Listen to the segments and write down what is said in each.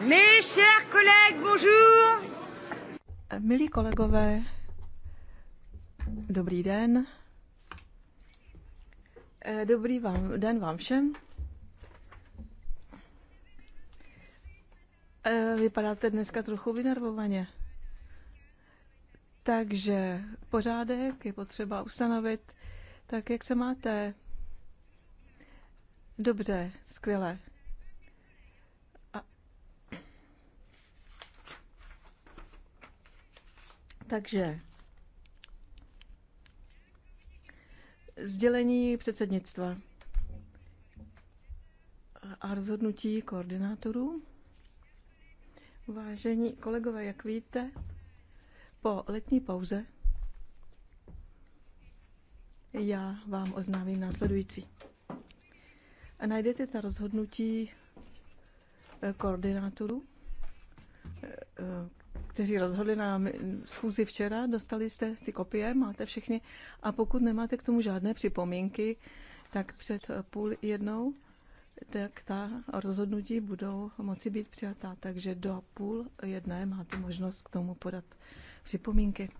Mes chers collègues, bonjour. Milí kolegové, dobrý den. Eh, dobrý vám, den vám všem. Eh, vypadáte dneska trochu vynervovaně. Takže pořádek je potřeba ustanovit tak, jak se máte. Dobře, skvěle. Takže sdělení předsednictva a rozhodnutí koordinátorů. Vážení kolegové, jak víte, po letní pauze já vám oznámím následující. A najdete ta rozhodnutí eh, koordinátorů eh, kteří rozhodli na schůzi včera. Dostali jste ty kopie, máte všechny. A pokud nemáte k tomu žádné připomínky, tak před půl jednou tak ta rozhodnutí budou moci být přijatá. Takže do půl jedné máte možnost k tomu podat připomínky.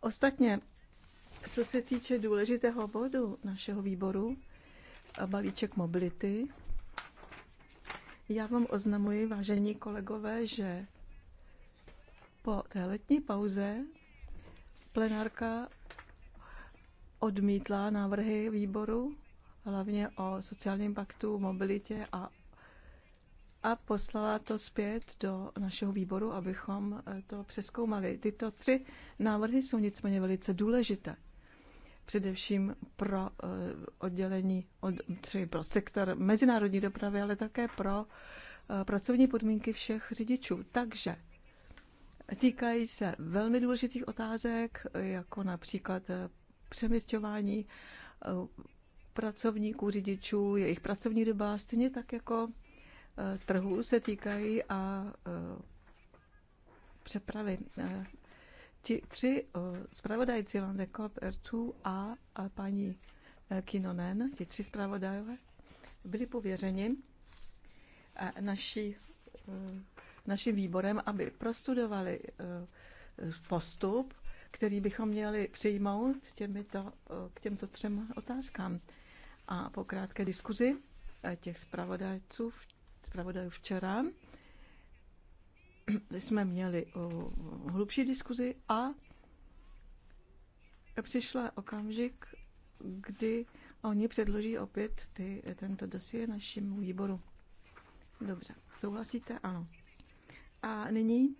Ostatně, co se týče důležitého bodu našeho výboru, balíček mobility, já vám oznamuji, vážení kolegové, že po té letní pauze plenárka odmítla návrhy výboru, hlavně o sociálním paktu, mobilitě a, a poslala to zpět do našeho výboru, abychom eh, to přeskoumali. Tyto tři návrhy jsou nicméně velice důležité. Především pro eh, oddělení, od, třeba pro sektor mezinárodní dopravy, ale také pro eh, pracovní podmínky všech řidičů. Takže Týkají se velmi důležitých otázek, jako například eh, přeměstňování eh, pracovníků, řidičů, jejich pracovní doba, stejně tak jako eh, trhu se týkají a přepravy. Ti tři zpravodajci, Van de Kop, Ertu a, a paní Kinonen, ti tři zpravodajové, byli pověřeni naší naším výborem, aby prostudovali eh, postup, který bychom měli přijmout těmito, eh, k těmto třem otázkám. A po krátké diskuzi eh, těch zpravodajců, zpravodajů včera, jsme měli hlubší diskuzi a přišla okamžik, kdy oni předloží opět ty, tento dosie našemu výboru. Dobře, souhlasíte? Ano. A nyní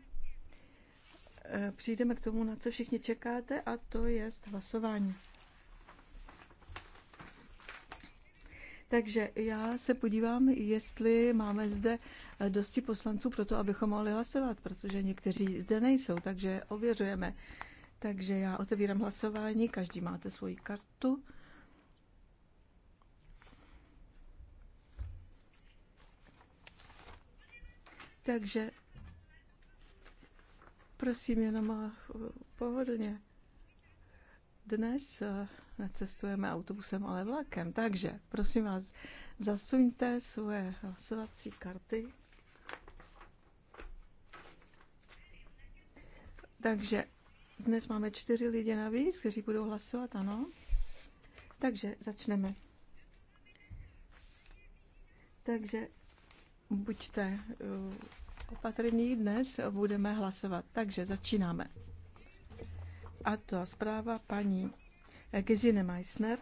eh, přijdeme k tomu, na co všichni čekáte, a to je hlasování. Takže já se podívám, jestli máme zde eh, dosti poslanců pro to, abychom mohli hlasovat, protože někteří zde nejsou, takže ověřujeme. Takže já otevírám hlasování, každý máte svoji kartu. Takže Prosím, jenom pohodlně. Dnes eh, necestujeme autobusem, ale vlakem, takže prosím vás, zasuňte svoje hlasovací karty. Takže dnes máme čtyři lidi navíc, kteří budou hlasovat, ano. Takže začneme. Takže buďte eh, opatrný dnes budeme hlasovat. Takže začínáme. A to zpráva paní Gesine Meissner.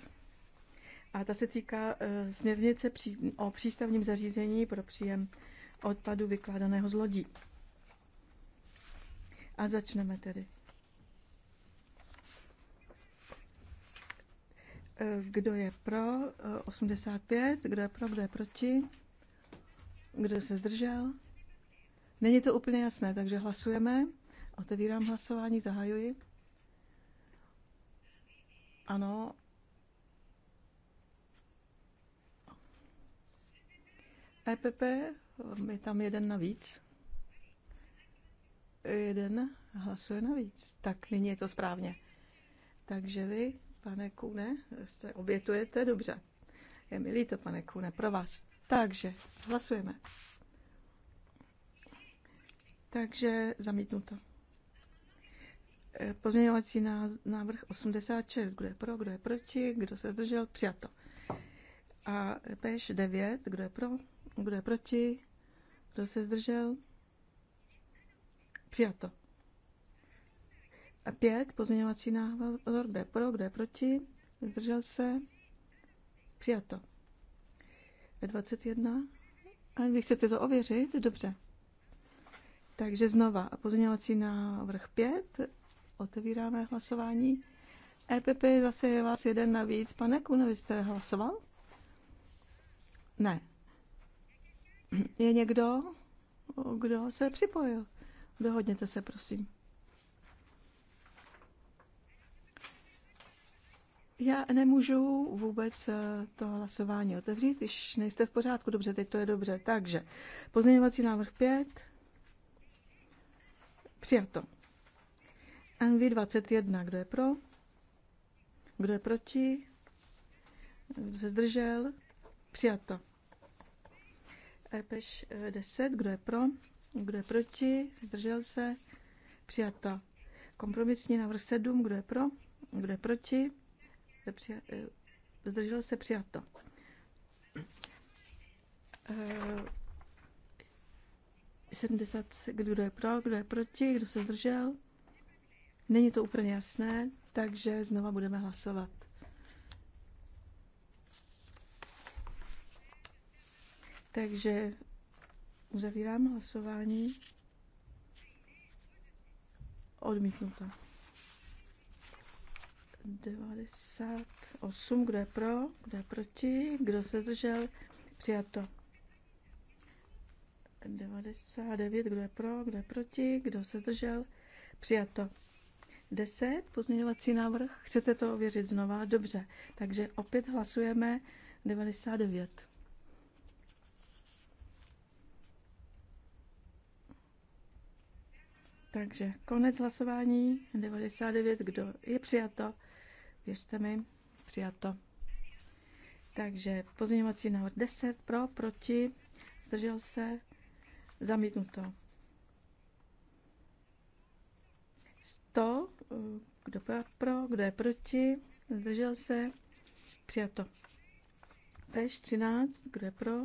A ta se týká e, směrnice o přístavním zařízení pro příjem odpadu vykládaného z lodí. A začneme tedy. E, kdo je pro? 85. E, kdo je pro? Kdo je proti? Kdo se zdržel? Není to úplně jasné, takže hlasujeme. Otevírám hlasování, zahajuji. Ano. EPP, je tam jeden navíc. Jeden hlasuje navíc. Tak nyní je to správně. Takže vy, pane Kune, se obětujete dobře. Je milý to, pane Kune, pro vás. Takže hlasujeme. Takže zamítnuto. E, pozměňovací návrh 86. Kdo je pro, kdo je proti, kdo se zdržel, přijato. A peš 9. Kdo je pro, kdo je proti, kdo se zdržel, přijato. A 5. Pozměňovací návrh. Kdo je pro, kdo je proti, zdržel se, přijato. 21. E, A vy chcete to ověřit? Dobře. Takže znova, pozměňovací návrh 5, otevíráme hlasování. EPP zase je vás jeden navíc. Pane Kune, vy jste hlasoval? Ne. Je někdo, kdo se připojil? Dohodněte se, prosím. Já nemůžu vůbec eh, to hlasování otevřít, když nejste v pořádku. Dobře, teď to je dobře. Takže pozměňovací návrh 5, Přijato. NV21, kdo je pro? Kdo je proti? Kdo se zdržel? Přijato. RP 10, eh, kdo je pro? Kdo je proti? Zdržel se? Přijato. Kompromisní návrh 7, kdo je pro? Kdo je proti? Eh, zdržel se? Přijato. Eh, 70, kdo je pro, kdo je proti, kdo se zdržel. Není to úplně jasné, takže znova budeme hlasovat. Takže uzavírám hlasování. Odmítnuto. 98. Kdo je pro? Kdo je proti? Kdo se zdržel? Přijato. 99, kdo je pro, kdo je proti, kdo se zdržel. Přijato. 10, pozměňovací návrh. Chcete to ověřit znova? Dobře. Takže opět hlasujeme 99. Takže konec hlasování 99, kdo je přijato, věřte mi, přijato. Takže pozměňovací návrh 10 pro, proti, zdržel se, Zamítnuto. 100, eh, kdo je pro, kdo je proti, zdržel se, přijato. Tež 13, kdo je pro,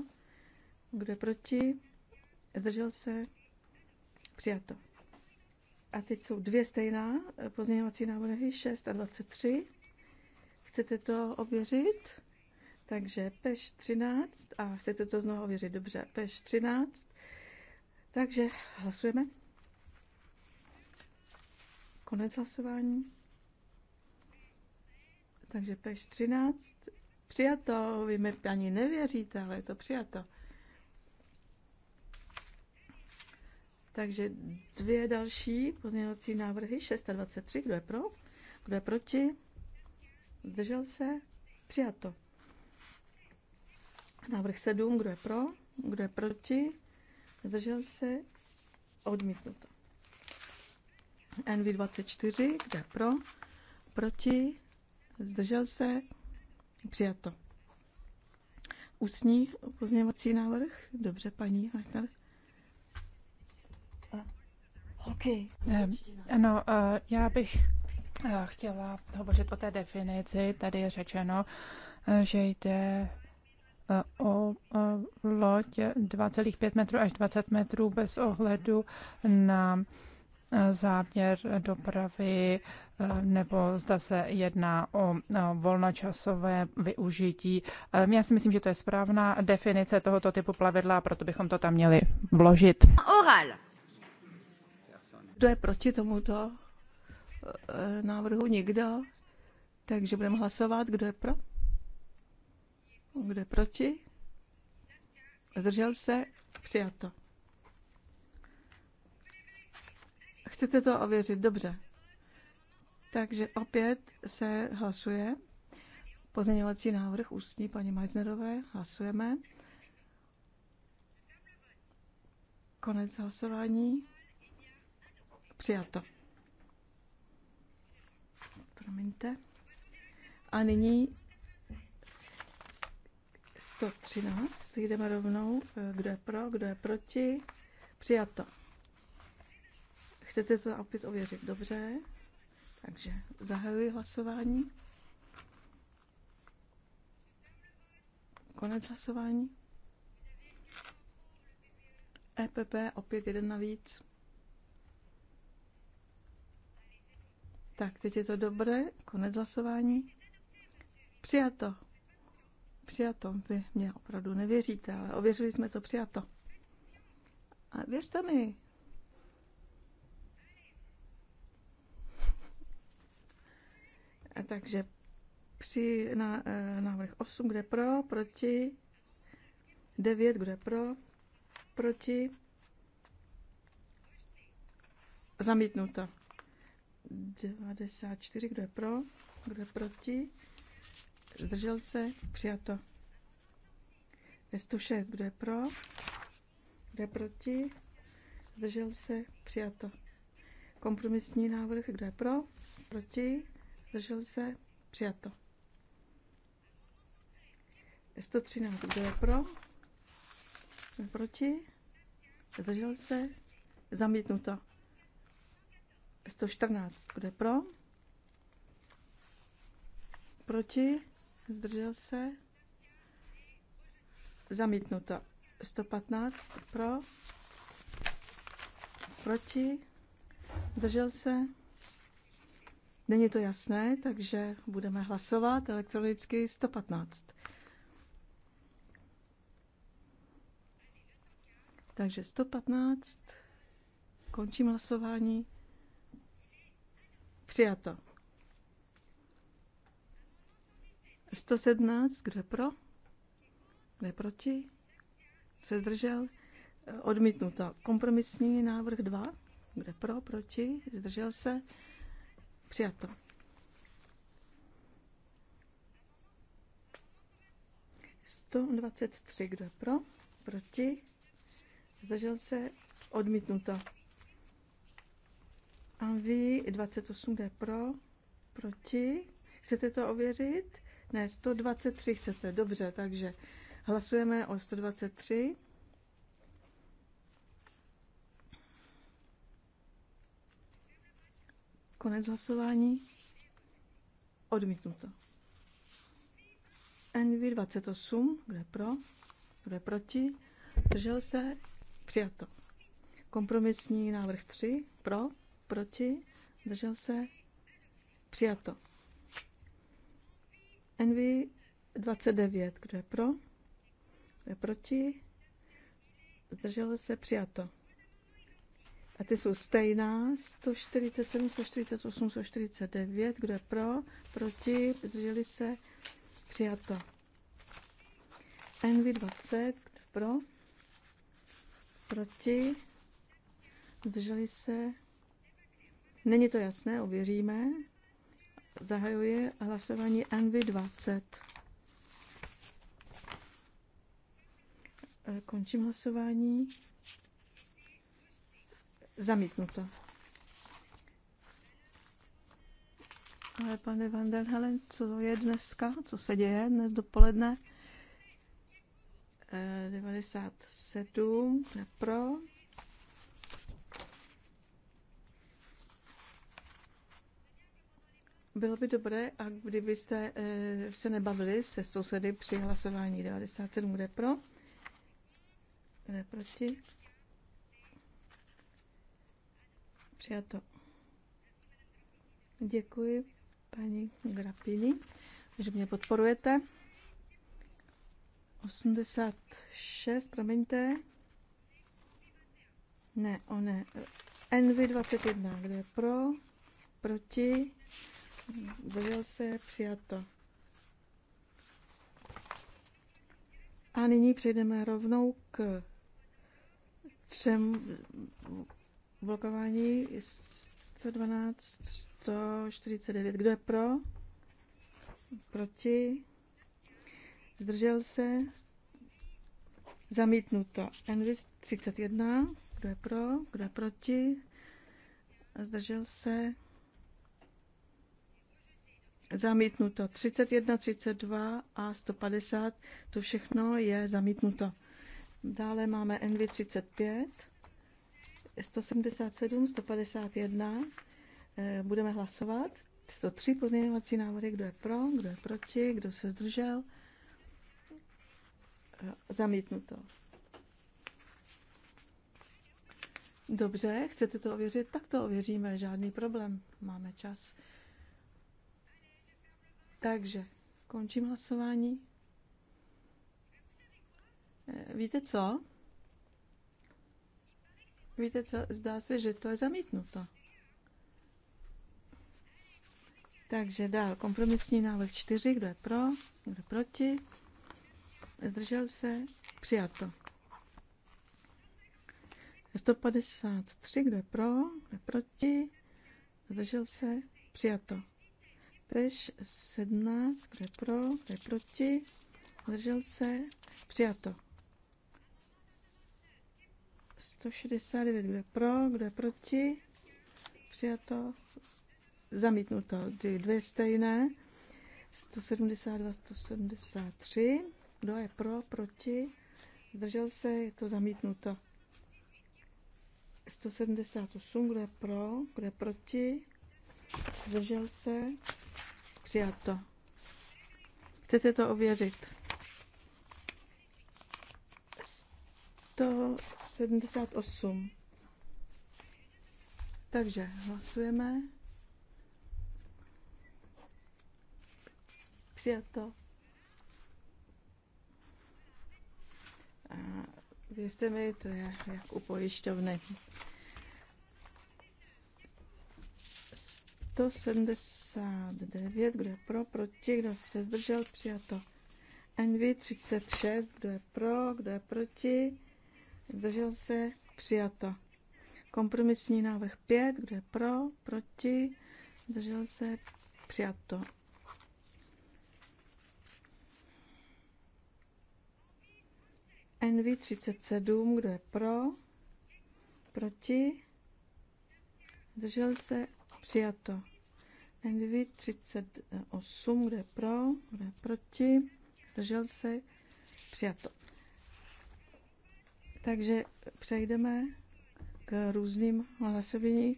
kdo je proti, zdržel se, přijato. A teď jsou dvě stejná eh, pozměňovací návrhy, 6 a 23. Chcete to ověřit? Takže peš 13 a chcete to znovu ověřit, dobře, peš 13 takže hlasujeme. Konec hlasování. Takže peš 13. Přijato, vy mi ani nevěříte, ale je to přijato. Takže dvě další pozměňovací návrhy, 623, kdo je pro, kdo je proti, zdržel se, přijato. Návrh 7, kdo je pro, kdo je proti, Zdržel se? Odmítnuto. NV24, kde pro? Proti? Zdržel se? Přijato. Ústní pozměňovací návrh? Dobře, paní Hartner. Eh, okay. Eh, ano, eh, já bych chtěla hovořit o té definici. Tady je řečeno, že jde o loď 2,5 metrů až 20 metrů bez ohledu na e, záměr dopravy e, nebo zda se jedná o volnočasové využití. E, já si myslím, že to je správná definice tohoto typu plavidla, proto bychom to tam měli vložit. Oral. Kdo je proti tomuto návrhu? Nikdo? Takže budeme hlasovat. Kdo je pro? Kde proti? Zdržel se? Přijato. Chcete to ověřit? Dobře. Takže opět se hlasuje pozměňovací návrh ústní paní Majznerové. Hlasujeme. Konec hlasování. Přijato. Promiňte. A nyní 113. Jdeme rovnou, eh, kdo je pro, kdo je proti. Přijato. Chcete to opět ověřit? Dobře. Takže zahajuji hlasování. Konec hlasování. EPP opět jeden navíc. Tak, teď je to dobré. Konec hlasování. Přijato. Přijato. Vy mě opravdu nevěříte, ale ověřili jsme to přijato. A věřte mi. A takže při na, e, návrh 8, kde pro, proti, 9, kde pro, proti, zamítnuto. 94, kdo je pro, kdo je proti, Zdržel se? Přijato. 106. Kdo je pro? Kdo je proti? Zdržel se? Přijato. Kompromisní návrh. Kdo je pro? Proti? Zdržel se? Přijato. 113. Kdo je pro? Kdo je proti? Zdržel se? Zamítnuto. 114. Kdo je pro? Proti? zdržel se, zamítnuto. 115 pro, proti, zdržel se. Není to jasné, takže budeme hlasovat elektronicky 115. Takže 115, končím hlasování. Přijato. 117, kdo je pro? Kdo je proti? Se zdržel? Odmítnuto. Kompromisní návrh 2, kdo je pro? Proti? Zdržel se? Přijato. Sto dvacet tři, kdo je pro? Proti? Zdržel se? Odmítnuto. A vy dvacet 28 jde pro, proti. Chcete to ověřit? Ne, 123 chcete, dobře, takže hlasujeme o 123. Konec hlasování. Odmítnuto. NV 28, kde pro, kde proti, držel se, přijato. Kompromisní návrh 3, pro, proti, držel se, přijato. Envy 29. Kdo je pro? Kdo je proti? Zdrželo se přijato. A ty jsou stejná. 147, 148, 149. Kdo je pro? Proti? Zdrželi se? Přijato. Envy 20 Kdo je Pro? Proti? Zdrželi se? Není to jasné, ověříme. Zahajuje hlasování NV20. E, končím hlasování. Zamítnuto. Ale pane Van den Helen, co je dneska? Co se děje dnes dopoledne? 97 e, pro, Bylo by dobré, a kdybyste eh, se nebavili se sousedy při hlasování 97, kde pro, kde proti. Přijato. Děkuji paní Grapini, že mě podporujete. 86, promiňte. Ne, o ne. NV21, kde je pro, proti, zdržel se, přijato. A nyní přejdeme rovnou k třem blokování 112, 149. Kdo je pro? Proti? Zdržel se? Zamítnuto. Envis 31. Kdo je pro? Kdo je proti? Zdržel se? Zamítnuto 31, 32 a 150, to všechno je zamítnuto. Dále máme NV35, 177, 151, budeme hlasovat. To tři pozměňovací návody, kdo je pro, kdo je proti, kdo se zdržel. Eh, zamítnuto. Dobře, chcete to ověřit? Tak to ověříme, žádný problém, máme čas. Takže končím hlasování. Eh, víte co? Víte co? Zdá se, že to je zamítnuto. Takže dál. Kompromisní návrh 4. Kdo je pro? Kdo je proti? Zdržel se? Přijato. 153. Kdo je pro? Kdo je proti? Zdržel se? Přijato. Tež 17, kde pro, kde proti, zdržel se, přijato. 169, kde pro, kde proti, přijato, zamítnuto, ty dvě stejné, 172, 173, kdo je pro, proti, zdržel se, je to zamítnuto. 178, kdo je pro, kdo je proti, zdržel se, Přijato. Chcete to ověřit? 178. Takže hlasujeme. Přijato. A věřte mi, to je jak u pojišťovny. 179, kdo je pro, proti, kdo se zdržel, přijato. NV 36, kdo je pro, kdo je proti, zdržel se, přijato. Kompromisní návrh 5, kdo je pro, proti, zdržel se, přijato. NV 37, kdo je pro, proti, zdržel se, přijato. Envy 38, kde je pro, kde je proti, zdržel se, přijato. Takže přejdeme k různým hlasování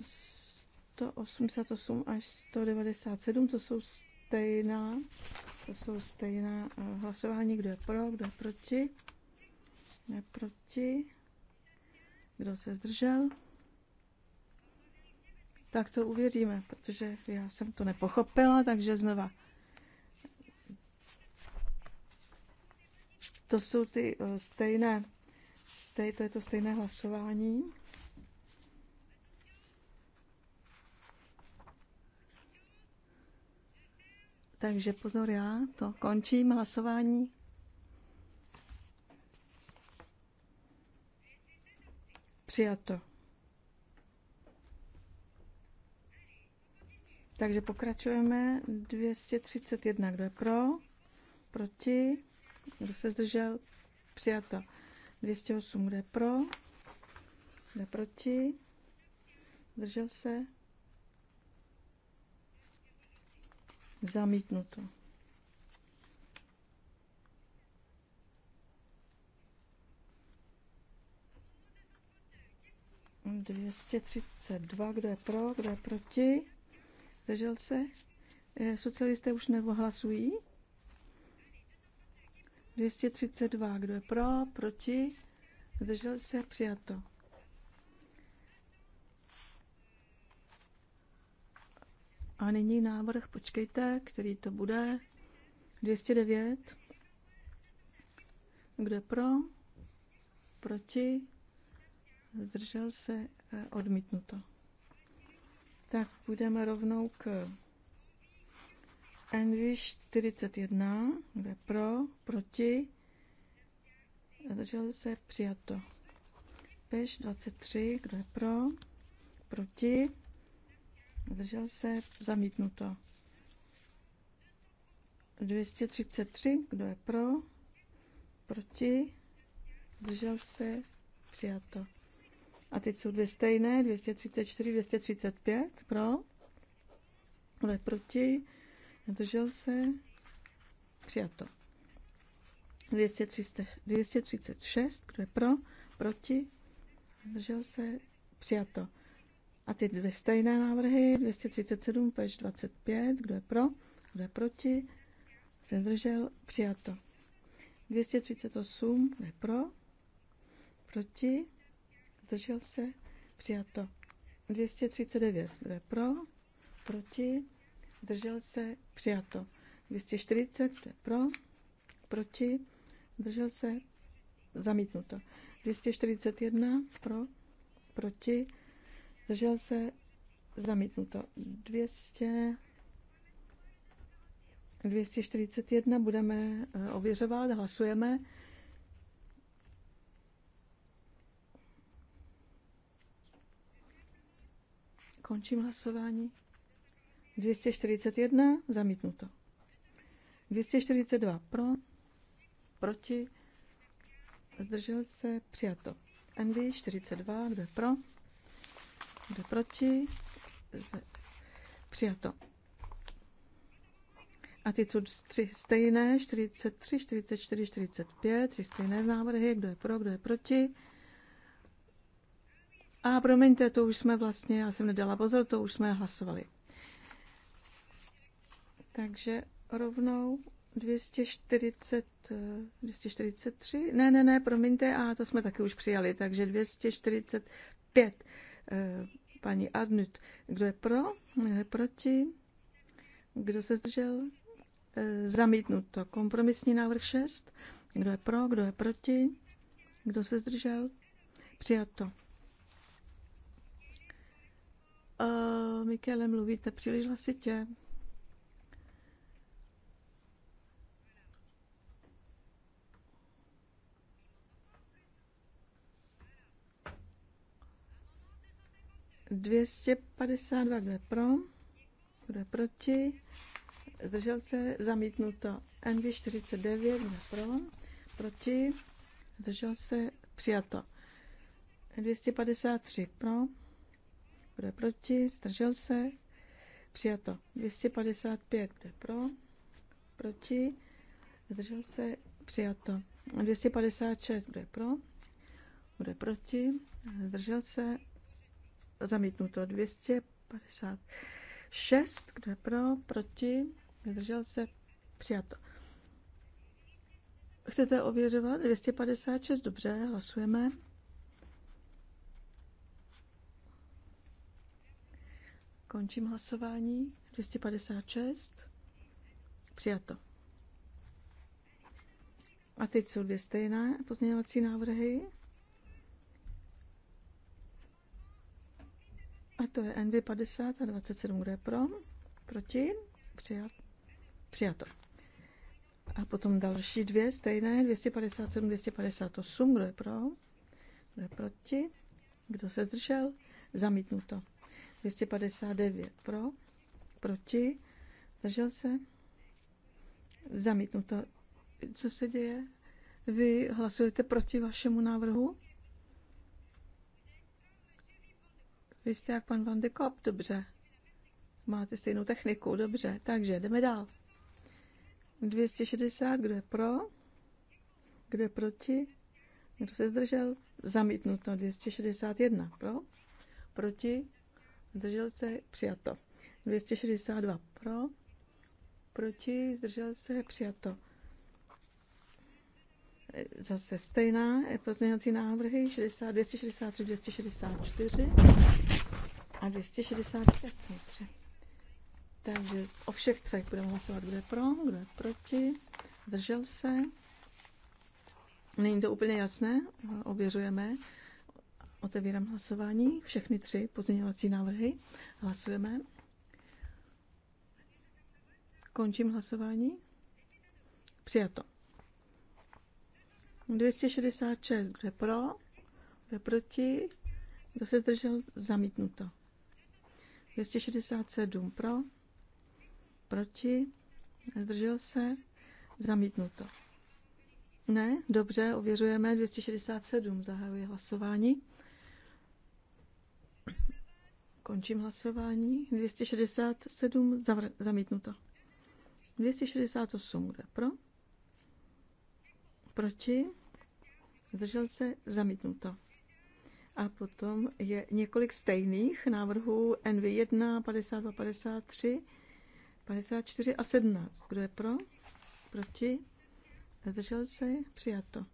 188 až 197, to jsou stejná, to jsou stejná eh, hlasování, kdo je pro, kdo je proti, kdo je proti, kdo se zdržel tak to uvěříme, protože já jsem to nepochopila, takže znova. To jsou ty eh, stejné, stej, to je to stejné hlasování. Takže pozor, já to končím hlasování. Přijato. Takže pokračujeme. 231, kdo je pro? Proti? Kdo se zdržel? Přijato. 208, kdo je pro? Kdo je proti? Zdržel se? Zamítnuto. Dvěstě třicet dva, kdo je pro, kdo je proti? Zdržel se? Eh, socialisté už nevohlasují. 232. Kdo je pro? Proti? Zdržel se? Přijato. A nyní návrh, počkejte, který to bude. 209. Kdo je pro? Proti? Zdržel se? Eh, odmítnuto. Tak půjdeme rovnou k Envy 41, kde pro, proti, Zdržel se, přijato. Peš 23, kdo je pro, proti, zdržel se, zamítnuto. 233, kdo je pro, proti, zdržel se, přijato. A teď jsou dvě stejné, 234, 235, pro, ale proti, držel se, přijato. 236, kdo je pro, proti, držel se, přijato. A ty dvě stejné návrhy, 237, pež 25, kdo je pro, kdo je proti, se zdržel, přijato. 238, kdo je pro, proti, zdržel se, přijato. 239, je pro, proti, zdržel se, přijato. 240, je pro, proti, zdržel se, zamítnuto. 241, pro, proti, zdržel se, zamítnuto. 200, 241 budeme eh, ověřovat, hlasujeme. Končím hlasování. 241 zamítnuto. 242 pro, proti, zdržel se, přijato. Andy 42, kdo je pro, kdo je proti, z, přijato. A ty jsou tři stejné, 43, 44, 45, tři stejné návrhy, kdo je pro, kdo je proti, a promiňte, to už jsme vlastně, já jsem nedala pozor, to už jsme hlasovali. Takže rovnou 240, 243, ne, ne, ne, promiňte, a to jsme taky už přijali, takže 245, eh, paní Adnut, kdo je pro, kdo je proti, kdo se zdržel, eh, zamítnuto, kompromisní návrh 6, kdo je pro, kdo je proti, kdo se zdržel, přijato. Uh, Michele, mluvíte příliš hlasitě. Dvěstě padesát dva, kde pro, kde proti, zdržel se, zamítnuto. NV 49, kde pro, proti, zdržel se, přijato. 253 pro, kdo je proti, zdržel se, přijato. 255, kdo je pro, proti, zdržel se, přijato. 256, kdo je pro, kdo je proti, zdržel se, zamítnuto. 256, kdo je pro, proti, zdržel se, přijato. Chcete ověřovat? 256, dobře, hlasujeme. Končím hlasování. 256. Přijato. A teď jsou dvě stejné pozměňovací návrhy. A to je NV50 a 27, bude pro, proti, přijat, přijato. A potom další dvě stejné, 257, 258, kdo je pro, kdo je proti, kdo se zdržel, zamítnuto. 259 pro, proti, zdržel se, zamítnuto. Co se děje? Vy hlasujete proti vašemu návrhu? Vy jste jak pan Van de Kop, dobře. Máte stejnou techniku, dobře. Takže jdeme dál. 260, kdo je pro? Kdo je proti? Kdo se zdržel? Zamítnuto 261. Pro? Proti? zdržel se, přijato. 262 pro, proti, zdržel se, přijato. Zase stejná e, pozměňovací návrhy 60, 263, 264 a 265 tři. Takže o všech třech budeme hlasovat, kdo je pro, kdo je proti, zdržel se. Není to úplně jasné, ověřujeme. Otevírám hlasování. Všechny tři pozměňovací návrhy. Hlasujeme. Končím hlasování. Přijato. 266. Kdo je pro? Kdo je proti? Kdo se zdržel? Zamítnuto. 267 pro, proti, zdržel se, zamítnuto. Ne, dobře, ověřujeme 267, zahajuje hlasování. Končím hlasování. 267 zavr- zamítnuto. 268 kde pro? Proti? Zdržel se zamítnuto. A potom je několik stejných návrhů NV1, 52, 53, 54 a 17. Kdo je pro? Proti? Zdržel se? Přijato.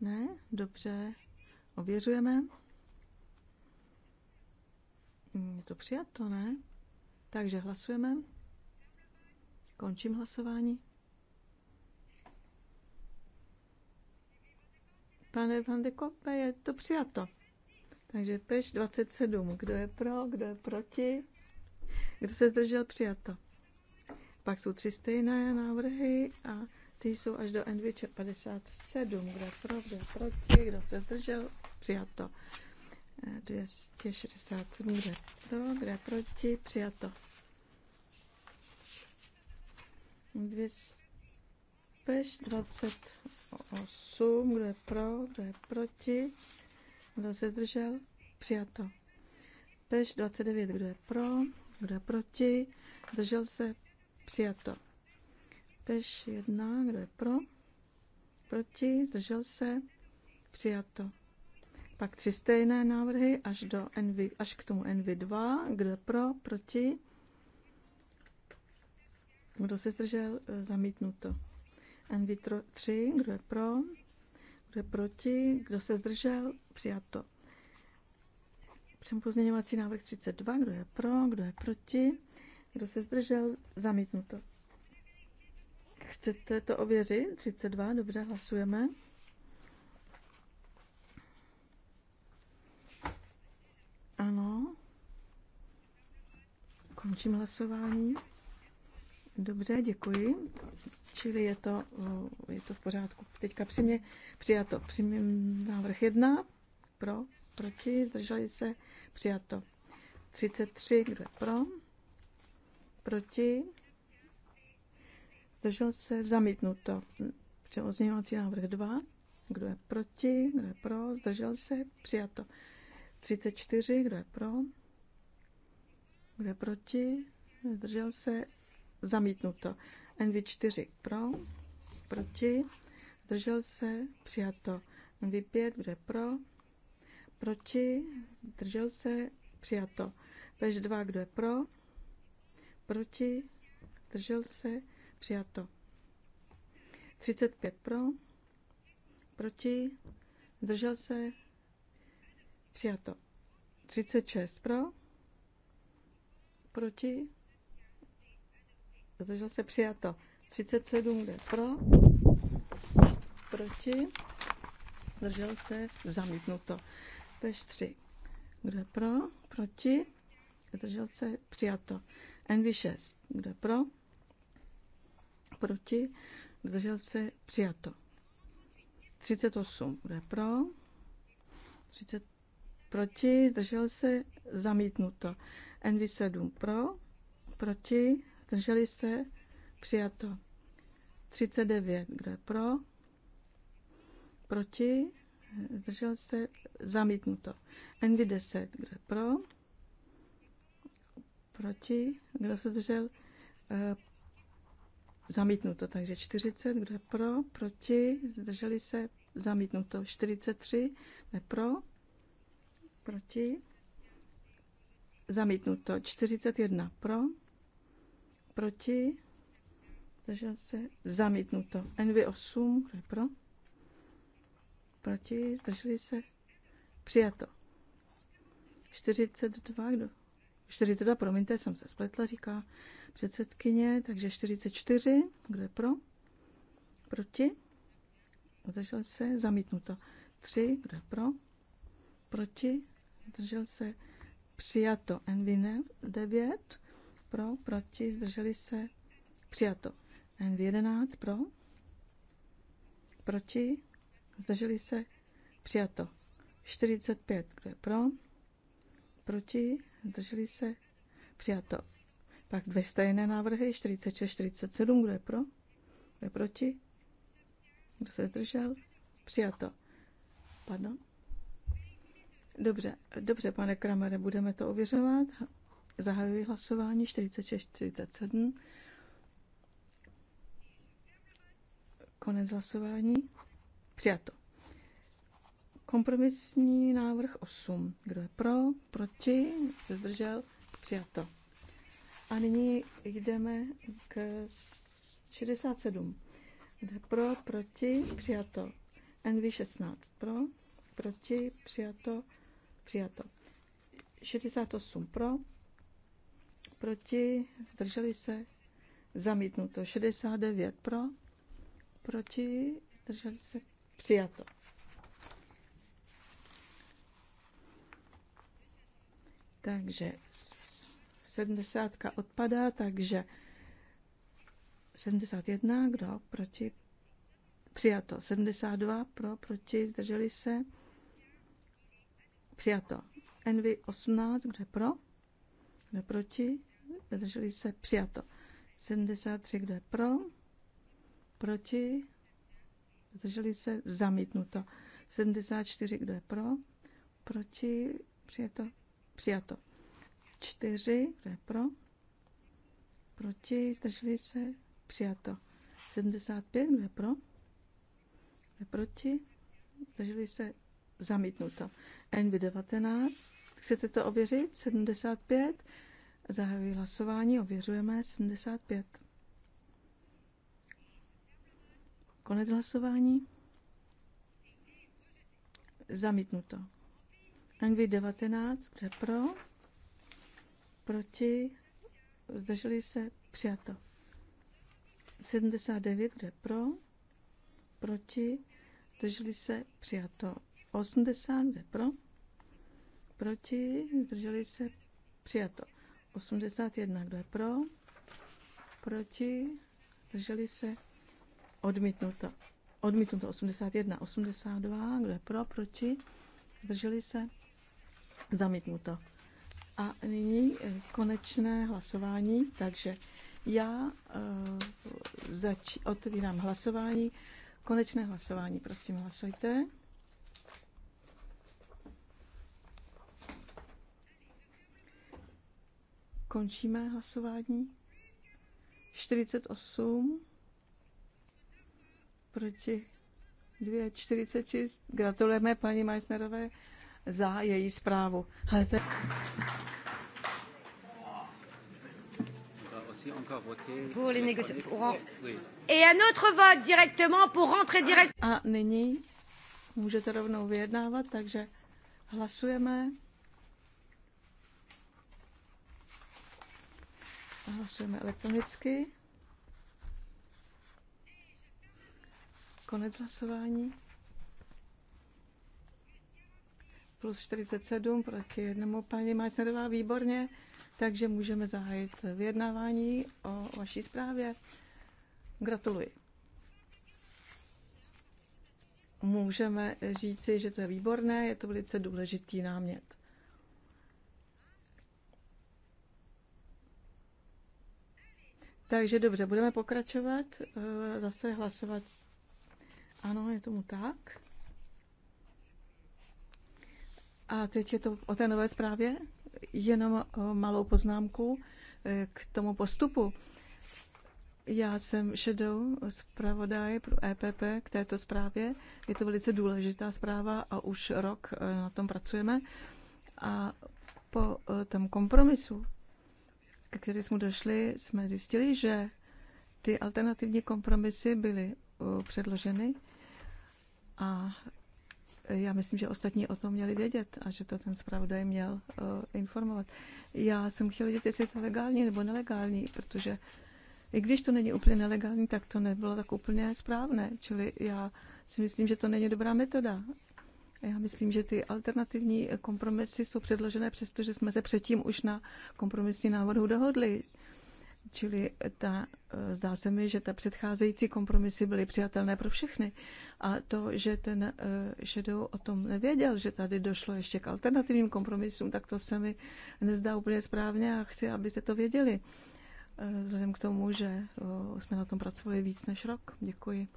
Ne? Dobře. Ověřujeme. Mm, je to přijato, ne? Takže hlasujeme. Končím hlasování. Pane Van de Kope, je to přijato. Takže peš 27. Kdo je pro, kdo je proti? Kdo se zdržel, přijato. Pak jsou tři stejné návrhy a ty jsou až do n 57. Kdo je pro, kdo je proti, kdo se zdržel, přijato. 267, kde pro, kde proti, přijato. 28, kde pro, kde proti, kdo se zdržel, přijato. Peš 29, kdo je pro, kdo je proti, zdržel se, přijato. Peš 1, kdo je pro, proti, zdržel se, přijato. Pak tři stejné návrhy až, do NV, až k tomu NV2. Kdo pro, proti? Kdo se zdržel? E, zamítnuto. NV3. Kdo je pro? Kdo je proti? Kdo se zdržel? Přijato. Přem pozměňovací návrh 32. Kdo je pro? Kdo je proti? Kdo se zdržel? Zamítnuto. Chcete to ověřit? 32. Dobře, hlasujeme. Končím hlasování. Dobře, děkuji. Čili je to, je to v pořádku. Teďka při mě přijato. Při mě návrh jedna. Pro, proti, zdrželi se, přijato. 33, kdo je pro? Proti? Zdržel se, zamítnuto. Pozměňovací návrh 2. Kdo je proti? Kdo je pro? Zdržel se, přijato. 34, kdo je pro? Bude proti? Zdržel se? Zamítnuto. NV4 pro, proti, zdržel se, přijato. NV5 bude pro, proti, zdržel se, přijato. Pež 2, kdo je pro, proti, zdržel se, přijato. 35 e pro, proti, zdržel se, přijato. 36 pro, Proti? Zdržel se přijato. 37 jde pro? Proti? Zdržel se zamítnuto. Tež 3. Kdo je pro? Proti? Zdržel se přijato. NV6. Kdo je pro? Proti? Zdržel se přijato. 38. Kdo je pro? 30 proti, zdržel se, zamítnuto. NV7 pro, proti, zdrželi se, přijato. 39, kdo je pro, proti, zdržel se, zamítnuto. NV10, kdo je pro, proti, kdo se zdržel, e, zamítnuto. Takže 40, kdo je pro, proti, zdrželi se, zamítnuto. 43, kdo je pro, proti, Zamítnuto 41 pro, proti, zdržel se, zamítnuto. NV8, kdo je pro, proti, zdrželi se, přijato. 42, kdo? 42, promiňte, jsem se spletla, říká předsedkyně, takže 44, kdo je pro, proti, zdržel se, zamítnuto. 3, kdo je pro, proti, zdržel se, Přijato Envine 9 pro, proti, zdrželi se. Přijato n 11 pro, proti, zdrželi se. Přijato 45, kdo je pro, proti, zdrželi se. Přijato. Pak dvě stejné návrhy, 46, 47, kdo je pro, kdo je proti, kdo se zdržel. Přijato. Pardon. Dobře, dobře, pane Kramere, budeme to ověřovat. Zahajuji hlasování 46-47. Konec hlasování. Přijato. Kompromisní návrh 8. Kdo je pro, proti, se zdržel, přijato. A nyní jdeme k 67. Kdo je pro, proti, přijato. NV16 pro, proti, přijato. Přijato. 68 pro, proti, zdrželi se, zamítnuto. 69 pro, proti, zdrželi se, přijato. Takže 70 odpadá, takže 71, kdo proti, přijato. 72 pro, proti, zdrželi se, Přijato. Envy 18, kde pro? je proti? Zdrželi se. Přijato. 73, kde pro? Proti? Zdrželi se. Zamítnuto. 74, kdo je pro? Proti? Přijato. Přijato. 4, kdo je pro? Proti? Zdrželi se. Přijato. 75, kdo je pro? Kdo je proti? Zdrželi se. Zamítnuto. NV19. Chcete to ověřit? 75. Zahajuji hlasování. Ověřujeme 75. Konec hlasování. Zamítnuto. NV19. Kde pro? Proti? Zdrželi se? Přijato. 79. Kde pro? Proti? Zdrželi se? Přijato. 82 pro, proti, zdrželi se, přijato. 81, kdo je pro, proti, zdrželi se, odmítnuto. Odmítnuto 81, 82, kdo je pro, proti, zdrželi se, zamítnuto. A nyní eh, konečné hlasování, takže já eh, zač- otvírám hlasování, konečné hlasování, prosím, hlasujte. Končíme hlasování. 48 proti 46. Gratulujeme paní Meissnerové za její zprávu. Hlede. A nyní můžete rovnou vyjednávat, takže hlasujeme. Hlasujeme elektronicky. Konec hlasování. Plus 47 proti jednomu. Paní Majsnerová, výborně. Takže můžeme zahájit vyjednávání o vaší zprávě. Gratuluji. Můžeme říci, že to je výborné, je to velice důležitý námět. Takže dobře, budeme pokračovat. Eh, zase hlasovat. Ano, je tomu tak. A teď je to o té nové zprávě. Jenom eh, malou poznámku eh, k tomu postupu. Já jsem šedou zpravodaj pro EPP k této zprávě. Je to velice důležitá zpráva a už rok na tom pracujeme. A po tom kompromisu ke které jsme došli, jsme zjistili, že ty alternativní kompromisy byly předloženy a já myslím, že ostatní o tom měli vědět a že to ten zpravodaj měl uh, informovat. Já jsem chtěl vědět, jestli je to legální nebo nelegální, protože i když to není úplně nelegální, tak to nebylo tak úplně správné. Čili já si myslím, že to není dobrá metoda. Já myslím, že ty alternativní kompromisy jsou předložené přesto, že jsme se předtím už na kompromisní návodu dohodli. Čili ta, eh, zdá se mi, že ta předcházející kompromisy byly přijatelné pro všechny. A to, že ten eh, Shadow o tom nevěděl, že tady došlo ještě k alternativním kompromisům, tak to se mi nezdá úplně správně a chci, abyste to věděli. Eh, vzhledem k tomu, že jsme na tom pracovali víc než rok. Děkuji.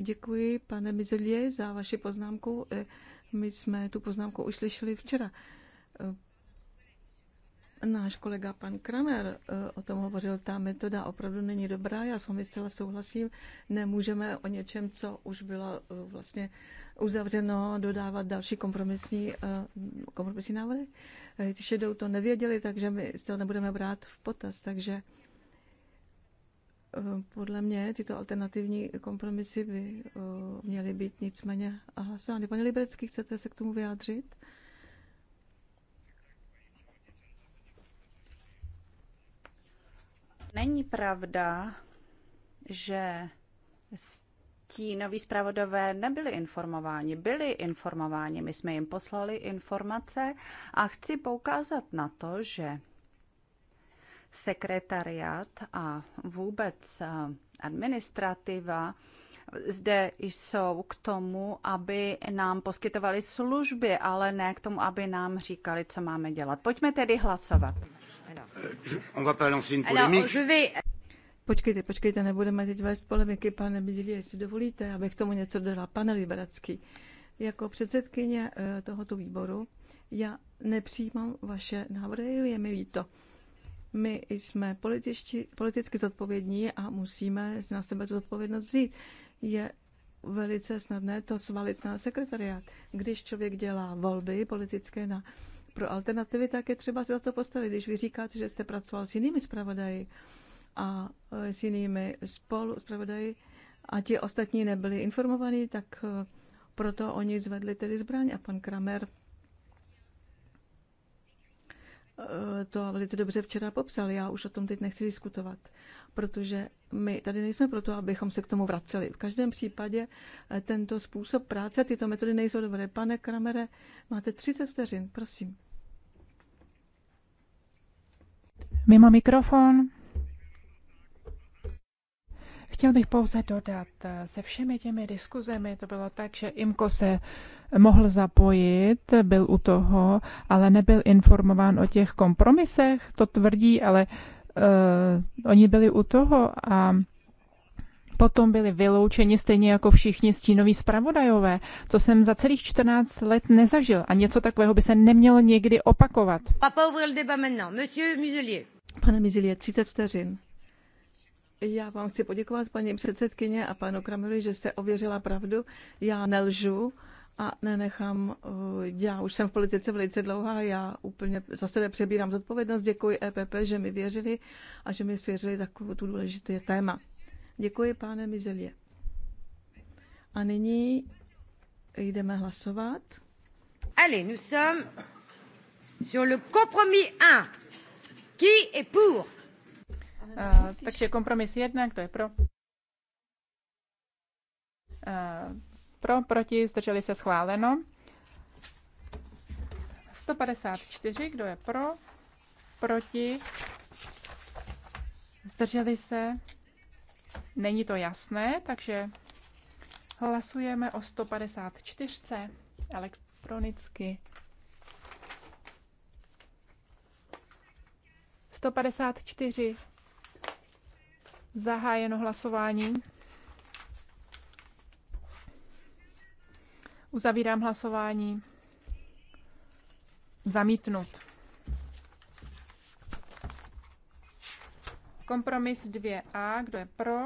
Děkuji, pane Mizelie, za vaši poznámku. E, my jsme tu poznámku už slyšeli včera. E, náš kolega pan Kramer e, o tom hovořil, ta metoda opravdu není dobrá, já s vámi zcela souhlasím, nemůžeme o něčem, co už bylo vlastně uzavřeno, dodávat další kompromisní, kompromisní návrhy. Ti šedou to nevěděli, takže my z toho nebudeme brát v potaz, takže Eh, podle mě tyto alternativní kompromisy by eh, měly být nicméně hlasovány. Pane Liberecký, chcete se k tomu vyjádřit? Není pravda, že noví zpravodové nebyli informováni. Byli informováni, my jsme jim poslali informace a chci poukázat na to, že sekretariat a vůbec eh, administrativa zde jsou k tomu, aby nám poskytovali služby, ale ne k tomu, aby nám říkali, co máme dělat. Pojďme tedy hlasovat. Počkejte, počkejte, nebudeme teď vést polemiky, pane Bizilí, jestli dovolíte, abych tomu něco dodala. Pane Liberacký, jako předsedkyně eh, tohoto výboru já nepřijímám vaše návrhy, je mi líto. My jsme političti, politicky zodpovědní a musíme na sebe tu zodpovědnost vzít. Je velice snadné to svalit na sekretariát. Když člověk dělá volby politické na, pro alternativy, tak je třeba se za to postavit. Když vy říkáte, že jste pracoval s jinými zpravodaji a eh, s jinými spolu zpravodaji a ti ostatní nebyli informovaní, tak eh, proto oni zvedli tedy zbraň a pan Kramer Eh, to velice dobře včera popsal. Já už o tom teď nechci diskutovat, protože my tady nejsme proto, abychom se k tomu vraceli. V každém případě eh, tento způsob práce, tyto metody nejsou dobré. Pane Kramere, máte 30 vteřin, prosím. Mimo mikrofon. Chtěl bych pouze dodat, eh, se všemi těmi diskuzemi to bylo tak, že IMKO se mohl zapojit, byl u toho, ale nebyl informován o těch kompromisech, to tvrdí, ale uh, oni byli u toho a potom byli vyloučeni stejně jako všichni stínoví zpravodajové, co jsem za celých 14 let nezažil a něco takového by se nemělo někdy opakovat. Pane Mizilie, 30 vteřin. Já vám chci poděkovat, paní předsedkyně a panu Kramerovi, že jste ověřila pravdu. Já nelžu a nenechám, eh, já už jsem v politice velice dlouhá, já úplně za sebe přebírám zodpovědnost. Děkuji EPP, že mi věřili a že mi svěřili takovou tu důležité téma. Děkuji, páne Mizelie. A nyní jdeme hlasovat. Allez, nous sommes sur le compromis 1. Qui est pour? Eh, takže kompromis jedna, kdo je pro? Eh, pro, proti, zdrželi se schváleno. 154, kdo je pro? Proti, zdrželi se. Není to jasné, takže hlasujeme o 154 elektronicky. 154 Zahájeno hlasování. Uzavírám hlasování. Zamítnut. Kompromis 2a. Kdo je pro?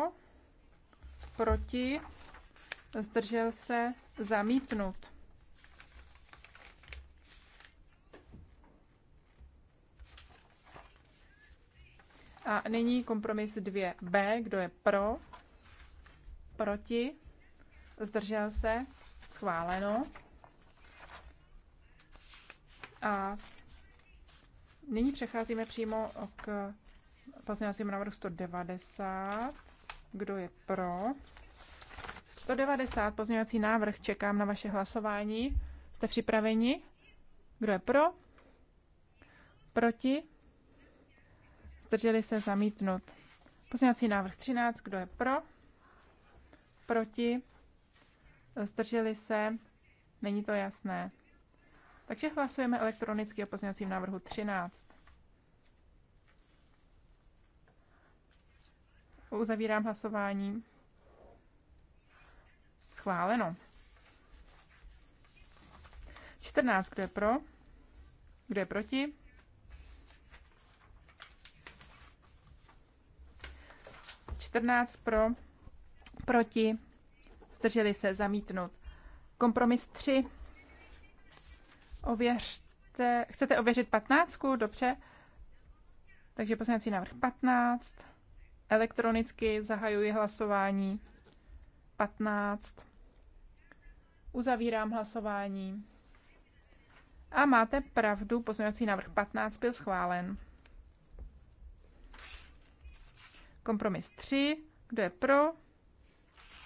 Proti? Zdržel se? Zamítnut. A nyní kompromis 2b, kdo je pro, proti, zdržel se, schváleno. A nyní přecházíme přímo k pozměňovacímu návrhu 190. Kdo je pro? 190 pozměňovací návrh, čekám na vaše hlasování. Jste připraveni? Kdo je pro? Proti? zdrželi se zamítnut. Pozměňovací návrh 13, kdo je pro? Proti? Zdrželi se? Není to jasné. Takže hlasujeme elektronicky o pozměňovacím návrhu 13. Uzavírám hlasování. Schváleno. 14, kdo je pro? Kdo je proti? 14 pro, proti, zdrželi se zamítnout. Kompromis 3. Ověřte, chcete ověřit 15? Dobře. Takže poslanecí návrh 15. Elektronicky zahajuji hlasování 15. Uzavírám hlasování. A máte pravdu, pozměňovací návrh 15 byl schválen. Kompromis 3. Kdo je pro?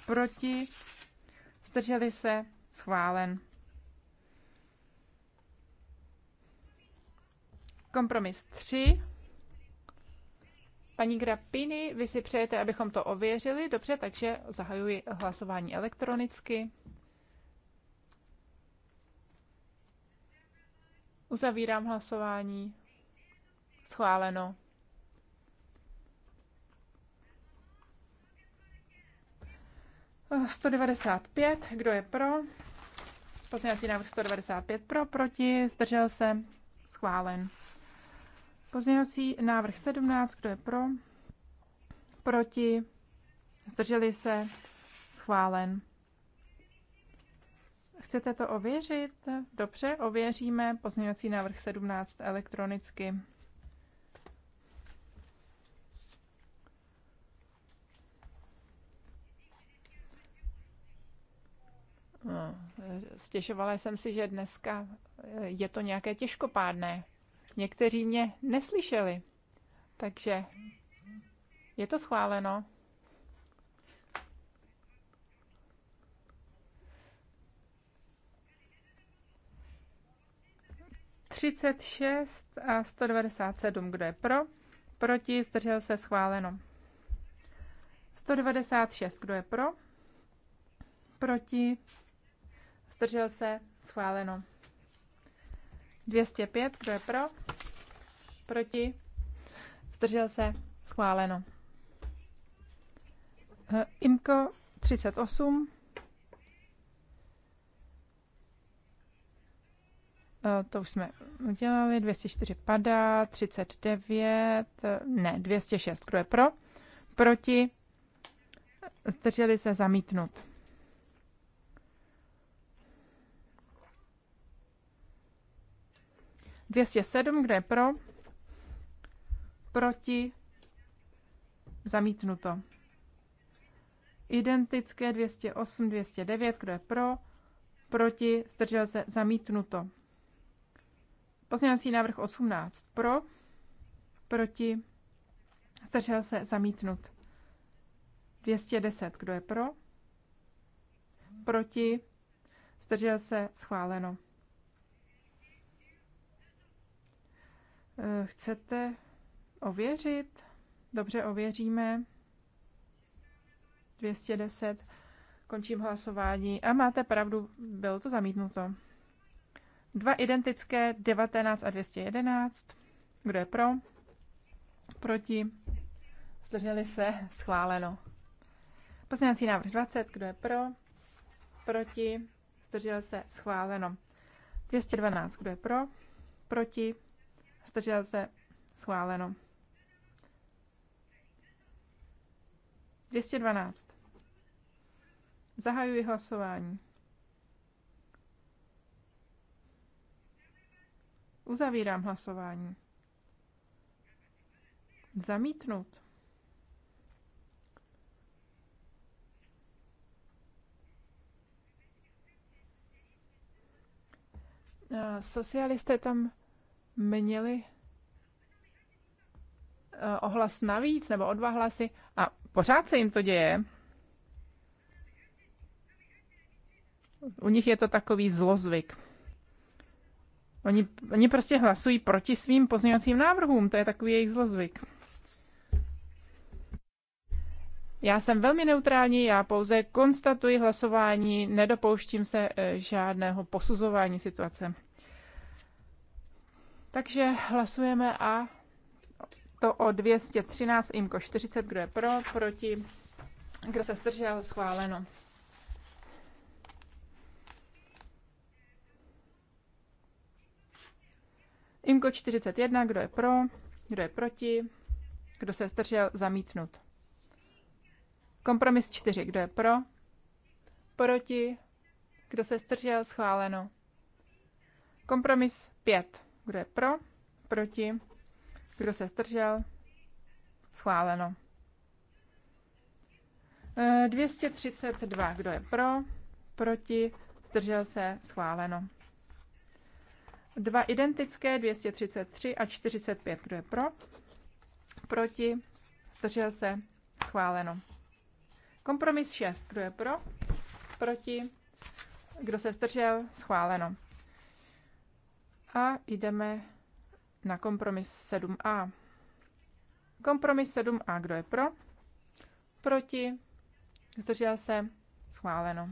Proti? Zdrželi se? Schválen. Kompromis 3. Paní Grapiny, vy si přejete, abychom to ověřili. Dobře, takže zahajuji hlasování elektronicky. Uzavírám hlasování. Schváleno. 195, kdo je pro? Pozměňovací návrh 195 pro, proti, zdržel se, schválen. Pozměňovací návrh 17, kdo je pro? Proti, zdrželi se, schválen. Chcete to ověřit? Dobře, ověříme pozměňovací návrh 17 elektronicky. stěžovala jsem si, že dneska eh, je to nějaké těžkopádné. Někteří mě neslyšeli, takže je to schváleno. Třicet šest a sto devadesát sedm, kdo je pro? Proti, zdržel se schváleno. Sto šest, kdo je pro? Proti, Zdržel se? Schváleno. 205. Kdo je pro? Proti? Zdržel se? Schváleno. Eh, Imko 38. Eh, to už jsme udělali. 204 padá. 39. Eh, ne, 206. Kdo je pro? Proti? Zdrželi se zamítnut. 207, kde je pro, proti, zamítnuto. Identické 208, 209, kdo je pro, proti, zdržel se, zamítnuto. Pozměňovací návrh 18, pro, proti, zdržel se, zamítnut. 210, kdo je pro, proti, zdržel se, schváleno. Eh, chcete ověřit? Dobře, ověříme. 210. Končím hlasování. A máte pravdu, bylo to zamítnuto. Dva identické, 19 a 211. Kdo je pro? Proti? Zdrželi se? Schváleno. Poslanecí návrh 20. Kdo je pro? Proti? Zdrželi se? Schváleno. 212. Kdo je pro? Proti? Zdržel se? Schváleno. 212. Zahajuji hlasování. Uzavírám hlasování. Zamítnut. Eh, socialisté tam měli eh, ohlas navíc nebo o dva hlasy a pořád se jim to děje. U nich je to takový zlozvyk. Oni, oni prostě hlasují proti svým pozměňovacím návrhům, to je takový jejich zlozvyk. Já jsem velmi neutrální, já pouze konstatuji hlasování, nedopouštím se eh, žádného posuzování situace. Takže hlasujeme a to o 213, IMKO 40, kdo je pro, proti, kdo se zdržel, schváleno. IMKO 41, kdo je pro, kdo je proti, kdo se zdržel, zamítnut. Kompromis 4, kdo je pro, proti, kdo se zdržel, schváleno. Kompromis 5. Kdo je pro? Proti? Kdo se zdržel? Schváleno. 232. E, Kdo je pro? Proti? Zdržel se? Schváleno. Dva identické, 233 a 45. Kdo je pro? Proti? Zdržel se? Schváleno. Kompromis 6. Kdo je pro? Proti? Kdo se zdržel? Schváleno. A jdeme na kompromis 7a. Kompromis 7a, kdo je pro? Proti? Zdržel se? Schváleno.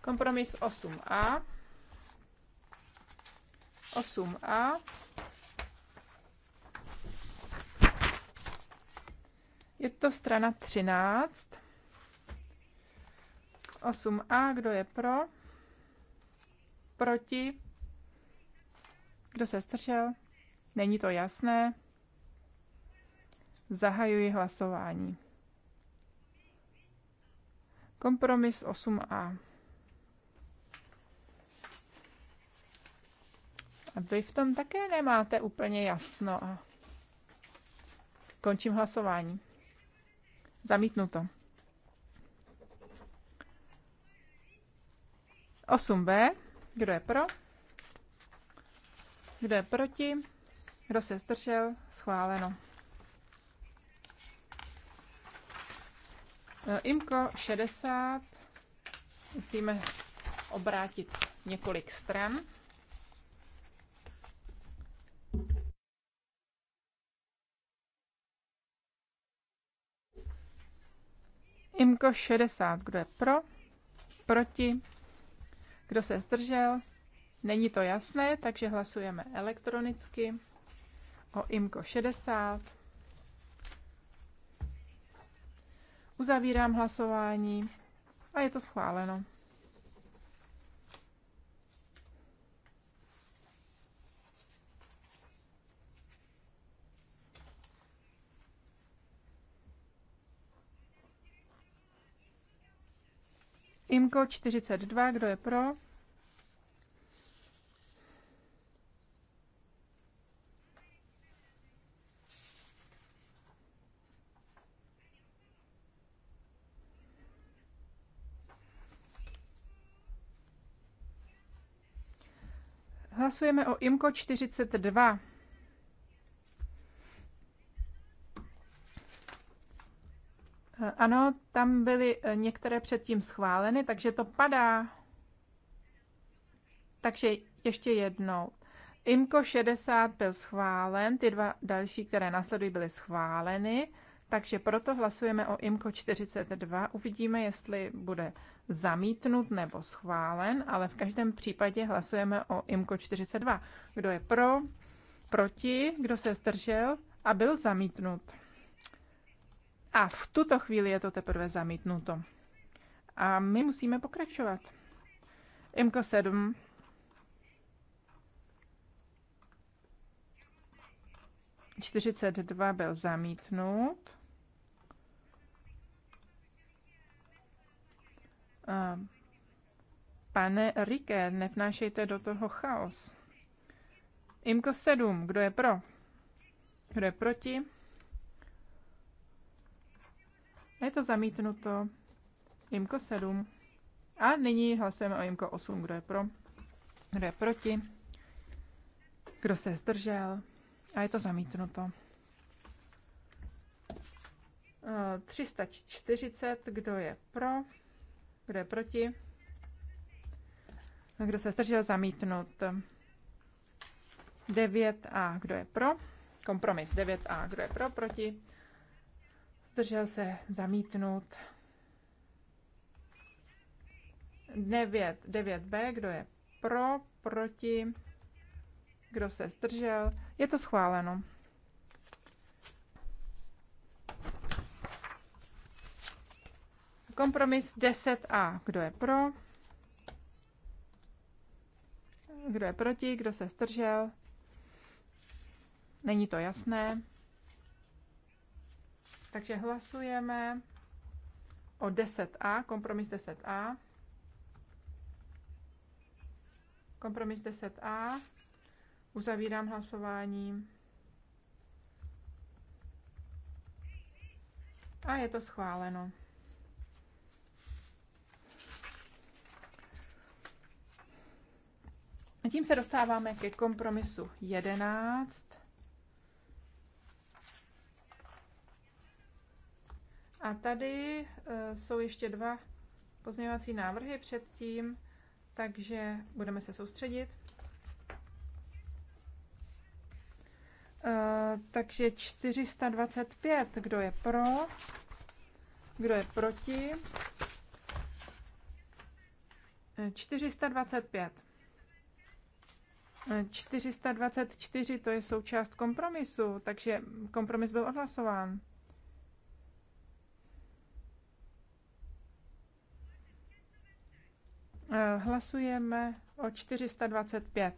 Kompromis 8a. 8a. Je to strana 13. 8a, kdo je pro, proti, kdo se stržel? není to jasné, zahajuji hlasování. Kompromis 8a. A vy v tom také nemáte úplně jasno. Končím hlasování. Zamítnu to. 8b. Kdo je pro? Kdo je proti? Kdo se zdržel? Schváleno. E, Imko 60. Musíme obrátit několik stran. Imko 60. Kdo je pro? Proti? Kdo se zdržel? Není to jasné, takže hlasujeme elektronicky o IMKO 60. Uzavírám hlasování a je to schváleno. IMKO 42, kdo je pro? Hlasujeme o IMKO 42. ano, tam byly eh, některé předtím schváleny, takže to padá. Takže ještě jednou. IMCO 60 byl schválen, ty dva další, které následují, byly schváleny, takže proto hlasujeme o IMCO 42. Uvidíme, jestli bude zamítnut nebo schválen, ale v každém případě hlasujeme o IMCO 42. Kdo je pro, proti, kdo se zdržel a byl zamítnut. A v tuto chvíli je to teprve zamítnuto. A my musíme pokračovat. Imko 7. Čtyřicet dva byl zamítnut. Pane Rike, nevnášejte do toho chaos. Imko sedm, kdo je pro? Kdo je proti? A Je to zamítnuto. Jimko 7. A nyní hlasujeme o Jimko 8. Kdo je pro? Kdo je proti? Kdo se zdržel? A je to zamítnuto. 340. Eh, Kdo je pro? Kdo je proti? Kdo se zdržel Zamítnut. 9a. Kdo je pro? Kompromis 9a. Kdo je pro? Proti? zdržel se zamítnout. 9, 9b, kdo je pro, proti, kdo se zdržel. Je to schváleno. Kompromis 10a, kdo je pro, kdo je proti, kdo se zdržel. Není to jasné. Takže hlasujeme o 10a, kompromis 10a. Kompromis 10a. Uzavírám hlasování. A je to schváleno. A tím se dostáváme ke kompromisu 11. A tady eh, jsou ještě dva pozměňovací návrhy předtím, takže budeme se soustředit. Eh, takže 425, kdo je pro, kdo je proti. 425. Eh, 424 to je součást kompromisu, takže kompromis byl odhlasován. Eh, hlasujeme o 425.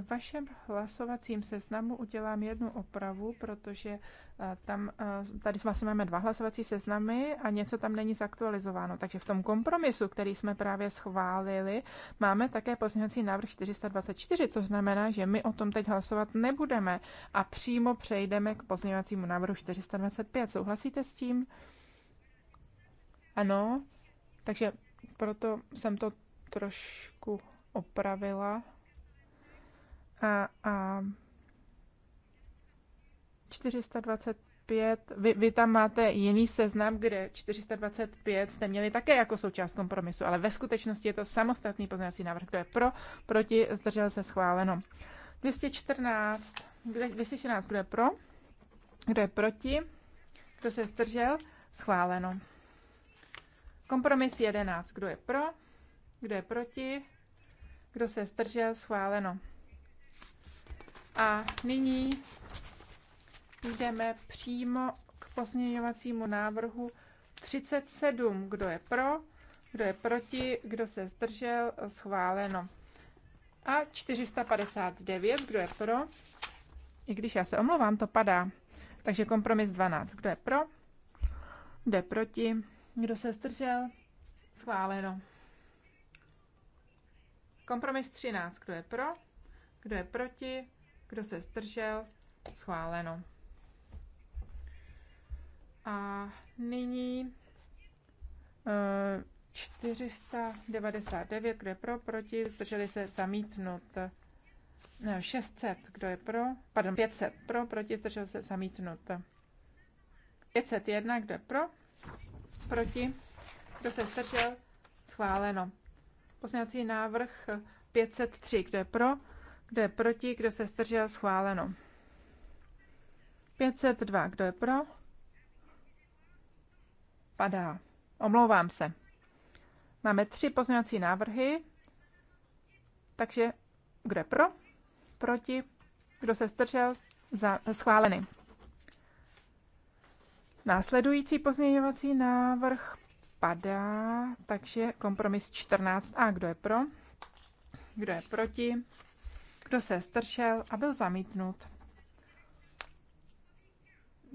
vašem hlasovacím seznamu udělám jednu opravu, protože eh, tam, eh, tady vlastně máme dva hlasovací seznamy a něco tam není zaktualizováno. Takže v tom kompromisu, který jsme právě schválili, máme také pozměňovací návrh 424, což znamená, že my o tom teď hlasovat nebudeme a přímo přejdeme k pozměňovacímu návrhu 425. Souhlasíte s tím? Ano, takže proto jsem to trošku opravila a, a 425, vy, vy tam máte jiný seznam, kde 425 jste měli také jako součást kompromisu, ale ve skutečnosti je to samostatný pozměňovací návrh, to je pro, proti, zdržel se schváleno. 214, 214, kdo je pro, kdo je proti, kdo se zdržel, schváleno. Kompromis 11, kdo je pro, kdo je proti, kdo se zdržel, schváleno. A nyní jdeme přímo k pozměňovacímu návrhu 37. Kdo je pro, kdo je proti, kdo se zdržel, schváleno. A 459, kdo je pro, i když já se omlouvám, to padá. Takže kompromis 12. Kdo je pro, kdo je proti, kdo se zdržel, schváleno. Kompromis 13. Kdo je pro, kdo je proti, kdo se zdržel? Schváleno. A nyní 499, eh, kdo je pro, proti, zdrželi se zamítnout. 600, kdo je pro, pardon, 500 pro, proti, zdržel se zamítnout. 501, kdo je pro, proti, kdo se zdržel, schváleno. Poslední návrh 503, kdo je pro, kdo je proti? Kdo se zdržel? Schváleno. 502. Kdo je pro? Padá. Omlouvám se. Máme tři pozměňovací návrhy. Takže kdo je pro? Proti? Kdo se zdržel? Za, schváleny. Následující pozměňovací návrh padá, takže kompromis 14a. Kdo je pro? Kdo je proti? kdo se stršel a byl zamítnut.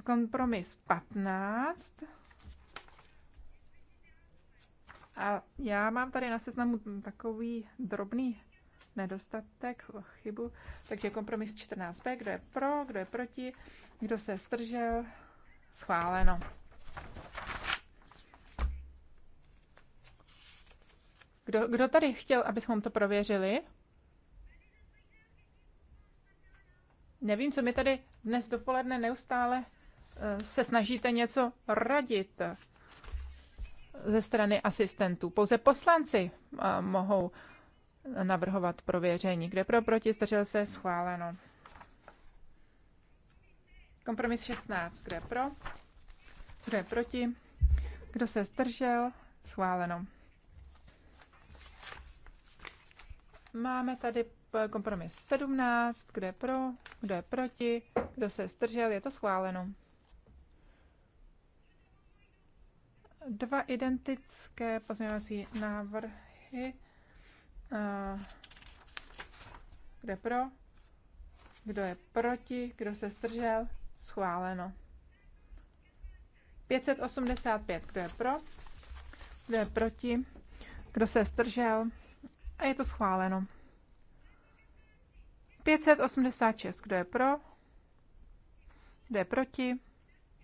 Kompromis 15. A já mám tady na seznamu takový drobný nedostatek, chybu. Takže kompromis 14b, kdo je pro, kdo je proti, kdo se stržel, schváleno. Kdo, kdo tady chtěl, abychom to prověřili? Nevím, co mi tady dnes dopoledne neustále eh, se snažíte něco radit eh, ze strany asistentů. Pouze poslanci eh, mohou navrhovat prověření. Kde pro, proti, zdržel se, schváleno. Kompromis 16. Kde pro, kde proti, kdo se zdržel, schváleno. Máme tady kompromis 17, kdo je pro, kdo je proti, kdo se zdržel, je to schváleno. Dva identické pozměňovací návrhy. Kdo je pro, kdo je proti, kdo se zdržel, schváleno. 585, kdo je pro, kdo je proti, kdo se zdržel a je to schváleno. 586, kdo je pro? Kdo je proti?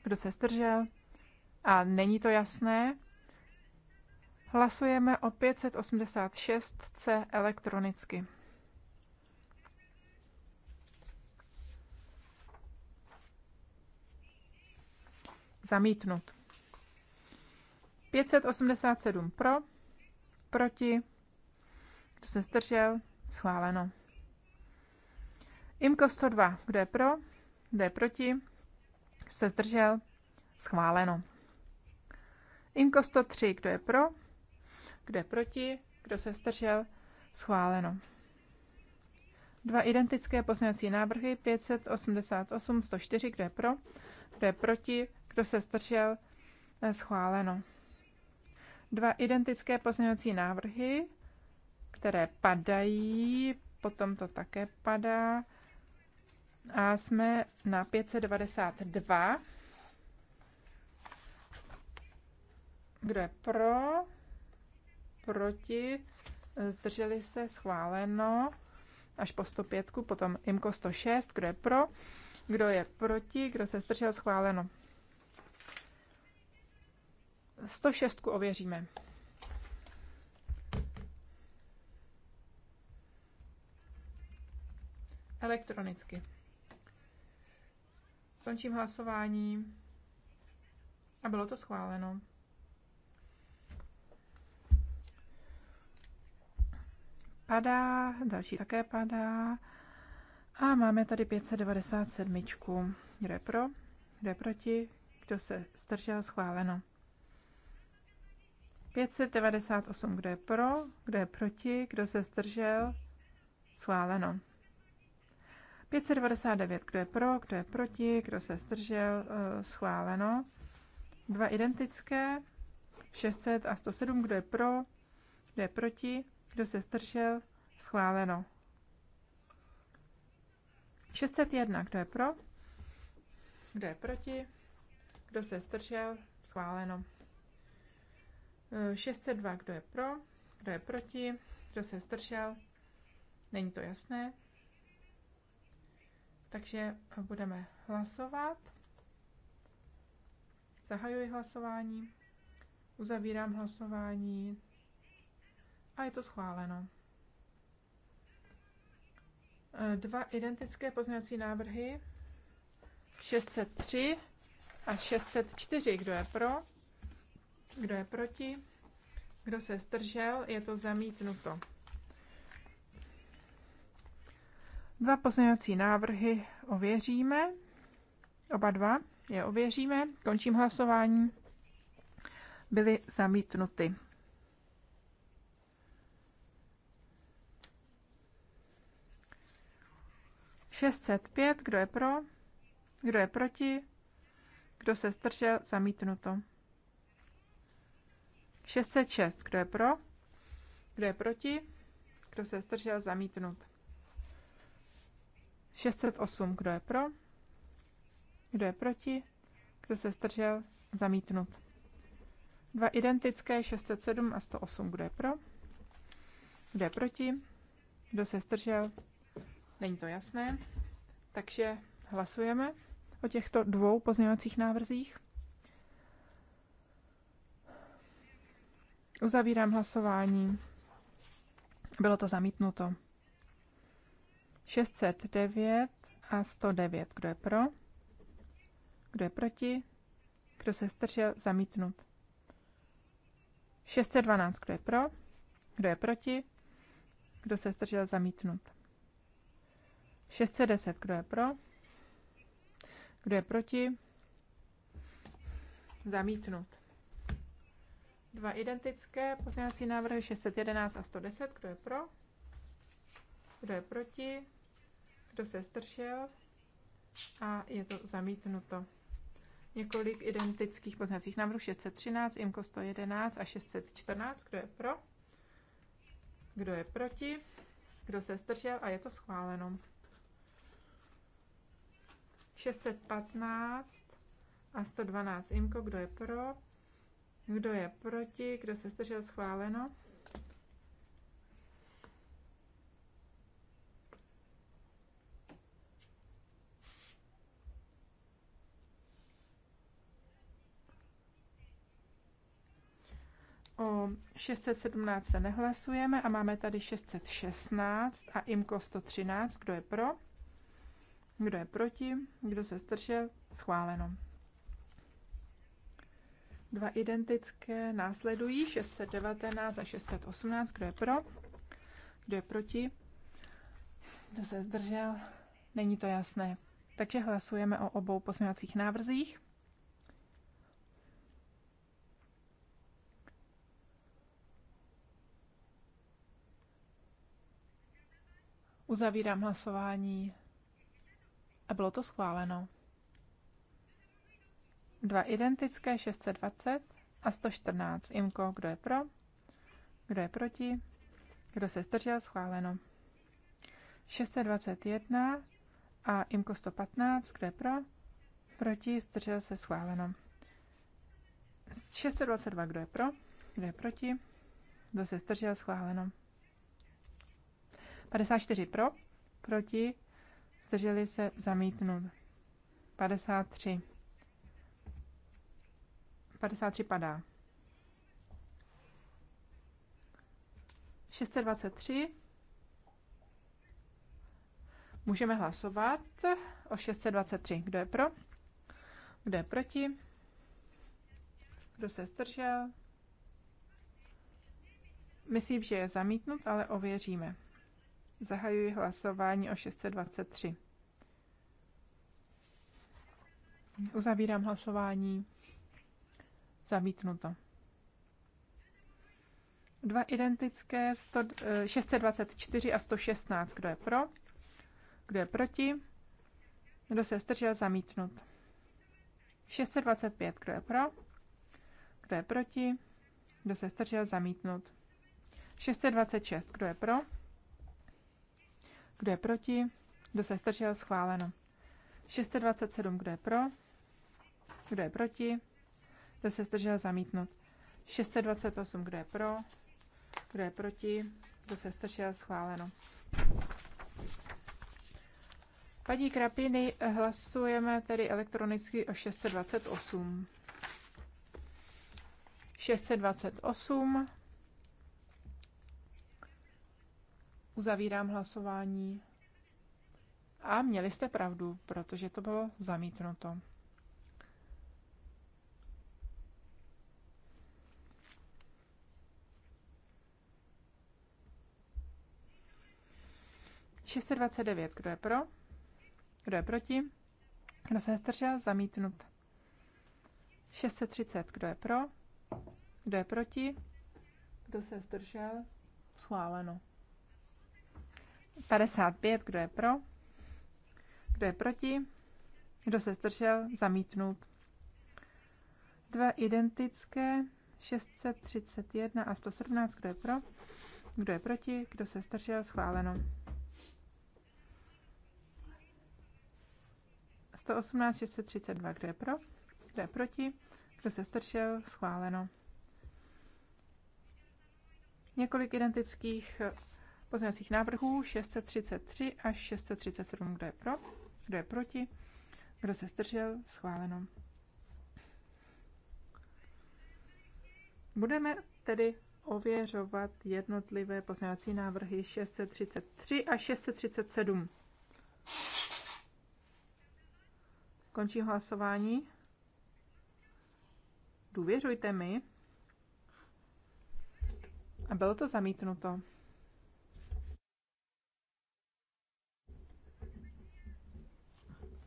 Kdo se zdržel? A není to jasné. Hlasujeme o 586C elektronicky. Zamítnut. 587 pro, proti, kdo se zdržel, schváleno. Imko 102. Kdo je pro? Kdo je proti? Se zdržel? Schváleno. Imko 103. Kdo je pro? Kdo je proti? Kdo se zdržel? Schváleno. Dva identické pozměňovací návrhy 588 104. Kdo je pro? Kdo je proti? Kdo se zdržel? Eh, schváleno. Dva identické pozměňovací návrhy, které padají, potom to také padá a jsme na 592. Kdo je pro? Proti? Zdrželi se? Schváleno. Až po 105, potom IMKO 106. Kdo je pro? Kdo je proti? Kdo se zdržel? Schváleno. 106 ověříme. Elektronicky. Končím hlasování. A bylo to schváleno. Padá, další také padá. A máme tady 597. Kdo je pro? Kdo je proti? Kdo se zdržel? Schváleno. 598. Kdo je pro? Kdo je proti? Kdo se zdržel? Schváleno. 599, eh, kdo je pro, kdo je proti, kdo se zdržel, schváleno. Dva identické, 600 a 107, kdo je pro, kdo je proti, kdo se zdržel, schváleno. 601, eh, kdo je pro, kdo je proti, kdo se zdržel, schváleno. 602, kdo je pro, kdo je proti, kdo se zdržel, není to jasné. Takže budeme hlasovat. Zahajuji hlasování, uzavírám hlasování a je to schváleno. Eh, dva identické pozměňovací návrhy 603 a 604. Kdo je pro? Kdo je proti? Kdo se zdržel? Je to zamítnuto. Dva pozměňovací návrhy ověříme. Oba dva je ověříme. Končím hlasování. Byly zamítnuty. Šestset pět, kdo je pro, kdo je proti, kdo se zdržel, zamítnuto. 606, kdo je pro, kdo je proti, kdo se zdržel, zamítnut. 608, kdo je pro? Kdo je proti? Kdo se zdržel? Zamítnut. Dva identické, 607 a 108, kdo je pro? Kdo je proti? Kdo se zdržel? Není to jasné. Takže hlasujeme o těchto dvou pozměňovacích návrzích. Uzavírám hlasování. Bylo to zamítnuto. 609 a 109. Kdo je pro? Kdo je proti? Kdo se zdržel? Zamítnut. 612. Kdo je pro? Kdo je proti? Kdo se zdržel? Zamítnut. 610. Kdo je pro? Kdo je proti? Zamítnut. Dva identické pozměňovací návrhy 611 a 110. Kdo je pro? Kdo je proti? Kdo se stršel A je to zamítnuto. Několik identických poznacích návrhů 613, IMKO 111 a 614. Kdo je pro? Kdo je proti? Kdo se zdržel? A je to schváleno. 615 a 112 IMKO. Kdo je pro? Kdo je proti? Kdo se zdržel? Schváleno. O 617 se nehlasujeme a máme tady 616 a IMKO 113. Kdo je pro? Kdo je proti? Kdo se zdržel? Schváleno. Dva identické následují 619 a 618. Kdo je pro? Kdo je proti? Kdo se zdržel? Není to jasné. Takže hlasujeme o obou pozměňovacích návrzích. Uzavírám hlasování. A bylo to schváleno. Dva identické 620 a 114. Imko, kdo je pro? Kdo je proti? Kdo se zdržel? Schváleno. 621 a Imko 115. Kdo je pro? Proti? Zdržel se? Schváleno. 622. Kdo je pro? Kdo je proti? Kdo se zdržel? Schváleno. 54 pro, proti, zdrželi se zamítnut. 53. 53 padá. 623. Můžeme hlasovat o 623. Kdo je pro? Kdo je proti? Kdo se zdržel? Myslím, že je zamítnut, ale ověříme. Zahajuji hlasování o 623. Uzavírám hlasování. Zamítnuto. Dva identické, 100, 624 eh, a 116. Kdo je pro? Kdo je proti? Kdo se zdržel? Zamítnut. 625. Kdo je pro? Kdo je proti? Kdo se zdržel? Zamítnut. 626. Kdo je pro? Kdo je proti? Kdo se zdržel? Schváleno. 627. Kdo je pro? Kdo je proti? Kdo se zdržel? Zamítnut. 628. Kdo je pro? Kdo je proti? Kdo se zdržel? Schváleno. Padí Krapiny, hlasujeme tedy elektronicky o 628. 628. Uzavírám hlasování. A měli jste pravdu, protože to bylo zamítnuto. devět. Kdo je pro? Kdo je proti? Kdo se zdržel? Zamítnut. 630. Kdo je pro? Kdo je proti? Kdo se zdržel? Schváleno. 55, kdo je pro? Kdo je proti? Kdo se zdržel? Zamítnout. Dva identické, 631 a 117, kdo je pro? Kdo je proti? Kdo se zdržel? Schváleno. 118, 632, kdo je pro? Kdo je proti? Kdo se zdržel? Schváleno. Několik identických pozměňovacích návrhů 633 až 637. Kdo je pro? Kdo je proti? Kdo se zdržel? Schváleno. Budeme tedy ověřovat jednotlivé pozměňovací návrhy 633 a 637. Končím hlasování. Důvěřujte mi. A bylo to zamítnuto.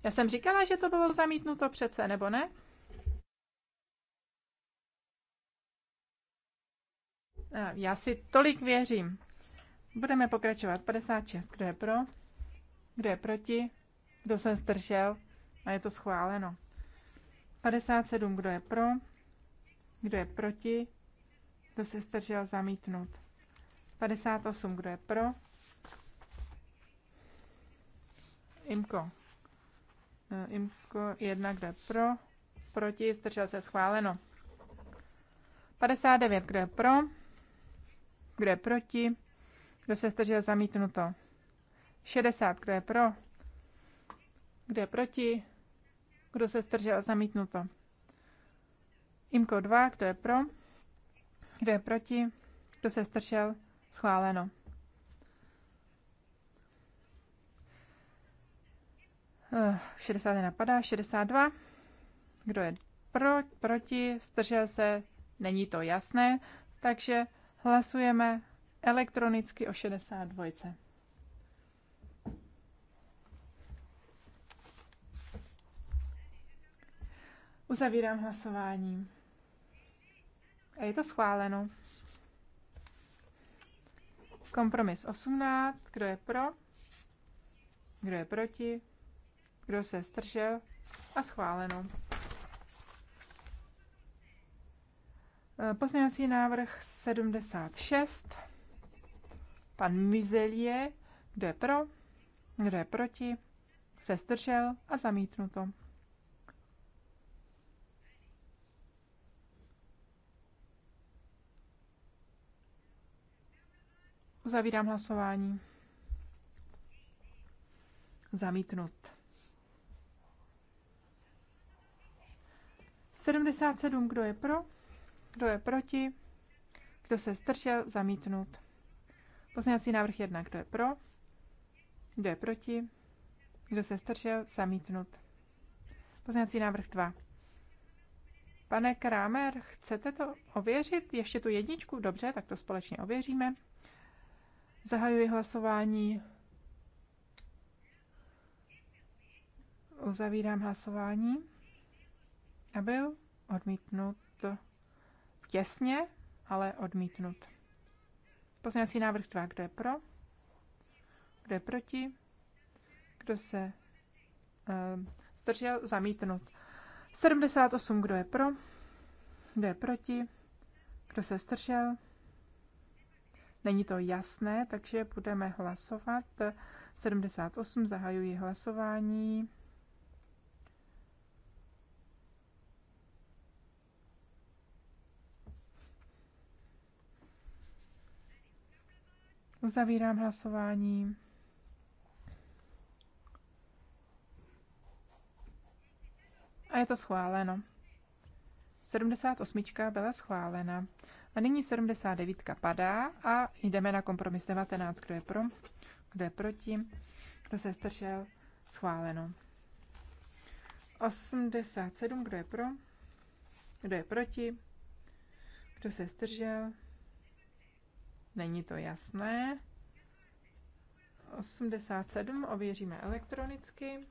Já jsem říkala, že to bylo zamítnuto přece, nebo ne? Já si tolik věřím. Budeme pokračovat. 56. Kdo je pro? Kdo je proti? Kdo se zdržel? A je to schváleno. 57. Kdo je pro? Kdo je proti? Kdo se zdržel zamítnout? 58. Kdo je pro? Imko Eh, Imko 1, kde pro, proti, zdržel se schváleno. 59, kde pro, kde proti, kdo se zdržel zamítnuto. 60, kde pro, kde proti, kdo se zdržel zamítnuto. Imko 2, kdo je pro, kdo je proti, kdo se zdržel schváleno. 60 napadá, 62. Kdo je pro, proti, stržel se, není to jasné, takže hlasujeme elektronicky o 62. Uzavírám hlasování. A je to schváleno. Kompromis 18. Kdo je pro? Kdo je proti? Kdo se zdržel? A schváleno. Eh, pozměňovací návrh 76. Pan Mizelie, kdo je pro, kdo je proti, se zdržel a zamítnuto. Uzavírám hlasování. Zamítnut. 77, kdo je pro, kdo je proti, kdo se zdržel, zamítnut. Pozměňovací návrh 1, kdo je pro, kdo je proti, kdo se zdržel, zamítnut. Pozměňovací návrh 2. Pane Kramer, chcete to ověřit? Ještě tu jedničku? Dobře, tak to společně ověříme. Zahajuji hlasování. Uzavírám hlasování. Nebyl odmítnut těsně, ale odmítnut. Pozměňovací návrh 2. Kdo je pro? Kdo je proti? Kdo se uh, zdržel? Zamítnut. 78. Kdo je pro? Kdo je proti? Kdo se zdržel? Není to jasné, takže budeme hlasovat. 78. Zahajuji hlasování. Uzavírám hlasování. A je to schváleno. 78 byla schválena. A nyní 79 padá a jdeme na kompromis 19. Kdo je pro? Kdo je proti? Kdo se stršel? Schváleno. 87. Kdo je pro? Kdo je proti? Kdo se stržel? Není to jasné. 87 ověříme elektronicky.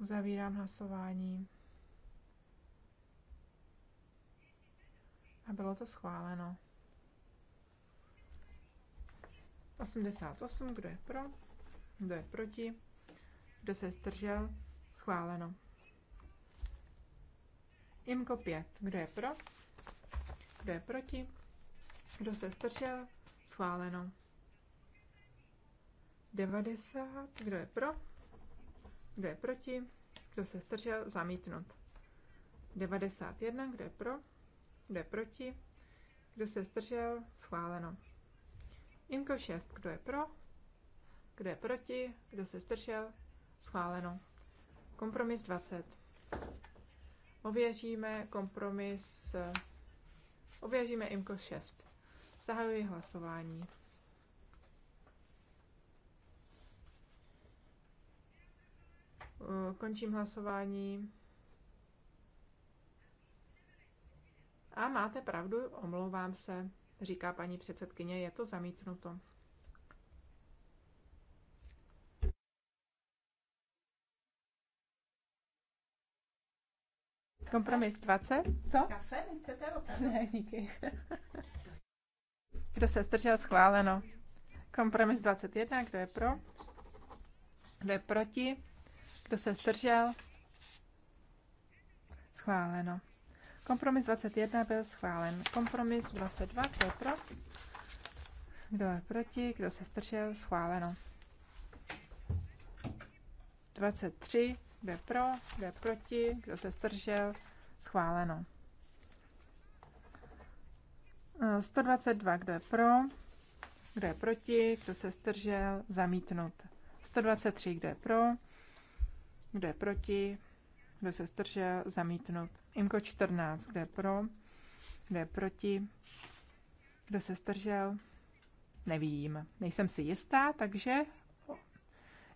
Zavírám hlasování. A bylo to schváleno. 88, kdo je pro, kdo je proti, kdo se zdržel, schváleno. Imko 5, kdo je pro, kdo je proti, kdo se zdržel? Schváleno. 90. Kdo je pro? Kdo je proti? Kdo se zdržel? Zamítnut. 91. Kdo je pro? Kdo je proti? Kdo se zdržel? Schváleno. Inko 6. Kdo je pro? Kdo je proti? Kdo se zdržel? Schváleno. Kompromis 20. Ověříme kompromis. Ověříme IMKO 6. Zahajuji hlasování. Eh, končím hlasování. A máte pravdu, omlouvám se, říká paní předsedkyně, je to zamítnuto. Kompromis 20. Co? Kafe nechcete opravdu? Ne, díky. Kdo se zdržel? Schváleno. Kompromis 21. Kdo je pro? Kdo je proti? Kdo se zdržel? Schváleno. Kompromis 21 byl schválen. Kompromis 22. Kdo je pro? Kdo je proti? Kdo se zdržel? Schváleno. 23. Kdo je pro? Kdo je proti? Kdo se zdržel? Schváleno. 122, kdo je pro, kdo je proti, kdo se zdržel, zamítnut. 123, kdo je pro, kdo je proti, kdo se zdržel, zamítnut. Imko 14, kdo je pro, kdo je proti, kdo se zdržel, nevím, nejsem si jistá, takže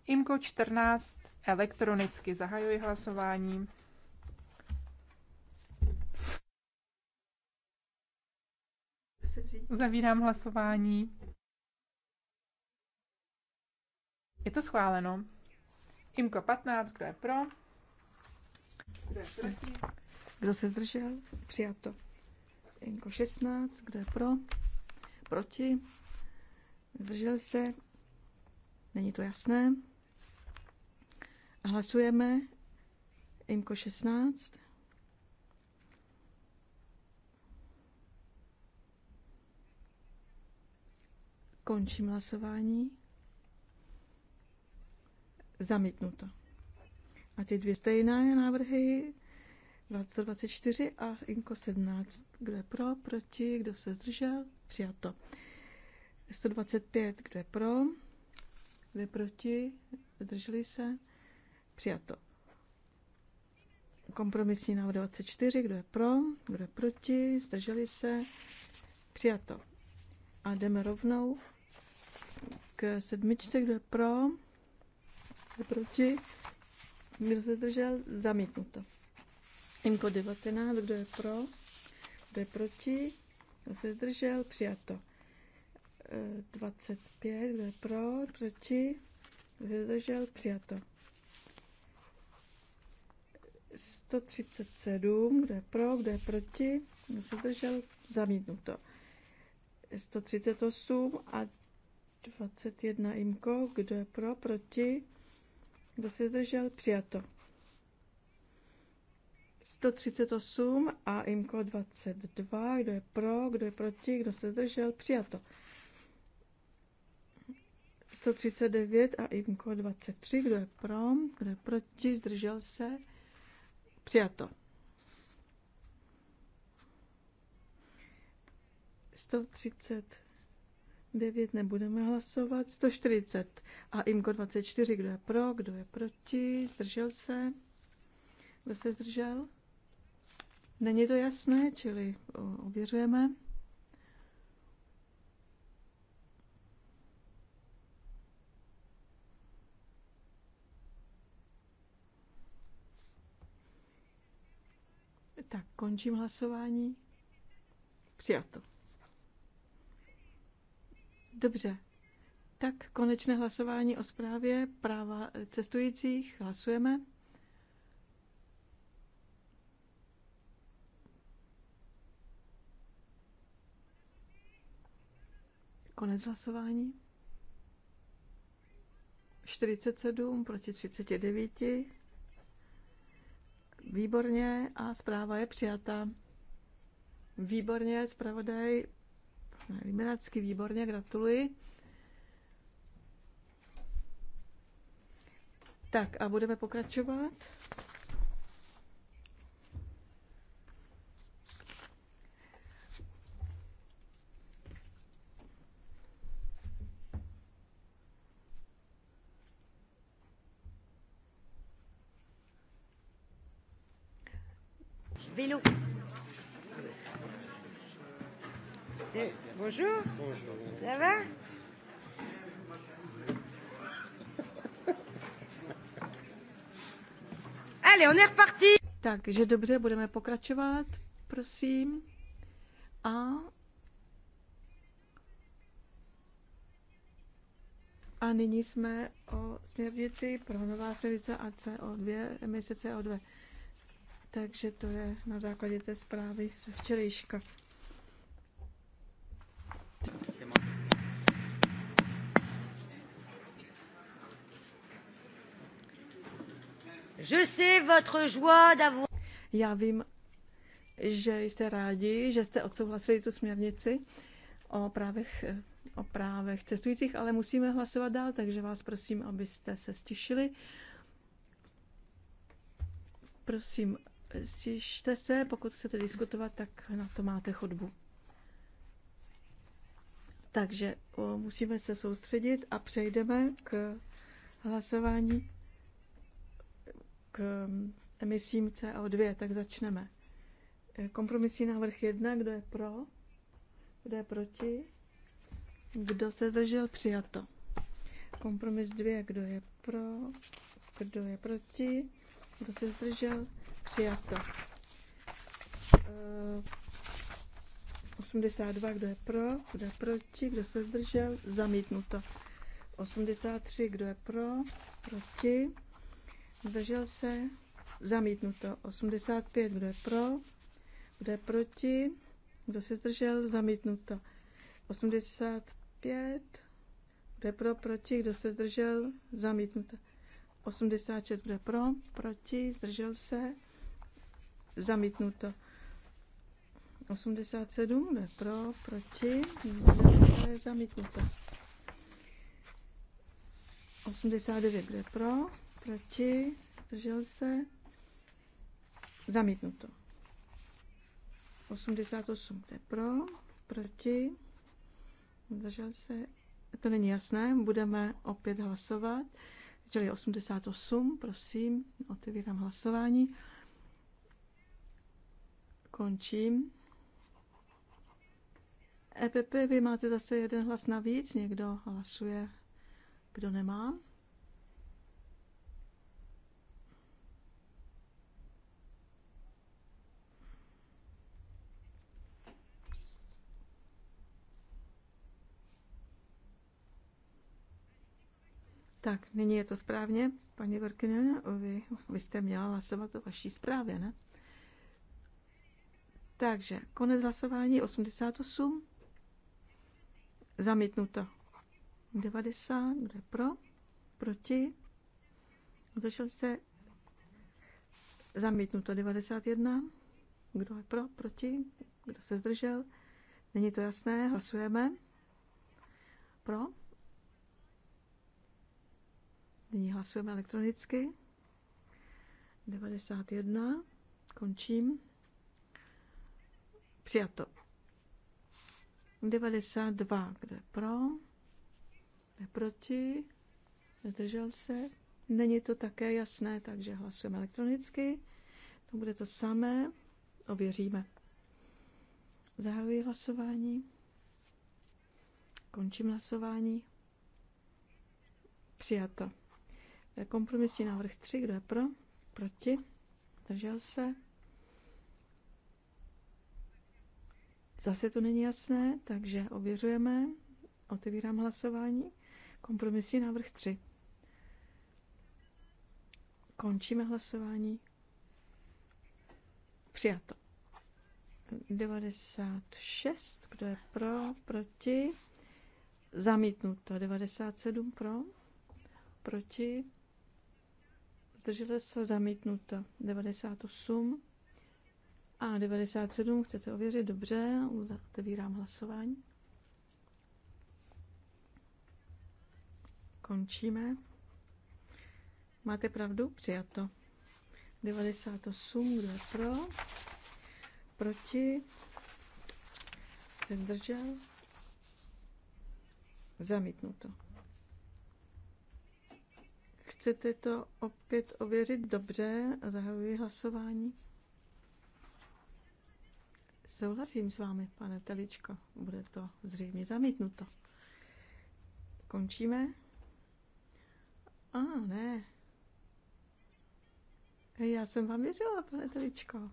Imko 14 elektronicky zahajuji hlasování. Zavírám hlasování. Je to schváleno. Imko 15, kdo je pro? Kdo je proti? Kdo se zdržel? Přijato. Imko 16, kdo je pro? Proti? Zdržel se? Není to jasné. Hlasujeme. Imko 16. Končím hlasování. Zamítnuto. A ty dvě stejné návrhy 2024 a INKO 17. Kdo je pro, proti, kdo se zdržel? Přijato. 125, kdo je pro, kdo je proti, zdrželi se? Přijato. Kompromisní návrh 24, kdo je pro, kdo je proti, zdrželi se? Přijato. A jdeme rovnou k sedmičce, kdo je pro, kdo je proti, kdo se držel, zamítnuto. Inko 19, kdo je pro, kdo je proti, kdo se zdržel, přijato. 25, e, kdo je pro, proti, kdo se zdržel, přijato. 137, kdo je pro, kdo je proti, kdo se zdržel, zamítnuto. 138 a 21 imko, kdo je pro, proti, kdo se zdržel, přijato. 138 a imko 22, kdo je pro, kdo je proti, kdo se zdržel, přijato. 139 a imko 23, kdo je pro, kdo je proti, zdržel se, přijato. 130 9 nebudeme hlasovat. 140 a IMKO 24. Kdo je pro, kdo je proti? Zdržel se? Kdo se zdržel? Není to jasné, čili ověřujeme. Tak končím hlasování. Přijato. Dobře, tak konečné hlasování o zprávě práva cestujících. Hlasujeme. Konec hlasování. 47 proti 39. Výborně a zpráva je přijata. Výborně, zpravodaj Liberacký, výborně, gratuluji. Tak a budeme pokračovat. Bonjour. Bonjour. Ça va Allez, on est reparti. Takže dobře, budeme pokračovat, prosím. A A nyní jsme o směrnici, pro nová směrnice a CO2, emise CO2. Takže to je na základě té zprávy ze včerejška. Je sais votre joie d'avoir... Já vím, že jste rádi, že jste odsouhlasili tu směrnici o právech, o právech cestujících, ale musíme hlasovat dál, takže vás prosím, abyste se stišili. Prosím, stište se, pokud chcete diskutovat, tak na to máte chodbu. Takže musíme se soustředit a přejdeme k hlasování k mm, emisím CO2. Tak začneme. E, kompromisní návrh 1, kdo je pro, kdo je proti, kdo se zdržel, přijato. Kompromis 2, kdo je pro, kdo je proti, kdo se zdržel, přijato. E, 82, kdo je pro, kdo je proti, kdo se zdržel, zamítnuto. 83, kdo je pro, proti, zdržel se, zamítnuto. 85, kdo je pro, kdo je proti, kdo se zdržel, zamítnuto. 85, kdo je pro, proti, kdo se zdržel, zamítnuto. 86, kdo je pro, proti, zdržel se, zamítnuto. 87, ne pro, proti, zdržel se, zamítnuto. 89, kde pro, proti, zdržel se, zamítnuto. 88, kde pro, proti, zdržel se, to není jasné, budeme opět hlasovat. Čili 88, prosím, otevírám hlasování. Končím. EPP, vy máte zase jeden hlas navíc, někdo hlasuje, kdo nemá. Tak, nyní je to správně. Paní Vrkinen, vy, vy jste měla hlasovat o vaší zprávě, ne? Takže, konec hlasování 88. Zamítnuto. 90, je pro, proti, zdržel se, zamítnuto 91, kdo je pro, proti, kdo se zdržel, není to jasné, hlasujeme, pro, nyní hlasujeme elektronicky, 91, končím, přijato. 92, kdo je pro, kdo je proti, zdržel se. Není to také jasné, takže hlasujeme elektronicky. To bude to samé, ověříme. Zahajuji hlasování. Končím hlasování. Přijato. Kompromisní návrh 3, kdo je pro? Proti? zdržel se? Zase to není jasné, takže ověřujeme. Otevírám hlasování. Kompromisní návrh 3. Končíme hlasování. Přijato. 96, kdo je pro, proti. Zamítnuto. 97 pro, proti. Zdrželo se zamítnuto. 98 a 97 chcete ověřit? Dobře, otevírám hlasování. Končíme. Máte pravdu? Přijato. 98, kdo je pro? Proti? Jsem zdržel? Zamítnuto. Chcete to opět ověřit? Dobře, zahajuji hlasování. Souhlasím s vámi, pane Teličko. Bude to zřejmě zamítnuto. Končíme? A ne. Já jsem vám věřila, pane Teličko.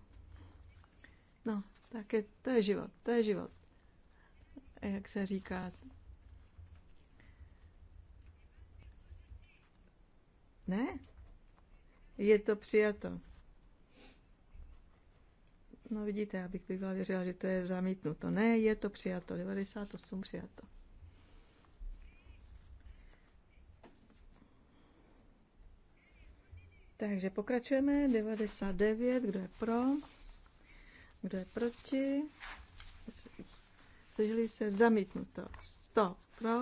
No, tak je, to je život, to je život. Jak se říká. Ne? Je to přijato. No vidíte, abych byla věřila, že to je zamítnuto. Ne, je to přijato. 98 přijato. Takže pokračujeme. 99, kdo je pro? Kdo je proti? Zdrželi se zamítnuto. 100 pro,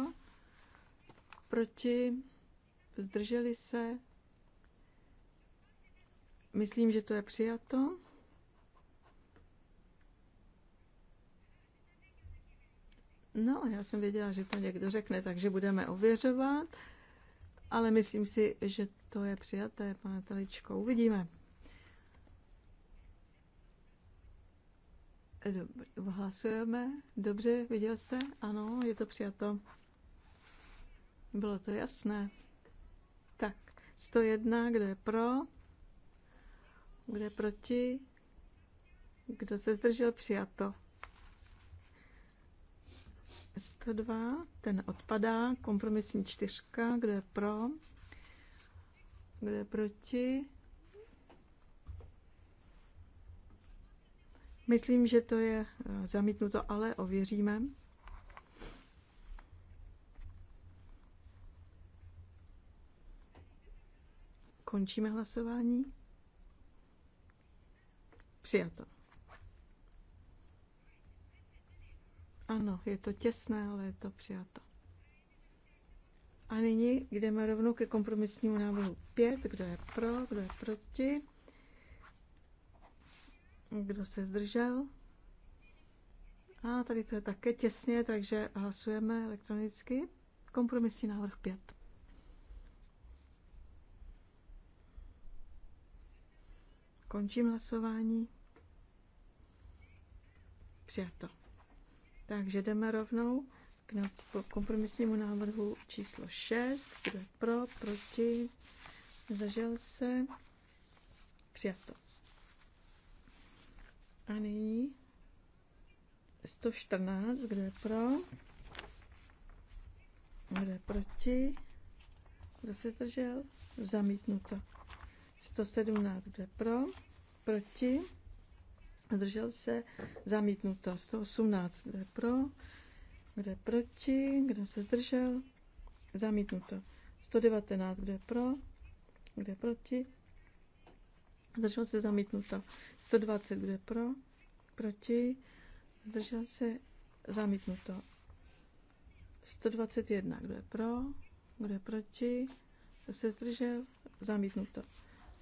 proti, zdrželi se. Myslím, že to je přijato. No a já jsem věděla, že to někdo řekne, takže budeme ověřovat, ale myslím si, že to je přijaté, pane Teličko, uvidíme. Dobře, hlasujeme. Dobře, viděl jste? Ano, je to přijato. Bylo to jasné. Tak, 101, kdo je pro? Kdo je proti? Kdo se zdržel? Přijato. 102, ten odpadá. Kompromisní čtyřka, kde je pro? kde je proti? Myslím, že to je eh, zamítnuto, ale ověříme. Končíme hlasování. Přijato. Ano, je to těsné, ale je to přijato. A nyní jdeme rovnou ke kompromisnímu návrhu 5. Kdo je pro, kdo je proti? Kdo se zdržel? A tady to je také těsně, takže hlasujeme elektronicky. Kompromisní návrh 5. Končím hlasování. Přijato. Takže jdeme rovnou k kompromisnímu návrhu číslo 6. Kdo je pro, proti, zdržel se, přijato. A nyní 114, kdo je pro, kdo je proti, kdo se zdržel, zamítnuto. 117, kdo je pro, proti, Zdržel se zamítnuto 118. Kdo je pro? Kdo je proti? Kdo se zdržel? Zamítnuto 119. Kdo je pro? Kdo je proti? Zdržel se zamítnuto 120. Kdo je pro? Proti? Zdržel se zamítnuto 121. Kdo je pro? Kdo je proti? Kdo se zdržel? Zamítnuto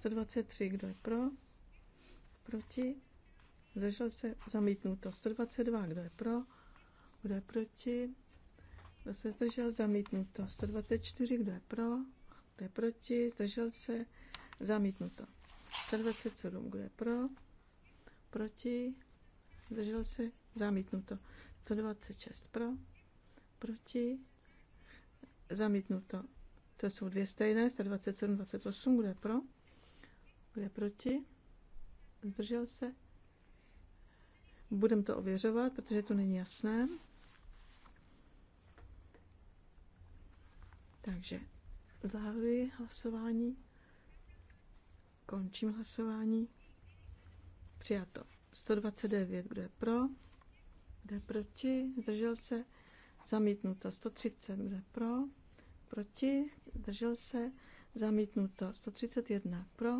123. Kdo je pro? Proti? zdržel se, zamítnuto. 122, kdo je pro, kdo je proti, kdo se zdržel, zamítnuto. 124, kdo je pro, kdo je proti, zdržel se, zamítnuto. 127, kdo je pro, proti, zdržel se, zamítnuto. 126 pro, proti, zamítnuto. To jsou dvě stejné, 127, 28, kdo je pro, kdo je proti, zdržel se, budem to ověřovat, protože to není jasné. Takže zahajuji hlasování, končím hlasování. Přijato 129, kdo je pro, kdo je proti, zdržel se, zamítnuto 130, kdo je pro, proti, zdržel se, zamítnuto 131, pro,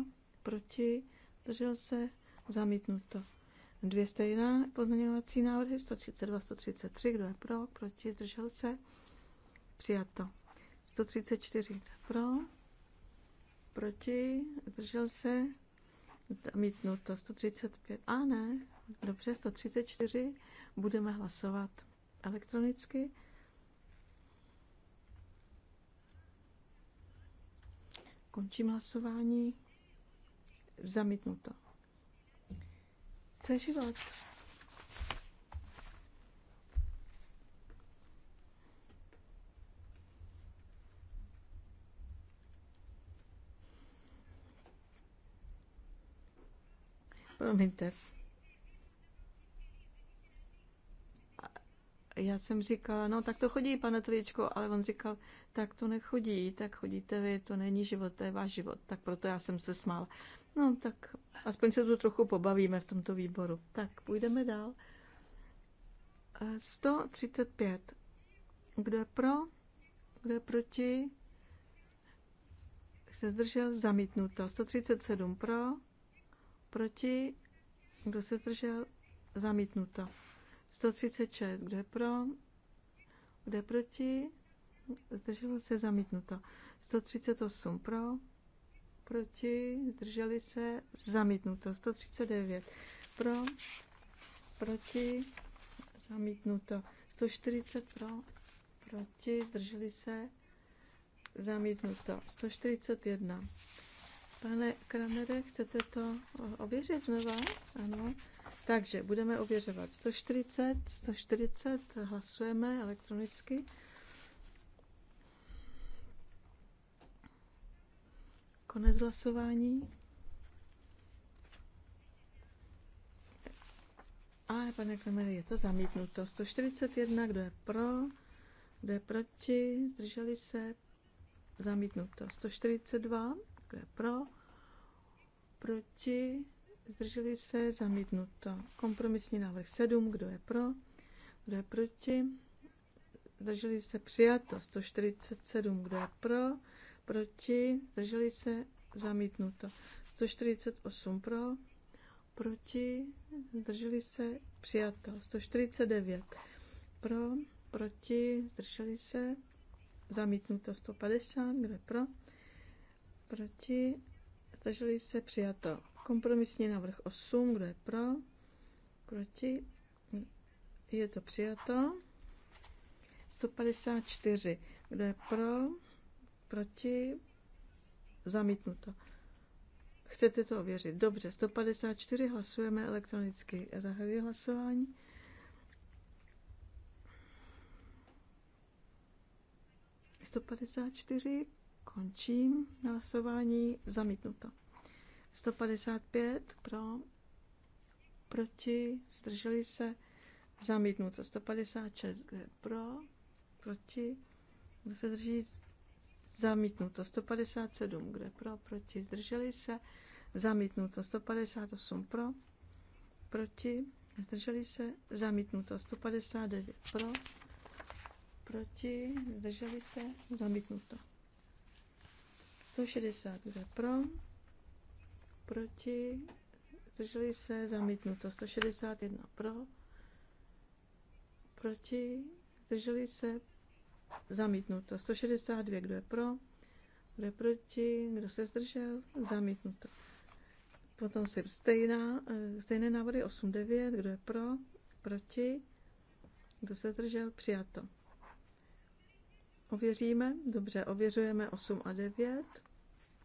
proti, zdržel se, zamítnuto Dvě stejné pozměňovací návrhy, 132, 133, kdo je pro, proti, zdržel se, přijato. 134 pro, proti, zdržel se, zamítnuto 135. A ne, dobře, 134 budeme hlasovat elektronicky. Končím hlasování. Zamítnuto za život. Promiňte. Já jsem říkala, no tak to chodí, pane Tričko, ale on říkal, tak to nechodí, tak chodíte vy, to není život, to je váš život. Tak proto já jsem se smála. No tak aspoň se tu trochu pobavíme v tomto výboru. Tak, půjdeme dál. 135. Eh, Kdo je pro? Kdo je proti? Se zdržel? Zamítnuto. 137 pro? Proti? Kdo se zdržel? Zamítnuto. 136. Kdo je pro? Kdo je proti? Zdrželo se zamítnuto. 138 pro? proti, zdrželi se, zamítnuto. 139 pro, proti, zamítnuto. 140 pro, proti, zdrželi se, zamítnuto. 141. Pane Kramere, chcete to eh, ověřit znova? Ano. Takže budeme ověřovat 140, 140, hlasujeme elektronicky. Konec hlasování. A pane Kamery, je to zamítnuto. 141, kdo je pro, kdo je proti, zdrželi se, zamítnuto. 142, kdo je pro, proti, zdrželi se, zamítnuto. Kompromisní návrh 7, kdo je pro, kdo je proti, zdrželi se, přijato. 147, kdo je pro, proti, zdrželi se, zamítnuto. 148 pro, proti, zdrželi se, přijato. 149 pro, proti, zdrželi se, zamítnuto. 150, kde pro, proti, zdrželi se, přijato. Kompromisní návrh 8, kdo je pro, proti, je to přijato. 154, kdo je pro, proti, zamítnuto. Chcete to ověřit? Dobře, 154 hlasujeme elektronicky. Zahajuji hlasování. Sto padesát čtyři, končím hlasování, zamítnuto. 155 pro, proti, zdrželi se, zamítnuto. 156 pro, proti, drží, Zamítnuto 157, kde pro, proti, zdrželi se. Zamítnuto 158 pro, proti, zdrželi se. Zamítnuto 159 pro, proti, zdrželi se. Zamítnuto. 160, kde pro, proti, zdrželi se. Zamítnuto 161 pro, proti, zdrželi se. Zamítnuto. 162. Kdo je pro? Kdo je proti? Kdo se zdržel? Zamítnuto. Potom si stejná, eh, stejné návody 8-9. Kdo je pro? Proti? Kdo se zdržel? Přijato. Ověříme. Dobře, ověřujeme 8 a 9.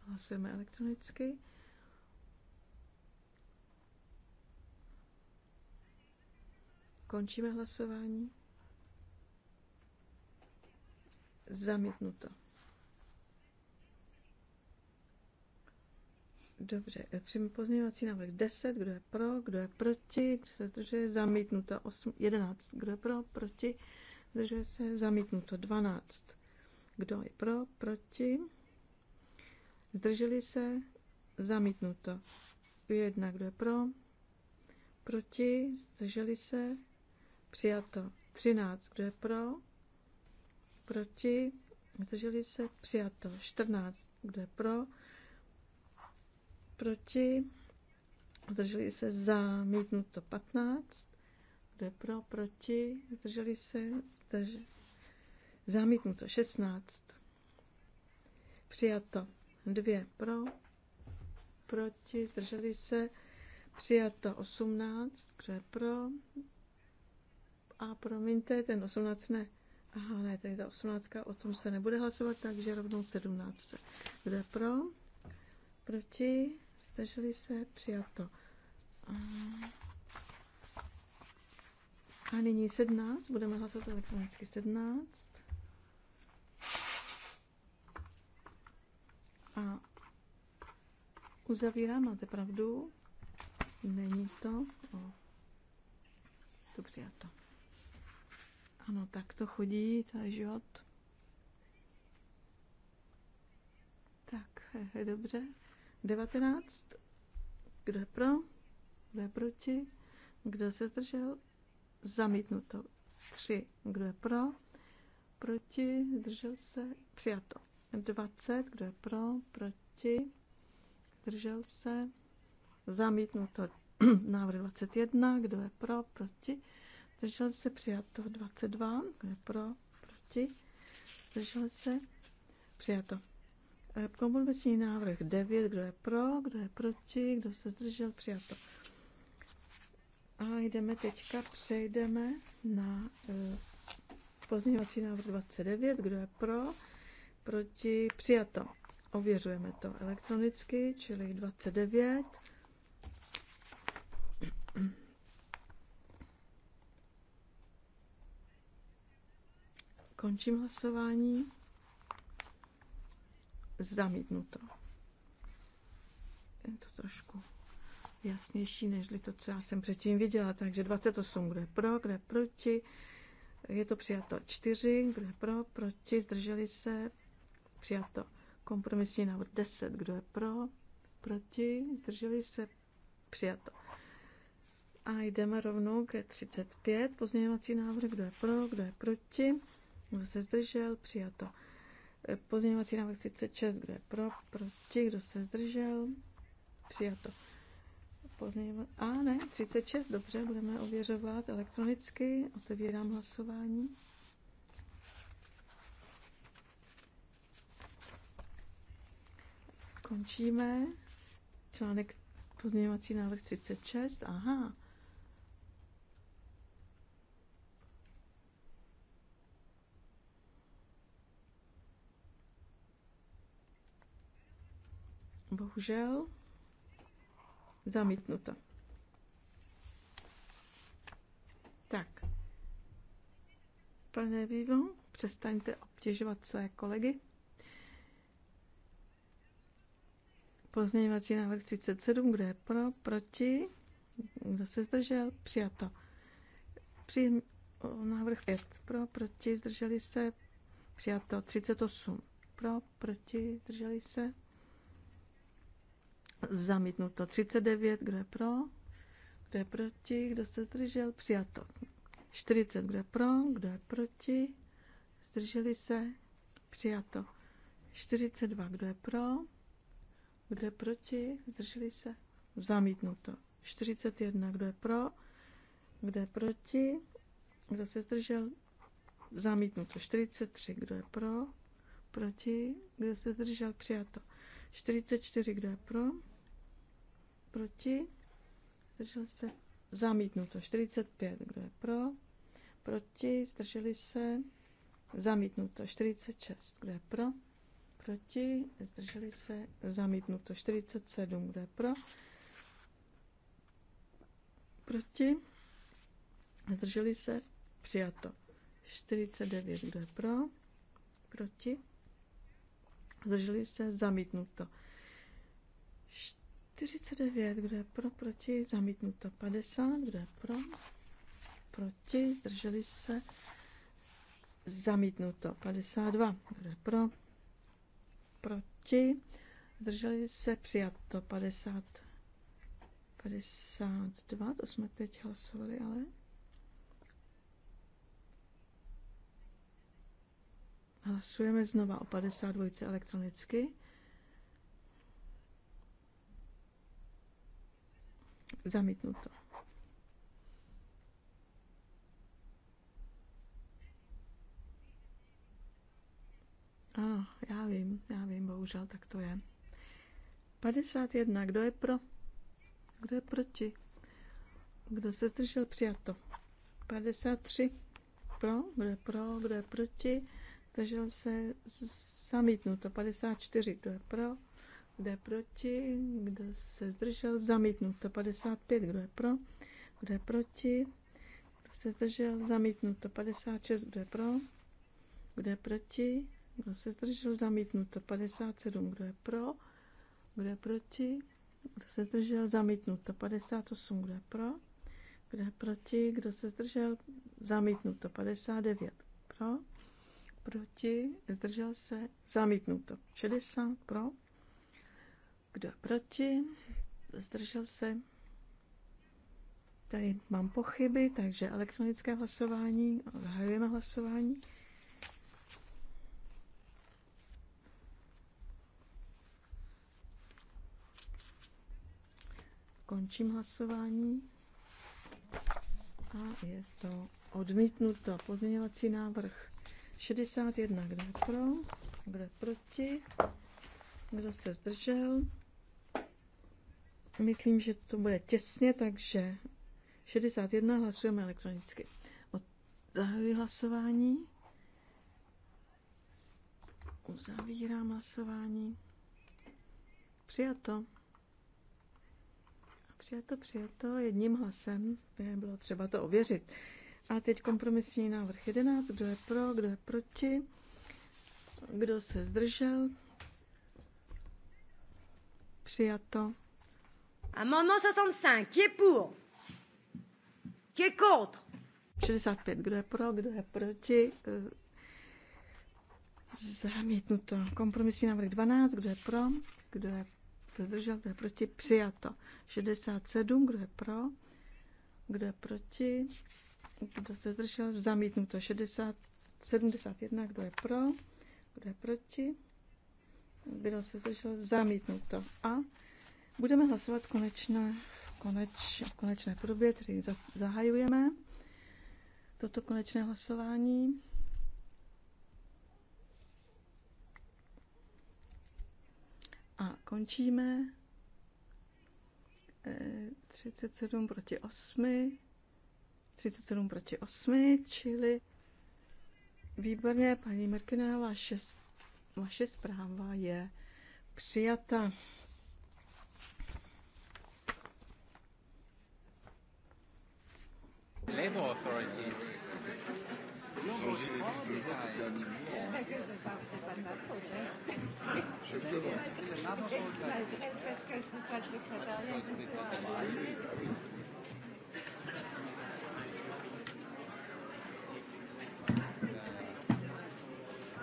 Hlasujeme elektronicky. Končíme hlasování. Zamítnuto. Dobře, eh, přijmu pozměňovací návrh 10, kdo je pro, kdo je proti, kdo se zdržuje, zamítnuto 8, 11, kdo je pro, proti, zdržuje se, zamítnuto 12, kdo je pro, proti, zdrželi se, zamítnuto 1, kdo je pro, proti, zdrželi se, přijato 13, kdo je pro, proti, zdrželi se, přijato. 14, kdo je pro, proti, zdrželi se, zamítnuto. 15, kdo je pro, proti, zdrželi se, zdrželi. Zamítnuto 16. Přijato 2 pro, proti, zdrželi se. Přijato 18, kdo je pro. A promiňte, ten 18 ne. Aha, ne, tady ta 18, o tom se nebude hlasovat, takže rovnou 17. Kdo je pro? Proti? Zdrželi se? Přijato. A A nyní 17, budeme hlasovat elektronicky 17. A uzavírám, máte pravdu, není to. O. To přijato. Ano, tak to chodí, to je život. Tak, je dobře. 19. Kdo je pro? Kdo je proti? Kdo se zdržel? Zamítnuto. 3. Kdo je pro? Proti? Zdržel se? Přijato. 20. Kdo je pro? Proti? Zdržel se? Zamítnuto. Návrh 21. Kdo je pro? Proti? Zdržel se přijato 22, kde pro, proti. Zdržel se přijato. E, kompromisní návrh 9, kdo je pro, kdo je proti, kdo se zdržel, přijato. A jdeme teďka, přejdeme na e, pozměňovací návrh 29, kdo je pro, proti, přijato. Ověřujeme to elektronicky, čili 29. Končím hlasování. Zamítnuto. Je to trošku jasnější, než to, co já jsem předtím viděla. Takže 28, kdo je pro, kdo je proti. Je to přijato 4, kdo je pro, proti, zdrželi se. Přijato kompromisní návrh 10, kdo je pro, proti, zdrželi se. Přijato. A jdeme rovnou ke 35, pozměňovací návrh, kdo je pro, kdo je proti kdo se zdržel? Přijato. Pozměňovací návrh 36, kdo je pro? Proti? Kdo se zdržel? Přijato. Pozměňovat... A ne, 36, dobře, budeme ověřovat elektronicky. Otevírám hlasování. Končíme. Článek pozměňovací návrh 36. Aha, Bohužel zamítnuto. Tak. Pane Vivo, přestaňte obtěžovat své kolegy. Pozměňovací návrh 37, kde je pro, proti, kdo se zdržel, přijato. Při návrh 5, pro, proti, zdrželi se, přijato. 38, pro, proti, zdrželi se, Zamítnuto 39, kdo je pro? Kdo je proti? Kdo se zdržel? Přijato. 40, kdo je pro? Kdo je proti? Zdrželi se? Přijato. 42, kdo je pro? Kdo je proti? Zdrželi se? Zamítnuto. 41, kdo je pro? Kdo je proti? Kdo se zdržel? Zamítnuto. 43, kdo je pro? Proti? Kdo se zdržel? Přijato. 44, kdo je pro? Proti? Zdržel se? Zamítnuto. 45. Kdo je pro? Proti? Zdrželi se? Zamítnuto. 46. Kdo je pro? Proti? Zdrželi se? Zamítnuto. 47. Kdo je pro? Proti? Zdrželi se? Přijato. 49. Kdo je pro? Proti? Zdrželi se? Zamítnuto. 49, kdo je pro, proti, zamítnuto. 50, kdo je pro, proti, zdrželi se, zamítnuto. 52, kdo je pro, proti, zdrželi se, přijato. 50, 52, to jsme teď hlasovali, ale... Hlasujeme znova o 52 elektronicky. Zamítnuto. Ano, já vím, já vím, bohužel tak to je. 51. Kdo je pro? Kdo je proti? Kdo se zdržel? Přijato. 53. Pro? Kdo je pro? Kdo je proti? Zdržel se zamítnuto. 54. Kdo je pro? Kdo je proti? Kdo se zdržel? Zamítnuto. 55. Kdo je pro? Kdo je proti? Kdo se zdržel? Zamítnuto. 56. Kdo je pro? Kdo je proti? Kdo se zdržel? Zamítnuto. 57. Kdo je pro? Kdo je proti? Kdo se zdržel? Zamítnuto. 58. Kdo je pro? Kdo je proti? Kdo se zdržel? Zamítnuto. 59. Pro? Proti? Zdržel se? Zamítnuto. 60. Pro? Kdo proti? Zdržel se? Tady mám pochyby, takže elektronické hlasování. Zahajujeme hlasování. Končím hlasování. A je to odmítnuto. Pozměňovací návrh 61. Kdo je pro? Kdo je proti? Kdo se zdržel? Myslím, že to bude těsně, takže 61 hlasujeme elektronicky. Zahajuji hlasování. Uzavírám hlasování. Přijato. Přijato, přijato jedním hlasem. By bylo třeba to ověřit. A teď kompromisní návrh 11. Kdo je pro, kdo je proti, kdo se zdržel. Přijato. Amendement 65, qui est pour? Qui est contre? 65, kdo je pro, kdo je proti? Eh, zamítnuto. Kompromisní návrh 12, kdo je pro, kdo je se zdržel, kdo je proti, přijato. 67, kdo je pro, kdo je proti, kdo se zdržel, zamítnuto. 60, 71, kdo je pro, kdo je proti, kdo se zdržel, zamítnuto. A Budeme hlasovat konečné, koneč, v konečné podobě, tedy zahajujeme toto konečné hlasování. A končíme. 37 eh, proti 8. 37 proti 8, čili výborně paní Merkinová vaše, vaše zpráva je přijata. Labour Authority.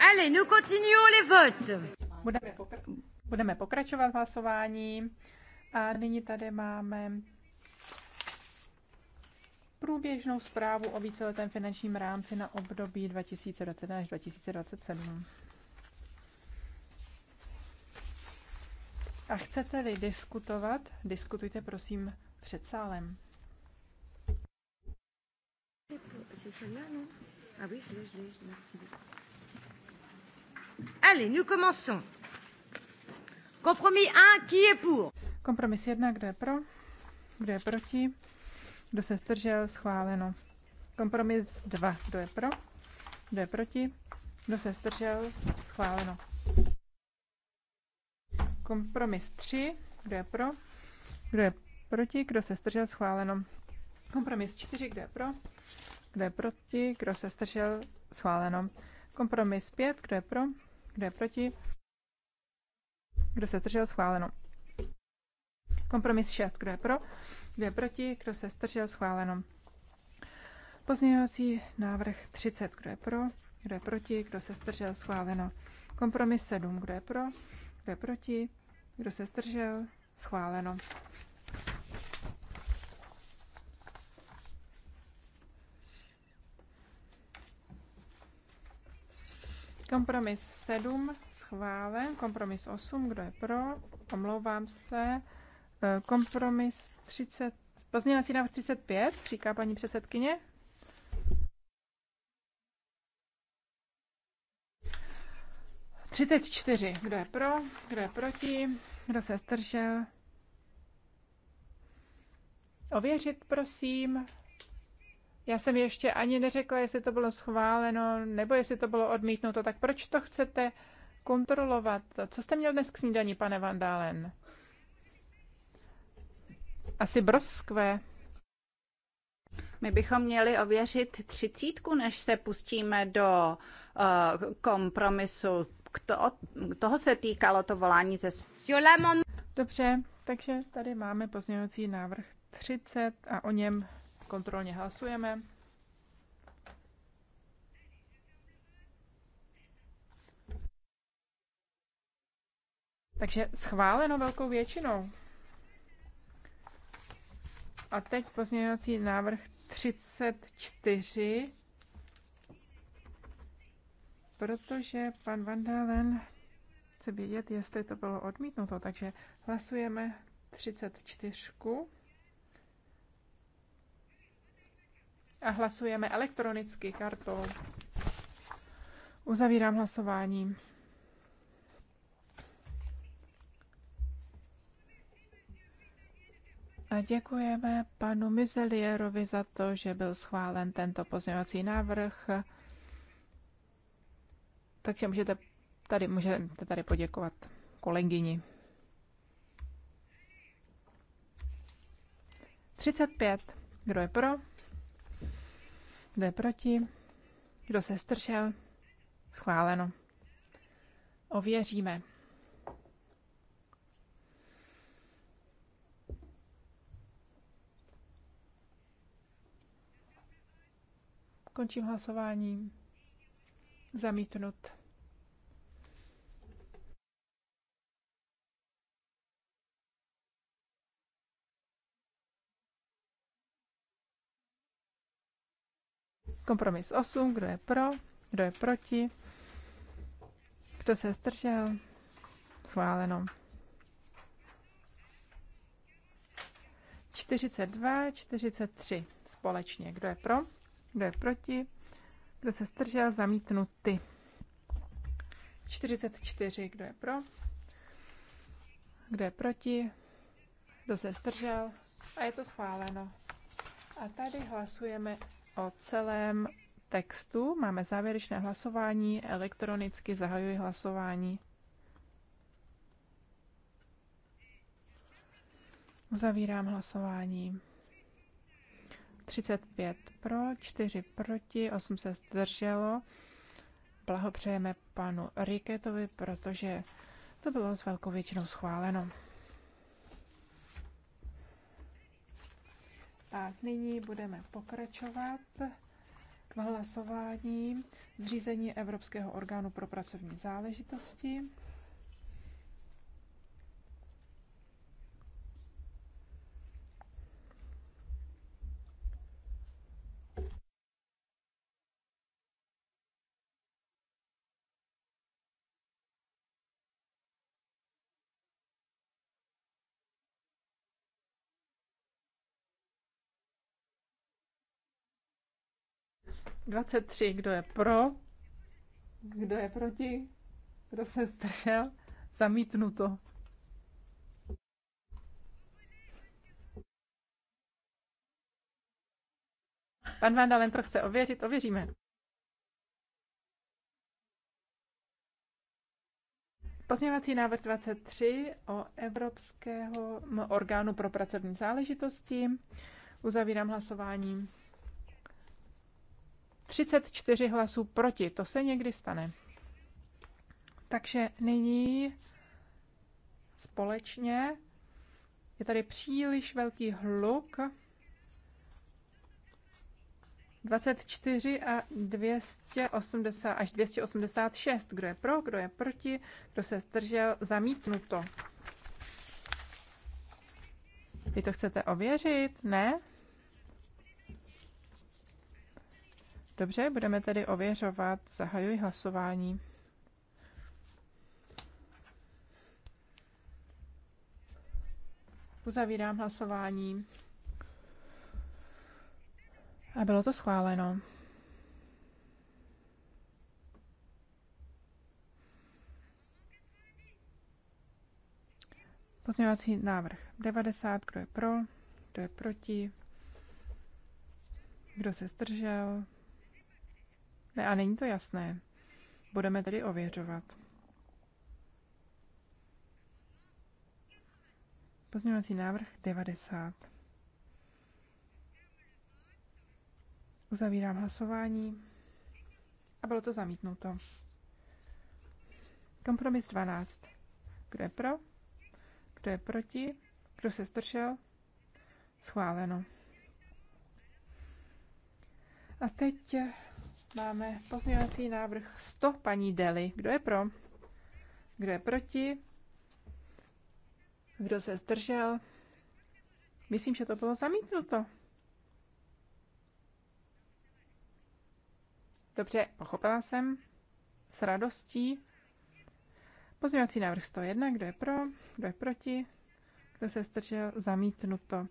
Allez, nous continuons les votes. Budeme, budeme pokračovat v hlasování. A nyní tady máme průběžnou zprávu o víceletém finančním rámci na období 2021 až 2027. A chcete-li diskutovat, diskutujte prosím před sálem. Allez, nous commençons. Kompromis 1, qui est pour? Kompromis 1, kdo je pro? Kdo je proti? Kdo se zdržel? Schváleno. Kompromis 2. Kdo je pro? Kdo je proti? Kdo se zdržel? Schváleno. Kompromis 3. Kdo je pro? Kdo je proti? Kdo se zdržel? Schváleno. Kompromis 4. Kdo je pro? Kdo je proti? Kdo se zdržel? Schváleno. Kompromis 5. Kdo je pro? Kdo je proti? Kdo se zdržel? Schváleno. Kompromis 6. Kdo je pro? 2 proti, kdo se stržel, schváleno. Pozměňovací návrh 30, kdo je pro, kdo je proti, kdo se stržel, schváleno. Kompromis 7, kdo je pro, kdo je proti, kdo se stržel, schváleno. Kompromis 7 schválen, kompromis 8, kdo je pro, omlouvám se, Eh, kompromis 30, pozměňovací návrh 35, říká paní předsedkyně. Třicet čtyři. Kdo je pro? Kdo je proti? Kdo se zdržel? Ověřit, prosím. Já jsem ještě ani neřekla, jestli to bylo schváleno, nebo jestli to bylo odmítnuto. Tak proč to chcete kontrolovat? Co jste měl dnes k snídaní, pane Vandálen? asi broskve. My bychom měli ověřit třicítku, než se pustíme do uh, kompromisu. Kto, toho se týkalo to volání ze... Dobře, takže tady máme pozměňovací návrh 30 a o něm kontrolně hlasujeme. Takže schváleno velkou většinou. A teď pozměňovací návrh 34, protože pan Vandalen chce vědět, jestli to bylo odmítnuto. Takže hlasujeme 34. A hlasujeme elektronicky kartou. Uzavírám hlasování. A děkujeme panu Mizelierovi za to, že byl schválen tento pozměňovací návrh. Takže můžete tady, můžete tady poděkovat kolegyni. 35. Kdo je pro? Kdo je proti? Kdo se stršel? Schváleno. Ověříme. Končím hlasování. Zamítnut. Kompromis 8. Kdo je pro? Kdo je proti? Kdo se zdržel? Schváleno. 42, 43 společně. Kdo je pro? Kdo je proti? Kdo se zdržel? zamítnutý. 44. Kdo je pro? Kdo je proti? Kdo se zdržel? A je to schváleno. A tady hlasujeme o celém textu. Máme závěrečné hlasování. Elektronicky zahajuji hlasování. Uzavírám hlasování. 35 pro, 4 proti, 8 se zdrželo. Blahopřejeme panu Riketovi, protože to bylo s velkou většinou schváleno. Tak, nyní budeme pokračovat k hlasování zřízení Evropského orgánu pro pracovní záležitosti. 23. Kdo je pro? Kdo je proti? Kdo se zdržel? Zamítnuto. Pan Vandalen to chce ověřit, ověříme. Pozměvací návrh 23 o Evropského orgánu pro pracovní záležitosti. Uzavírám hlasování. 34 hlasů proti. To se někdy stane. Takže nyní společně je tady příliš velký hluk. 24 a 280 až 286. Kdo je pro, kdo je proti, kdo se zdržel, zamítnuto. Vy to chcete ověřit? Ne? Dobře, budeme tedy ověřovat. Zahajuji hlasování. Uzavírám hlasování. A bylo to schváleno. Pozměňovací návrh 90, kdo je pro, kdo je proti, kdo se zdržel, ne, a není to jasné. Budeme tedy ověřovat. Pozměňovací návrh 90. Uzavírám hlasování. A bylo to zamítnuto. Kompromis 12. Kdo je pro? Kdo je proti? Kdo se stršel? Schváleno. A teď Máme pozměňovací návrh 100 paní Deli. Kdo je pro? Kdo je proti? Kdo se zdržel? Myslím, že to bylo zamítnuto. Dobře, pochopila jsem. S radostí. Pozměňovací návrh 101. Kdo je pro? Kdo je proti? Kdo se zdržel? Zamítnuto.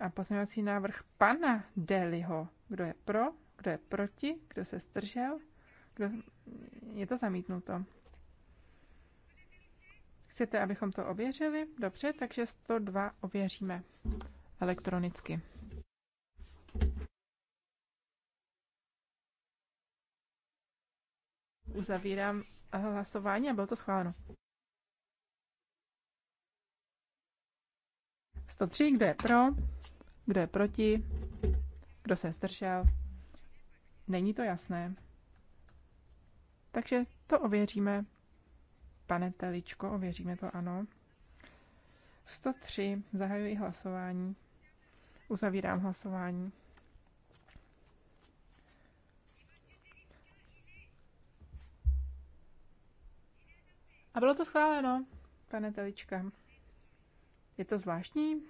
A pozměňovací návrh pana Deliho. Kdo je pro? Kdo je proti? Kdo se zdržel? Kdo... Je to zamítnuto. Chcete, abychom to ověřili? Dobře, takže 102 ověříme elektronicky. Uzavírám eh, hlasování a bylo to schváleno. 103, kdo je pro, kdo je proti, kdo se zdržel? Není to jasné. Takže to ověříme. Pane Teličko, ověříme to ano. 103. Zahajuji hlasování. Uzavírám hlasování. A bylo to schváleno, pane Telička. Je to zvláštní?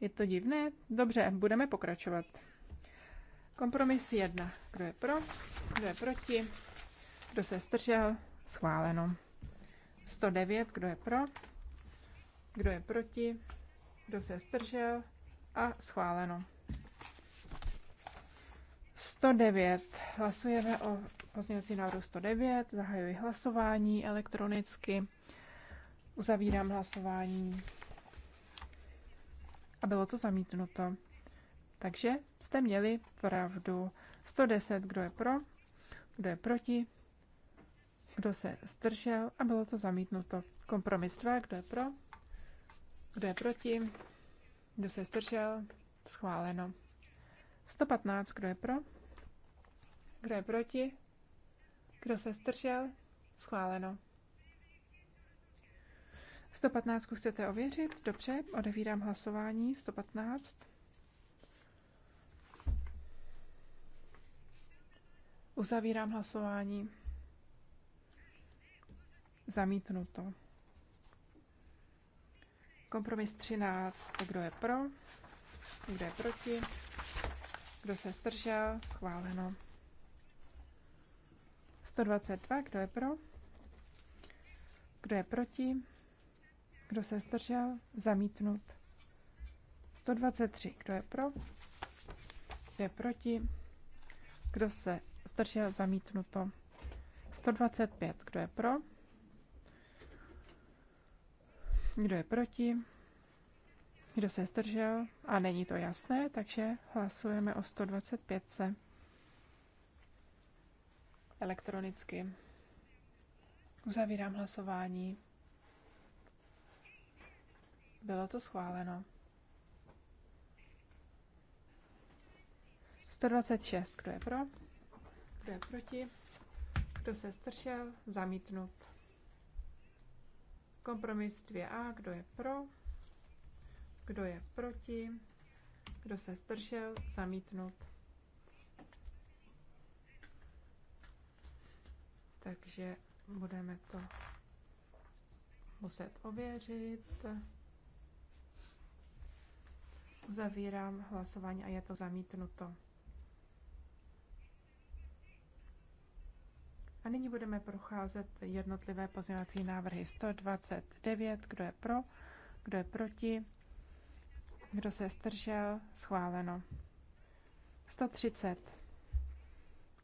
Je to divné? Dobře, budeme pokračovat. Kompromis 1. Kdo je pro? Kdo je proti? Kdo se zdržel? Schváleno. 109. Kdo je pro? Kdo je proti? Kdo se zdržel? A schváleno. 109. Hlasujeme o pozměňovací návrhu 109. Zahajuji hlasování elektronicky. Uzavírám hlasování a bylo to zamítnuto. Takže jste měli pravdu. 110, kdo je pro, kdo je proti, kdo se zdržel a bylo to zamítnuto. Kompromis 2, kdo je pro, kdo je proti, kdo se zdržel, schváleno. 115, kdo je pro, kdo je proti, kdo se zdržel, schváleno. 115 chcete ověřit? Dobře, odevírám hlasování. 115. Uzavírám hlasování. Zamítnuto. Kompromis 13. Kdo je pro? Kdo je proti? Kdo se zdržel? Schváleno. 122. Kdo je pro? Kdo je proti? Kdo se zdržel? Zamítnut. 123. Kdo je pro? Kdo je proti? Kdo se zdržel? Zamítnuto. 125. Kdo je pro? Kdo je proti? Kdo se zdržel? A není to jasné, takže hlasujeme o 125. Elektronicky. Uzavírám hlasování. Bylo to schváleno. 126. Kdo je pro? Kdo je proti? Kdo se stršel? Zamítnut. Kompromis 2a. Kdo je pro? Kdo je proti? Kdo se stršel? Zamítnut. Takže budeme to muset ověřit. Uzavírám hlasování a je to zamítnuto. A nyní budeme procházet jednotlivé pozměňovací návrhy 129. Kdo je pro? Kdo je proti? Kdo se zdržel? Schváleno. 130.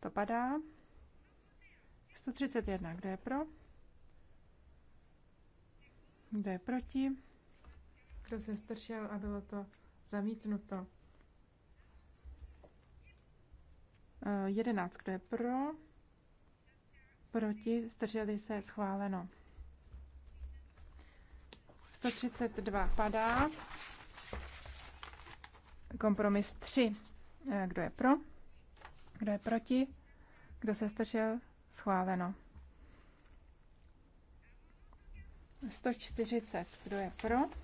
To padá. 131. Kdo je pro? Kdo je proti? Kdo se zdržel a bylo to Zamítnuto. Eh, jedenáct, kdo je pro? Proti, zdrželi se, schváleno. 132 padá. Kompromis 3. Eh, kdo je pro? Kdo je proti? Kdo se zdržel? Schváleno. 140. Kdo je pro?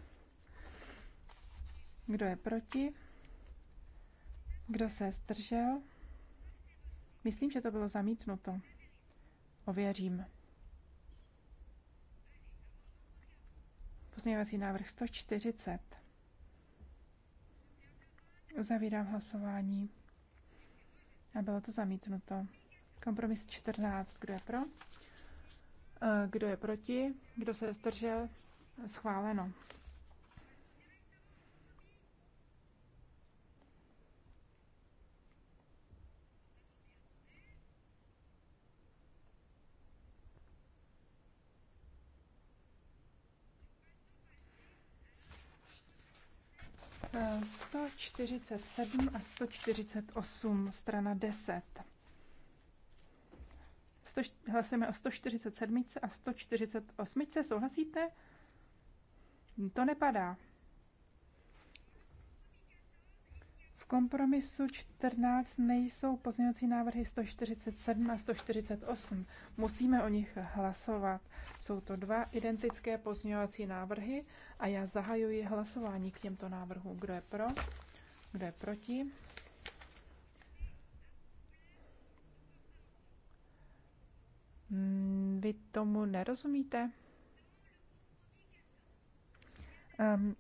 Kdo je proti? Kdo se zdržel? Myslím, že to bylo zamítnuto. Ověřím. Pozměňovací návrh 140. Uzavírám hlasování. A bylo to zamítnuto. Kompromis 14. Kdo je pro? Eh, kdo je proti? Kdo se zdržel? Schváleno. 147 a 148, strana 10. Hlasujeme o 147 a 148. Souhlasíte? To nepadá. kompromisu 14 nejsou pozměňovací návrhy 147 a 148. Musíme o nich hlasovat. Jsou to dva identické pozměňovací návrhy a já zahajuji hlasování k těmto návrhům. Kdo je pro? Kdo je proti? Hmm, vy tomu nerozumíte? Um,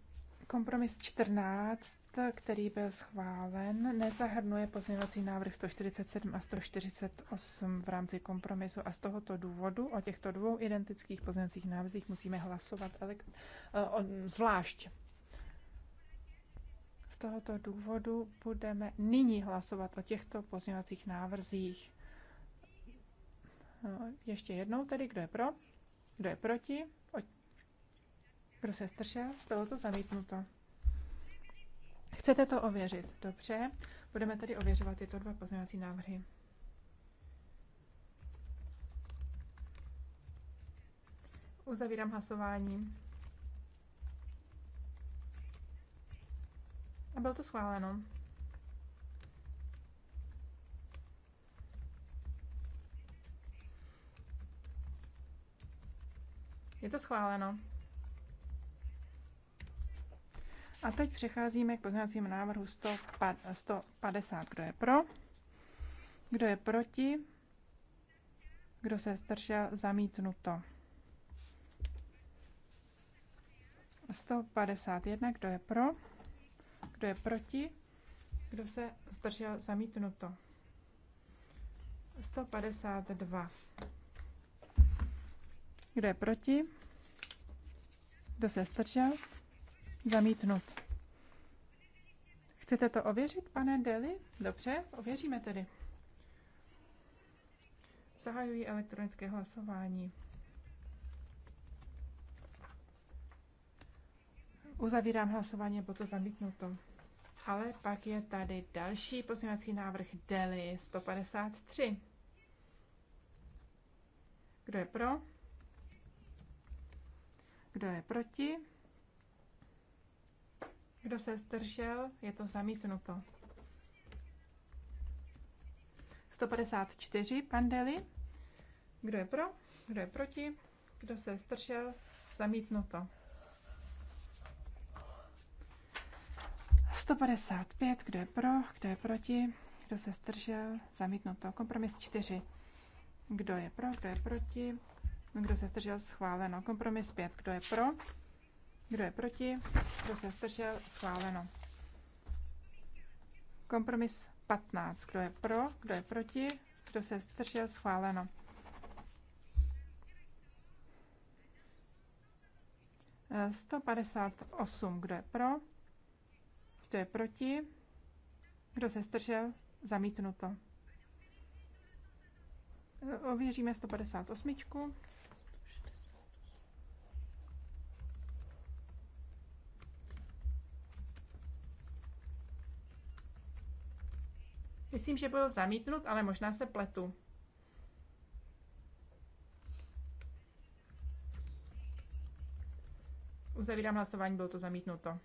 kompromis 14 který byl schválen, nezahrnuje pozměňovací návrh 147 a 148 v rámci kompromisu a z tohoto důvodu o těchto dvou identických pozměňovacích návrzích musíme hlasovat elekt- eh, zvlášť. Z tohoto důvodu budeme nyní hlasovat o těchto pozměňovacích návrzích. No, ještě jednou tedy, kdo je pro, kdo je proti, kdo se zdržel, bylo to zamítnuto. Chcete to ověřit? Dobře. Budeme tedy ověřovat tyto dva pozměňovací návrhy. Uzavírám hlasování. A bylo to schváleno. Je to schváleno. A teď přecházíme k pozměňovacímu návrhu 150. Kdo je pro? Kdo je proti? Kdo se zdržel? Zamítnuto. 151. Kdo je pro? Kdo je proti? Kdo se zdržel? Zamítnuto. 152. Kdo je proti? Kdo se zdržel? Zamítnut. Chcete to ověřit, pane Deli? Dobře, ověříme tedy. Zahajuji elektronické hlasování. Uzavírám hlasování, bo to zamítnuto. Ale pak je tady další pozměňovací návrh Deli 153. Kdo je pro? Kdo je proti? Kdo se zdržel, je to zamítnuto. 154 pandely. Kdo je pro? Kdo je proti? Kdo se zdržel? Zamítnuto. 155. Kdo je pro? Kdo je proti? Kdo se zdržel? Zamítnuto. Kompromis 4. Kdo je pro? Kdo je proti? Kdo se zdržel? Schváleno. Kompromis 5. Kdo je pro? Kdo je proti? Kdo se zdržel? Schváleno. Kompromis 15. Kdo je pro? Kdo je proti? Kdo se zdržel? Schváleno. E, 158. Kdo je pro? Kdo je proti? Kdo se zdržel? Zamítnuto. Ověříme 158. Myslím, že byl zamítnut, ale možná se pletu. Uzavírám hlasování, bylo to zamítnuto.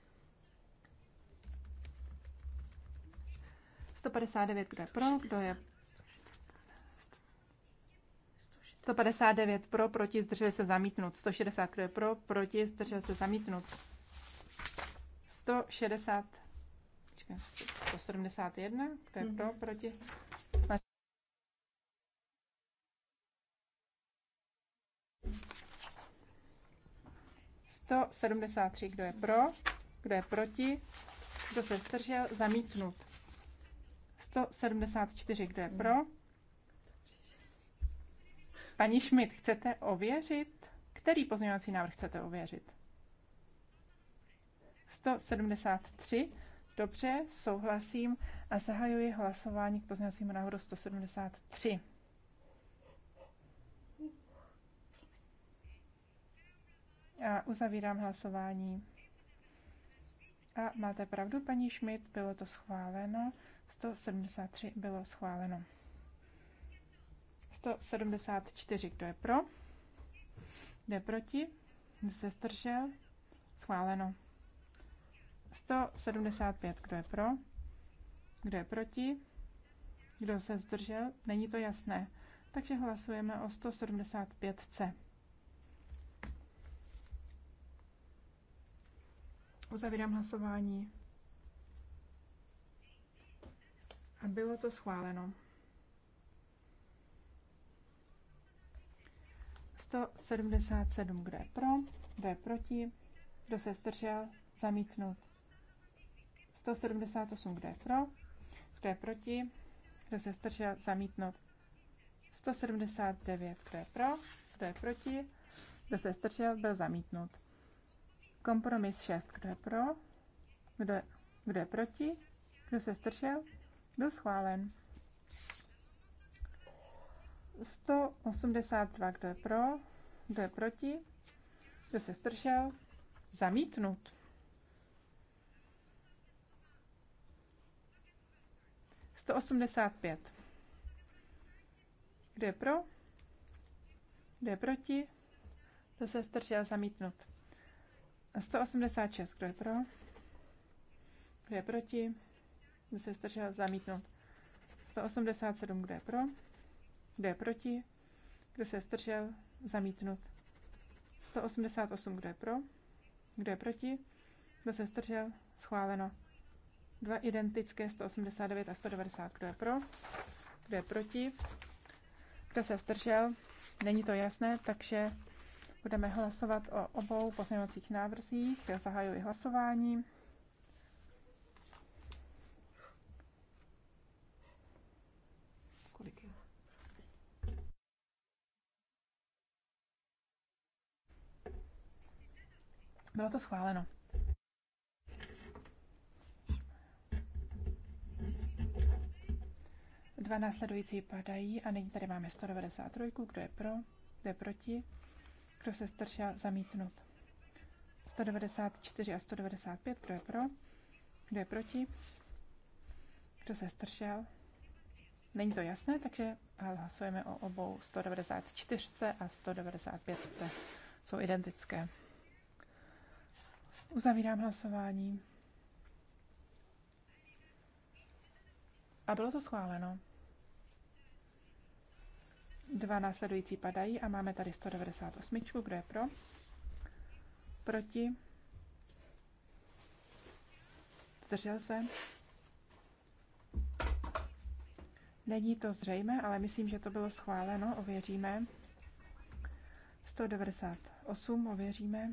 159, kdo je pro, kdo je 159 pro, proti, zdržel se zamítnut. 160, kdo je pro, proti, zdržel se zamítnut. 160 171, kdo je pro, mhm. proti. To 73, kdo je pro, kdo je proti, kdo se zdržel, zamítnut. 174, kdo je pro? Mhm. Paní Schmidt, chcete ověřit? Který pozměňovací návrh chcete ověřit? 173. Dobře, souhlasím a zahajuji hlasování k pozměňovacímu návrhu 173. A uzavírám hlasování. A máte pravdu, paní Schmidt, bylo to schváleno. 173 bylo schváleno. 174, kdo je pro? Kdo je proti? Kdo se zdržel? Schváleno. 175. Kdo je pro? Kdo je proti? Kdo se zdržel? Není to jasné. Takže hlasujeme o 175C. Uzavírám hlasování. A bylo to schváleno. 177, kdo je pro, kdo je proti, kdo se zdržel, zamítnout. 178, kdo je pro, kdo je proti, kdo se zdržel, zamítnout. 179, kdo je pro, kdo je proti, kdo se zdržel, byl zamítnut. Kompromis 6, kdo je pro, kdo je, kdo je proti, kdo se zdržel, byl schválen. 182, kdo je pro, kdo je proti, kdo se zdržel, zamítnut. 185. Kdo je pro? Kdo je proti? Kdo se strčil zamítnut? 186. Kdo je pro? Kdo je proti? Kdo se strčil zamítnut? 187. Kdo je pro? Kdo je proti? Kdo se strčil zamítnut? 188. Kdo je pro? Kdo je proti? Kdo se strčil? Schváleno. Dva identické 189 a 190. Kdo je pro? Kdo je proti? Kdo se zdržel? Není to jasné, takže budeme hlasovat o obou pozměňovacích návrzích. Já zahajuji hlasování. Kolik je? Bylo to schváleno. Dva následující padají a nyní tady máme 193, kdo je pro, kdo je proti, kdo se zdržel, zamítnut. 194 a 195, kdo je pro, kdo je proti, kdo se zdržel. Není to jasné, takže hlasujeme o obou 194 a 195. Jsou identické. Uzavírám hlasování. A bylo to schváleno. Dva následující padají a máme tady 198. Kdo je pro? Proti? Zdržel se? Není to zřejmé, ale myslím, že to bylo schváleno. Ověříme. 198 ověříme.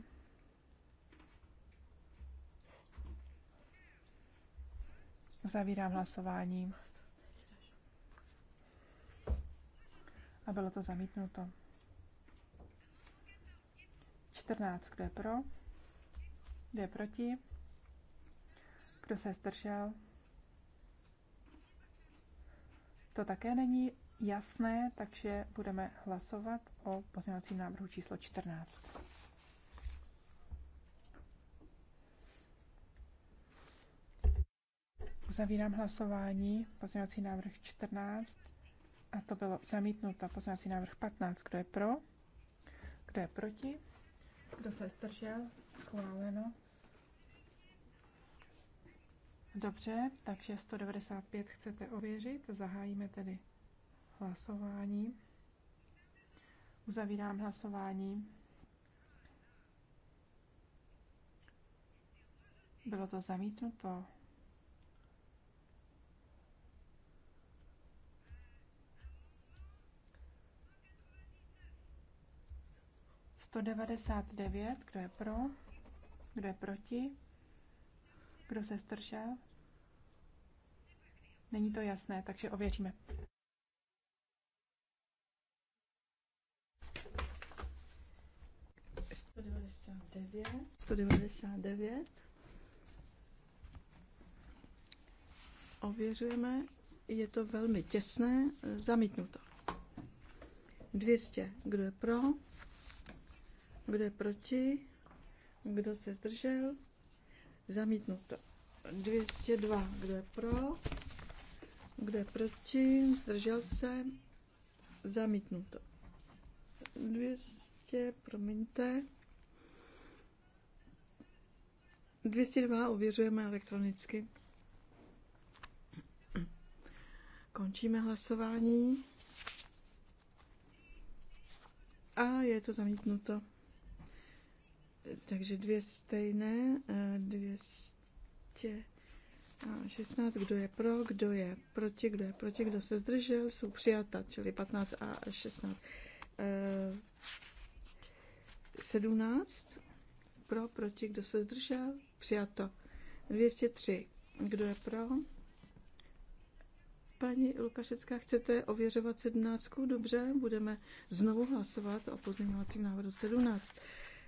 Zavírám hlasování. a bylo to zamítnuto. 14. Kdo je pro? Kdo je proti? Kdo se zdržel? To také není jasné, takže budeme hlasovat o pozměňovacím návrhu číslo 14. Uzavírám hlasování. Pozměňovací návrh 14 a to bylo zamítnuto. Poznací návrh 15. Kdo je pro? Kdo je proti? Kdo se zdržel? Schváleno. Dobře, takže 195 chcete ověřit. Zahájíme tedy hlasování. Uzavírám hlasování. Bylo to zamítnuto. 199, kdo je pro, kdo je proti, kdo se stršel. Není to jasné, takže ověříme. devadesát devět. devět. Ověřujeme. Je to velmi těsné. Zamítnuto. 200. Kdo je pro? Kdo je proti? Kdo se zdržel? Zamítnuto. 202. Kdo je pro? Kdo je proti? Zdržel se? Zamítnuto. 200, promiňte. 202 ověřujeme elektronicky. Končíme hlasování. A je to zamítnuto takže dvě stejné, dvě stě... 16, kdo je pro, kdo je proti, kdo je proti, kdo se zdržel, jsou přijata, čili 15 a 16. 17, eh, pro, proti, kdo se zdržel, přijato. 203, kdo je pro? Paní Lukašecká, chcete ověřovat 17? Dobře, budeme znovu hlasovat o pozměňovacím návrhu 17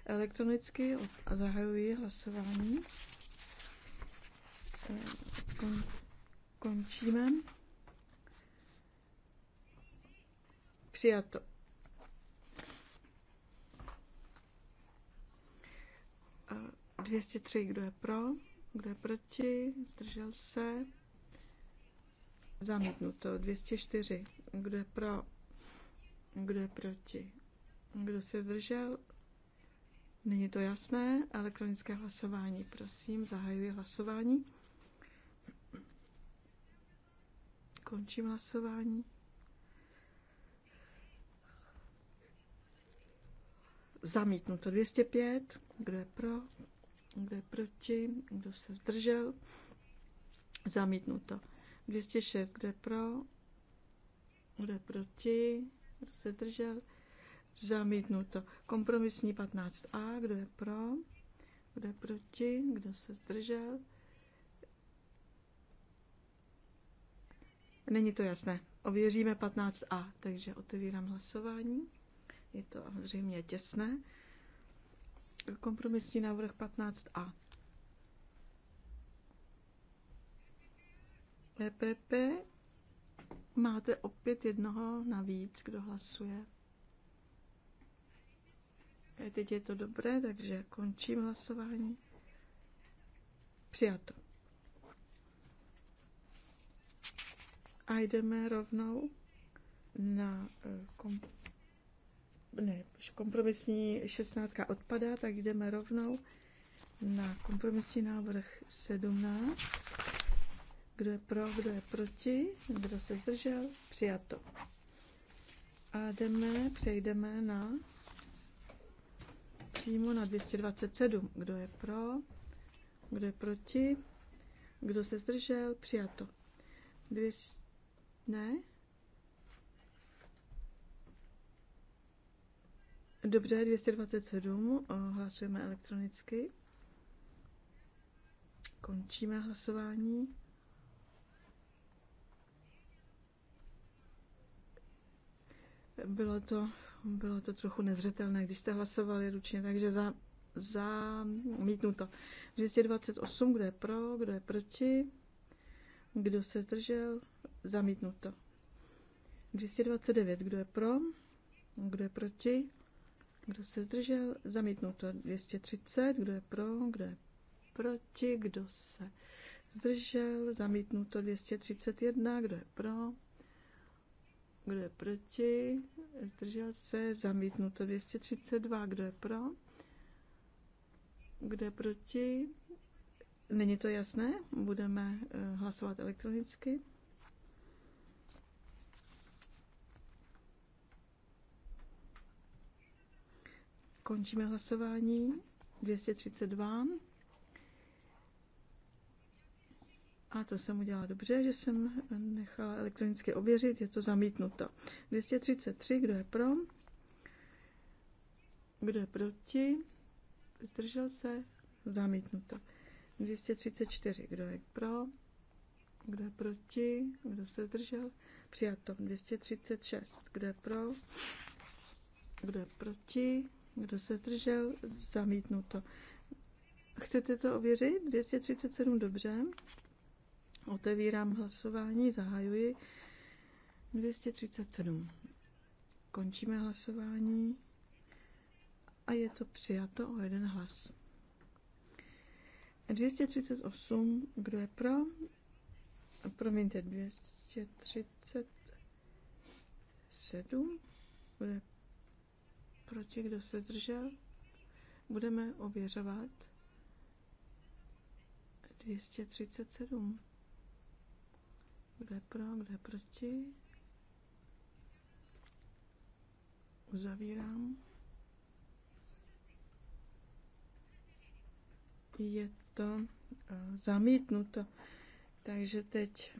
elektronicky a zahajuji hlasování. Kon, končíme. Přijato. A 203, kdo je pro, kdo je proti, zdržel se. Zamítnuto. 204, kdo je pro, kdo je proti, kdo se zdržel, Není to jasné. Elektronické hlasování, prosím, zahajuji hlasování. Končím hlasování. Zamítnuto 205. Kdo je pro? Kdo je proti? Kdo se zdržel? Zamítnuto 206. Kdo je pro? Kdo je proti? Kdo se zdržel? Zamítnuto. Kompromisní 15a. Kdo je pro? Kdo je proti? Kdo se zdržel? Není to jasné. Ověříme 15a, takže otevírám hlasování. Je to zřejmě těsné. Kompromisní návrh 15a. PPP e máte opět jednoho navíc, kdo hlasuje. Eh, teď je to dobré, takže končím hlasování. Přijato. A jdeme rovnou na eh, kom, ne, kompromisní 16 odpadá, tak jdeme rovnou na kompromisní návrh 17. Kdo je pro, kdo je proti, kdo se zdržel, přijato. A jdeme, přejdeme na přímo na 227. Kdo je pro? Kdo je proti? Kdo se zdržel? Přijato. Dvěs? Ne? Dobře, 227. Hlasujeme elektronicky. Končíme hlasování. Bylo to bylo to trochu nezřetelné, když jste hlasovali ručně, takže za, za to. 228, kdo je pro, kdo je proti, kdo se zdržel, zamítnuto. 229, kdo je pro, kdo je proti, kdo se zdržel, zamítnuto. 230, kdo je pro, kdo je proti, kdo se zdržel, zamítnuto. 231, kdo je pro, kdo je proti? Zdržel se? Zamítnuto 232. Kdo je pro? Kdo je proti? Není to jasné? Budeme eh, hlasovat elektronicky. Končíme hlasování. 232. A to jsem udělala dobře, že jsem nechala elektronicky ověřit, je to zamítnuto. 233, kdo je pro? Kdo je proti? Zdržel se? Zamítnuto. 234, kdo je pro? Kdo je proti? Kdo se zdržel? Přijato. 236, kdo je pro? Kdo je proti? Kdo se zdržel? Zamítnuto. Chcete to ověřit? 237, dobře. Otevírám hlasování, zahajuji 237. Končíme hlasování a je to přijato o jeden hlas. 238, kdo je pro? Promiňte, 237, kdo je proti, kdo se zdržel? Budeme ověřovat 237. Kdo je pro, kdo je proti? Uzavírám. Je to eh, zamítnuto. Takže teď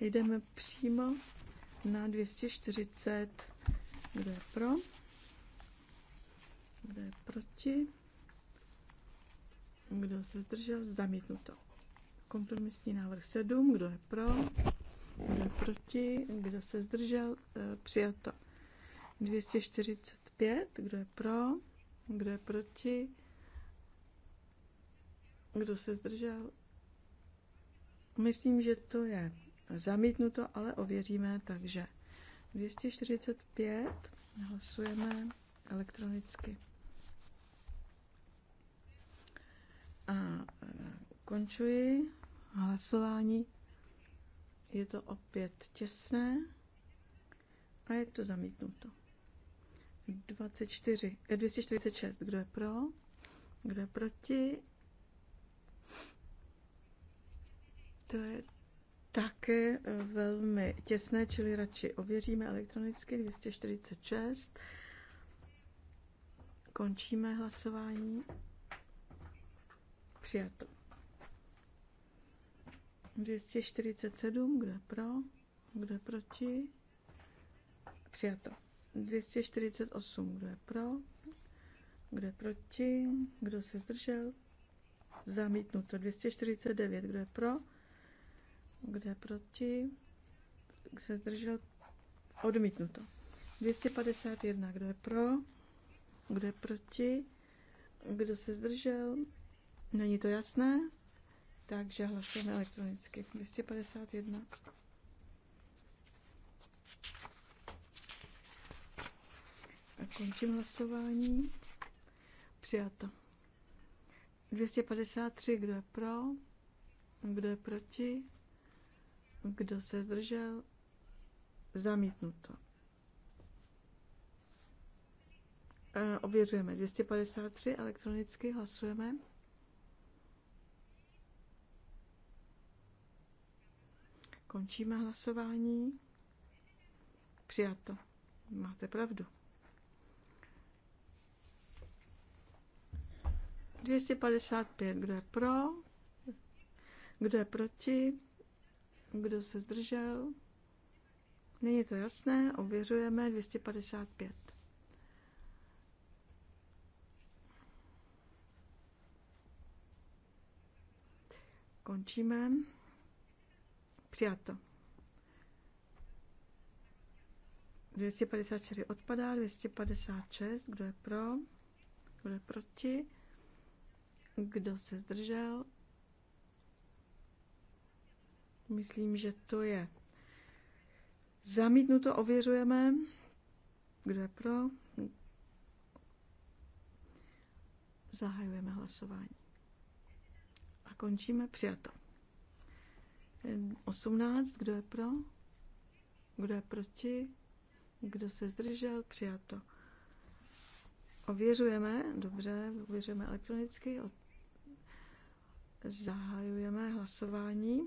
jdeme přímo na 240. Kdo je pro? Kdo je proti? Kdo se zdržel? Zamítnuto. Kompromisní návrh 7. Kdo je pro? Kdo je proti? Kdo se zdržel? E, přijato. 245. Kdo je pro? Kdo je proti? Kdo se zdržel? Myslím, že to je zamítnuto, ale ověříme, takže 245 hlasujeme elektronicky. A e, končuji hlasování. Je to opět těsné a je to zamítnuto. 24, 246, eh, kdo je pro, kdo je proti. To je také eh, velmi těsné, čili radši ověříme elektronicky 246. Končíme hlasování. Přijato. 247, kdo je pro, kdo je proti, přijato. 248, kdo je pro, kdo je proti, kdo se zdržel, zamítnuto. 249, kdo je pro, kdo je proti, kdo se zdržel, odmítnuto. 251, kdo je pro, kdo je proti, kdo se zdržel, není to jasné, takže hlasujeme elektronicky. 251. A končím hlasování. Přijato. 253, kdo je pro, kdo je proti, kdo se zdržel, zamítnuto. E, ověřujeme 253 elektronicky, hlasujeme. Končíme hlasování. Přijato. Máte pravdu. 255. Kdo je pro? Kdo je proti? Kdo se zdržel? Není to jasné, ověřujeme 255. Končíme. Přijato. 254 odpadá, 256, kdo je pro, kdo je proti, kdo se zdržel. Myslím, že to je zamítnuto, ověřujeme, kdo je pro. Zahajujeme hlasování. A končíme přijato. 18, kdo je pro? Kdo je proti? Kdo se zdržel? Přijato. Ověřujeme, dobře, ověřujeme elektronicky. Zahajujeme hlasování.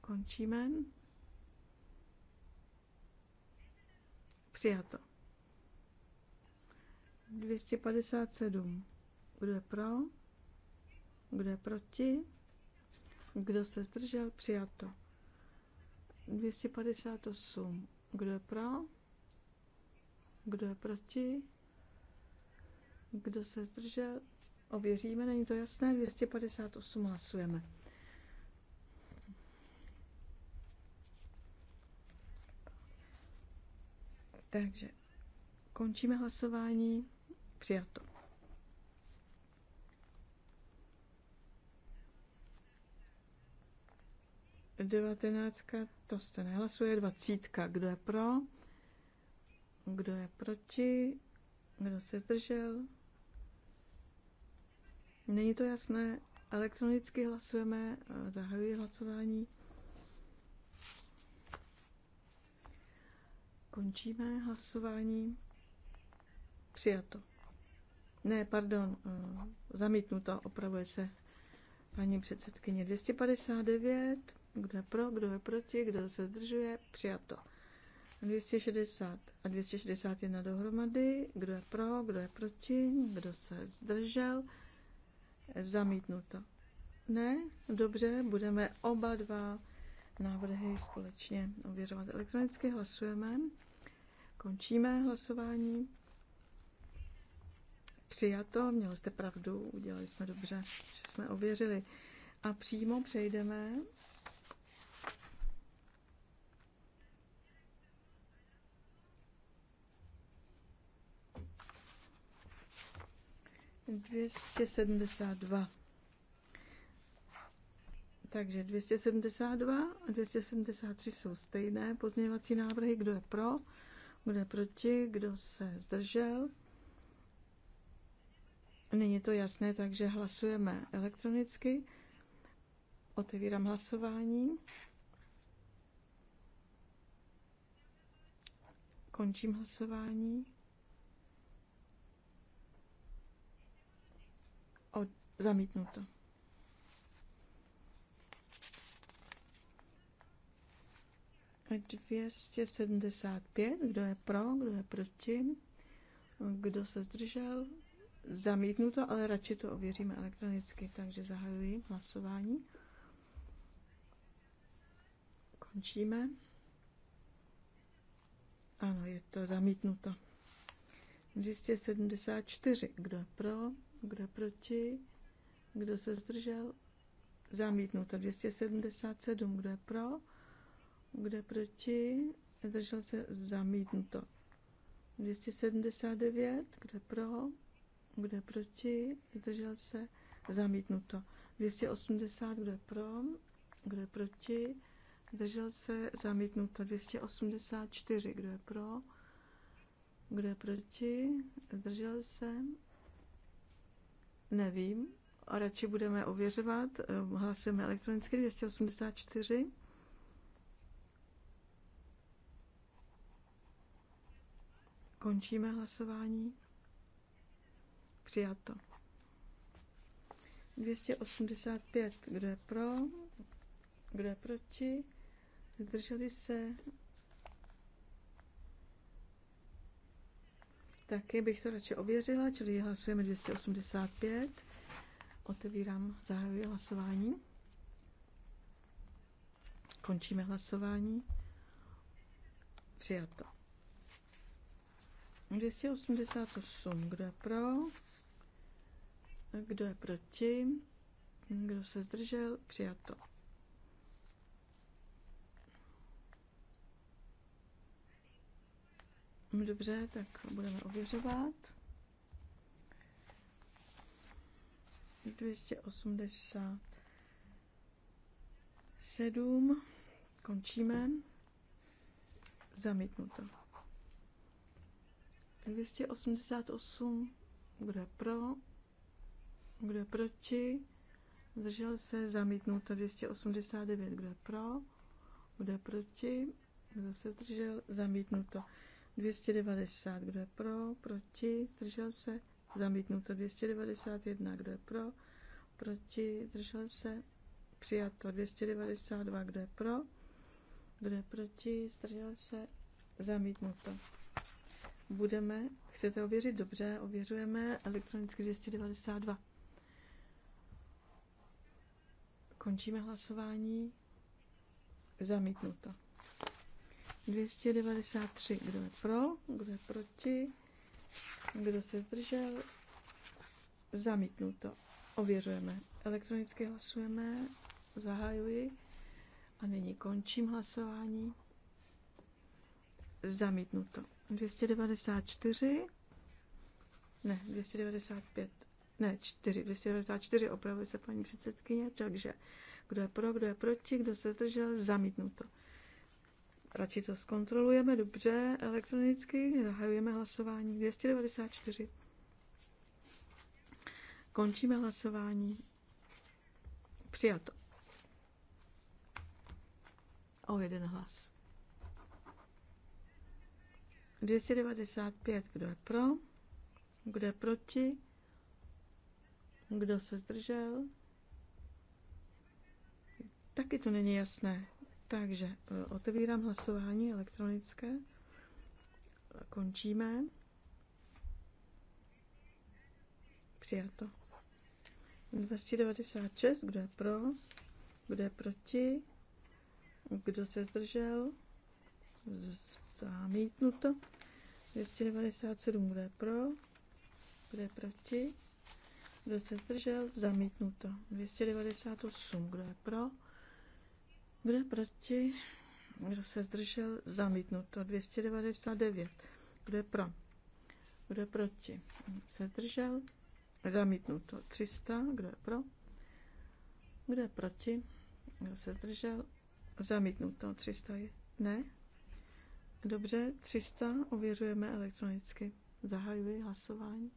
Končíme. Přijato. 257. Kdo je pro? Kdo je proti? Kdo se zdržel? Přijato. 258. Kdo je pro? Kdo je proti? Kdo se zdržel? Ověříme, není to jasné. 258 hlasujeme. Takže končíme hlasování. Přijato. Devatenáctka, to se nehlasuje. Dvacítka, kdo je pro? Kdo je proti? Kdo se zdržel? Není to jasné. Elektronicky hlasujeme, zahajuji hlasování. Končíme hlasování. Přijato. Ne, pardon, eh, zamítnuto, opravuje se paní předsedkyně. 259. Kdo je pro, kdo je proti, kdo se zdržuje, přijato. 260 a 261 dohromady. Kdo je pro, kdo je proti, kdo se zdržel, zamítnuto. Ne? Dobře, budeme oba dva návrhy společně ověřovat elektronicky. Hlasujeme. Končíme hlasování. Přijato, měli jste pravdu, udělali jsme dobře, že jsme ověřili. A přímo přejdeme 272. Takže 272 a 273 jsou stejné pozměňovací návrhy. Kdo je pro, kdo je proti, kdo se zdržel. Není to jasné, takže hlasujeme elektronicky. Otevírám hlasování. Končím hlasování. Od, zamítnuto. A 275, kdo je pro, kdo je proti, kdo se zdržel, zamítnuto, ale radši to ověříme elektronicky, takže zahajuji hlasování. Končíme. Ano, je to zamítnuto. 274, kdo je pro, kdo proti? Kdo se zdržel? Zamítnuto 277. Kdo je pro? Kdo je proti? Zdržel se zamítnuto. 279. Kdo je pro? Kdo je proti? Zdržel se zamítnuto. 280. Kdo je pro? Kdo je proti? Zdržel se zamítnuto. 284. Kdo je pro? Kdo je proti? Zdržel se Nevím. A radši budeme ověřovat. Eh, hlasujeme elektronicky 284. Končíme hlasování. Přijato. 285. Kdo je pro? Kdo je proti? Zdrželi se? Taky bych to radši ověřila, čili hlasujeme 285. Otevírám, zahajuji hlasování. Končíme hlasování. Přijato. 288. Kdo je pro? Kdo je proti? Kdo se zdržel? Přijato. Dobře, tak budeme ověřovat. 287. Končíme. Zamítnuto. 288. Kdo je pro? Kdo je proti? Zdržel se zamítnuto 289. Kdo je pro? Kdo je proti? Kdo se zdržel? Zamítnuto. 290, kdo je pro, proti, zdržel se, zamítnuto 291, kdo je pro, proti, zdržel se, přijato 292, kdo je pro, kdo je proti, zdržel se, zamítnuto. Budeme, chcete ověřit? Dobře, ověřujeme elektronicky 292. Končíme hlasování. Zamítnuto. 293. Kdo je pro? Kdo je proti? Kdo se zdržel? Zamítnuto. Ověřujeme. Elektronicky hlasujeme. Zahajuji. A nyní končím hlasování. Zamítnuto. 294. Ne, 295. Ne, 4. 294 opravuje se paní předsedkyně. Takže kdo je pro, kdo je proti, kdo se zdržel, zamítnuto. Radši to zkontrolujeme dobře elektronicky. Zahajujeme hlasování 294. Končíme hlasování. Přijato. O jeden hlas. 295. Kdo je pro? Kdo je proti? Kdo se zdržel? Taky to není jasné. Takže e, otevírám hlasování elektronické. Končíme. Přijato. 296, kdo je pro, kdo je proti, kdo se zdržel, zamítnuto. 297, kdo je pro, kdo je proti, kdo se zdržel, zamítnuto. 298, kdo je pro, kdo proti? Kdo se zdržel? Zamítnuto. 299. Kdo je pro? Kdo je proti? Se zdržel? Zamítnuto. 300. Kdo je pro? Kdo je proti? Kdo se zdržel? Zamítnuto. 300 je. Ne? Dobře, 300 ověřujeme elektronicky. Zahajuji hlasování.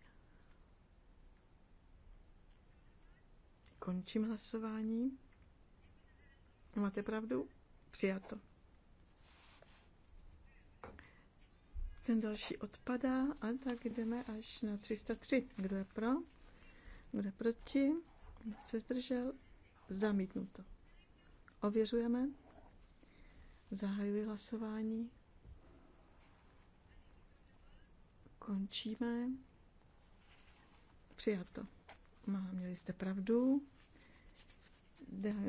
Končím hlasování. Máte pravdu? Přijato. Ten další odpadá a tak jdeme až na 303. Kdo je pro? Kdo je proti? Kdo se zdržel? Zamítnuto. Ověřujeme. Zahajuji hlasování. Končíme. Přijato. Má, měli jste pravdu.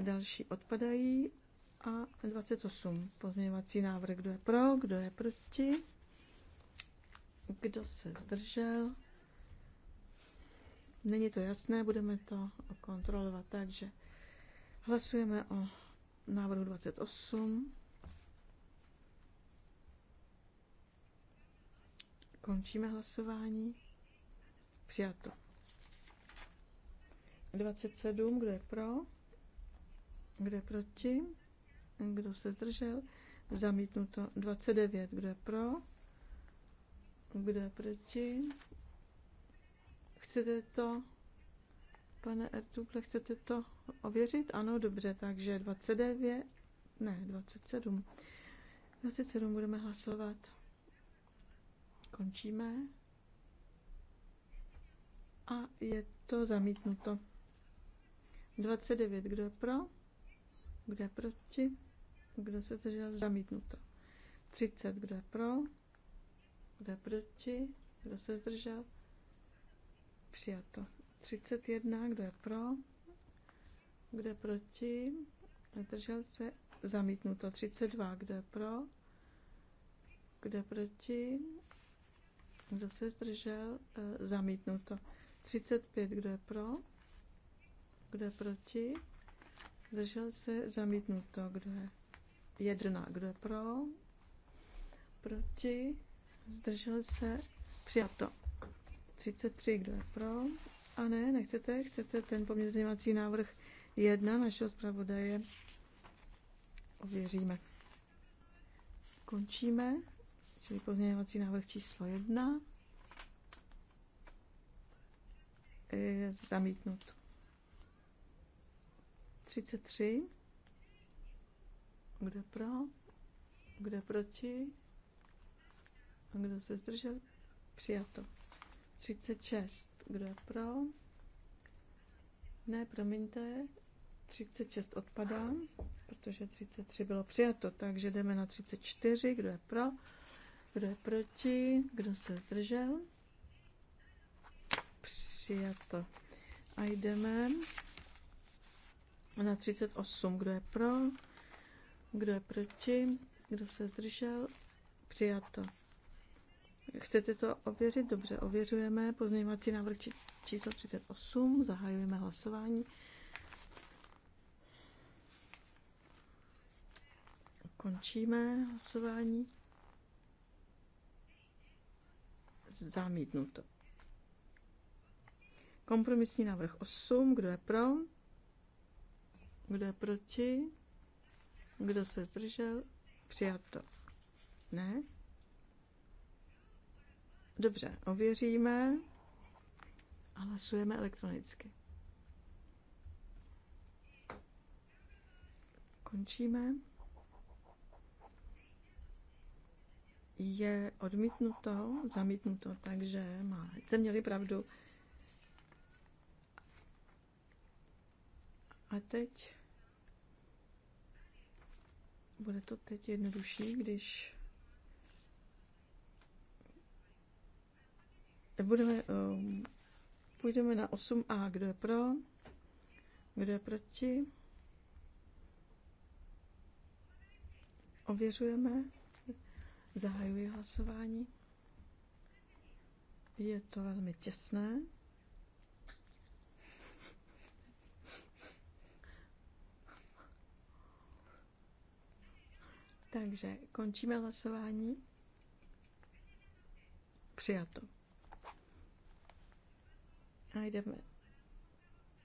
Další odpadají. A 28. Pozměňovací návrh. Kdo je pro, kdo je proti? Kdo se zdržel? Není to jasné, budeme to kontrolovat. Takže hlasujeme o návrhu 28. Končíme hlasování. Přijato. 27, kdo je pro? Kdo je proti? Kdo se zdržel? Zamítnuto 29. Kdo je pro? Kdo je proti? Chcete to, pane Ertukle, chcete to ověřit? Ano, dobře, takže 29, ne, 27. 27 budeme hlasovat. Končíme. A je to zamítnuto. 29, kdo je pro? Kdo je proti? Kdo se zdržel? Zamítnuto. 30. Kdo je pro? Kdo je proti? Kdo se zdržel? Přijato. 31. Kdo je pro? Kdo je proti? Zdržel se? Zamítnuto. 32. Kdo je pro? Kdo je proti? Kdo se zdržel? E, zamítnuto. 35. Kdo je pro? Kdo je proti? Zdržel se zamítnuto. Kdo je? Jedna. Kdo je pro? Proti? Zdržel se přijato. 33. Kdo je pro? A ne, nechcete? Chcete ten poměřovací návrh jedna našeho zpravodaje? Ověříme. Končíme, čili pozměňovací návrh číslo jedna je zamítnut. 33. Kdo pro? Kdo proti? A kdo se zdržel? Přijato. 36. Kdo je pro? Ne, promiňte. 36 odpadá, protože 33 bylo přijato, takže jdeme na 34. Kdo je pro? Kdo je proti? Kdo se zdržel? Přijato. A jdeme na 38. Kdo je pro? Kdo je proti? Kdo se zdržel? Přijato. Chcete to ověřit? Dobře, ověřujeme. Pozměňovací návrh či, číslo 38. Zahajujeme hlasování. Končíme hlasování. Zamítnuto. Kompromisní návrh 8. Kdo je pro? Kdo je proti? Kdo se zdržel? Přijato. Ne? Dobře, ověříme a hlasujeme elektronicky. Končíme. Je odmítnuto, zamítnuto, takže máte Jste měli pravdu. A teď bude to teď jednodušší, když budeme, um, půjdeme na 8a. Kdo je pro? Kdo je proti? Ověřujeme. Zahajuji hlasování. Je to velmi těsné. Takže končíme hlasování. Přijato. A jdeme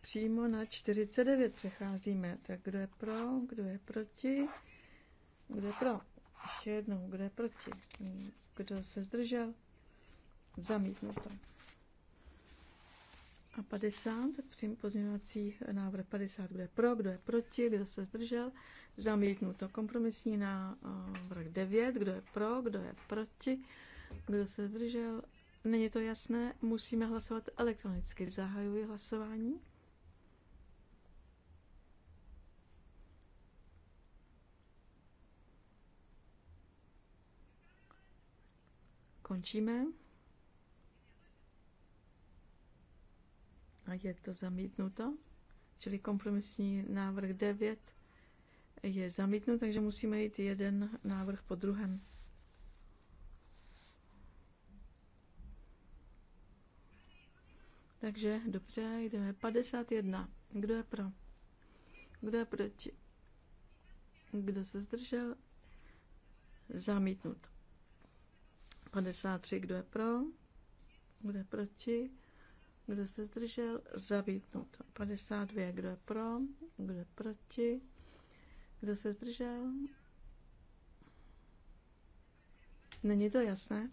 přímo na 49 přecházíme. Tak kdo je pro, kdo je proti, kdo je pro. Ještě jednou, kdo je proti, kdo se zdržel, zamítnuto. A 50, přím pozměňovací návrh 50, kdo je pro, kdo je proti, kdo se zdržel, Zamítnuto. Kompromisní na eh, vrch 9. Kdo je pro, kdo je proti, kdo se zdržel. Není to jasné, musíme hlasovat elektronicky. Zahajuji hlasování. Končíme. A je to zamítnuto. Čili kompromisní návrh 9 je zamítnut, takže musíme jít jeden návrh po druhém. Takže dobře, jdeme 51. Kdo je pro? Kdo je proti? Kdo se zdržel? Zamítnut. 53. Kdo je pro? Kdo je proti? Kdo se zdržel? Zamítnut. 52. Kdo je pro? Kdo je proti? Kdo se zdržel? Není to jasné?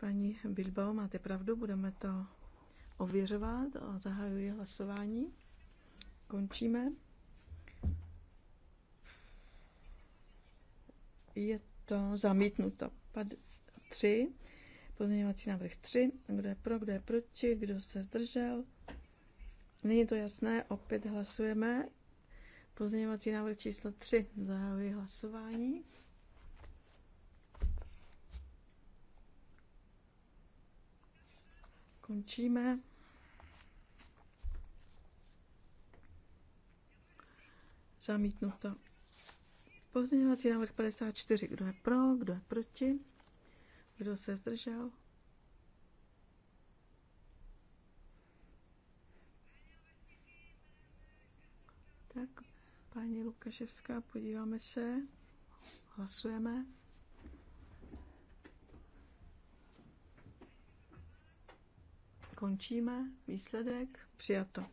Paní Bilbao, máte pravdu, budeme to ověřovat. Zahajuji hlasování. Končíme. Je to zamítnuto. Pad 3. Pozměňovací návrh 3. Kdo je pro, kdo je proti, kdo se zdržel? Není to jasné, opět hlasujeme. Pozměňovací návrh číslo 3. Zahajuji hlasování. Končíme. Zamítnuto. Pozměňovací návrh 54. Kdo je pro, kdo je proti? Kdo se zdržel? Paní Lukaševská, podíváme se. Hlasujeme. Končíme. Výsledek. Přijato.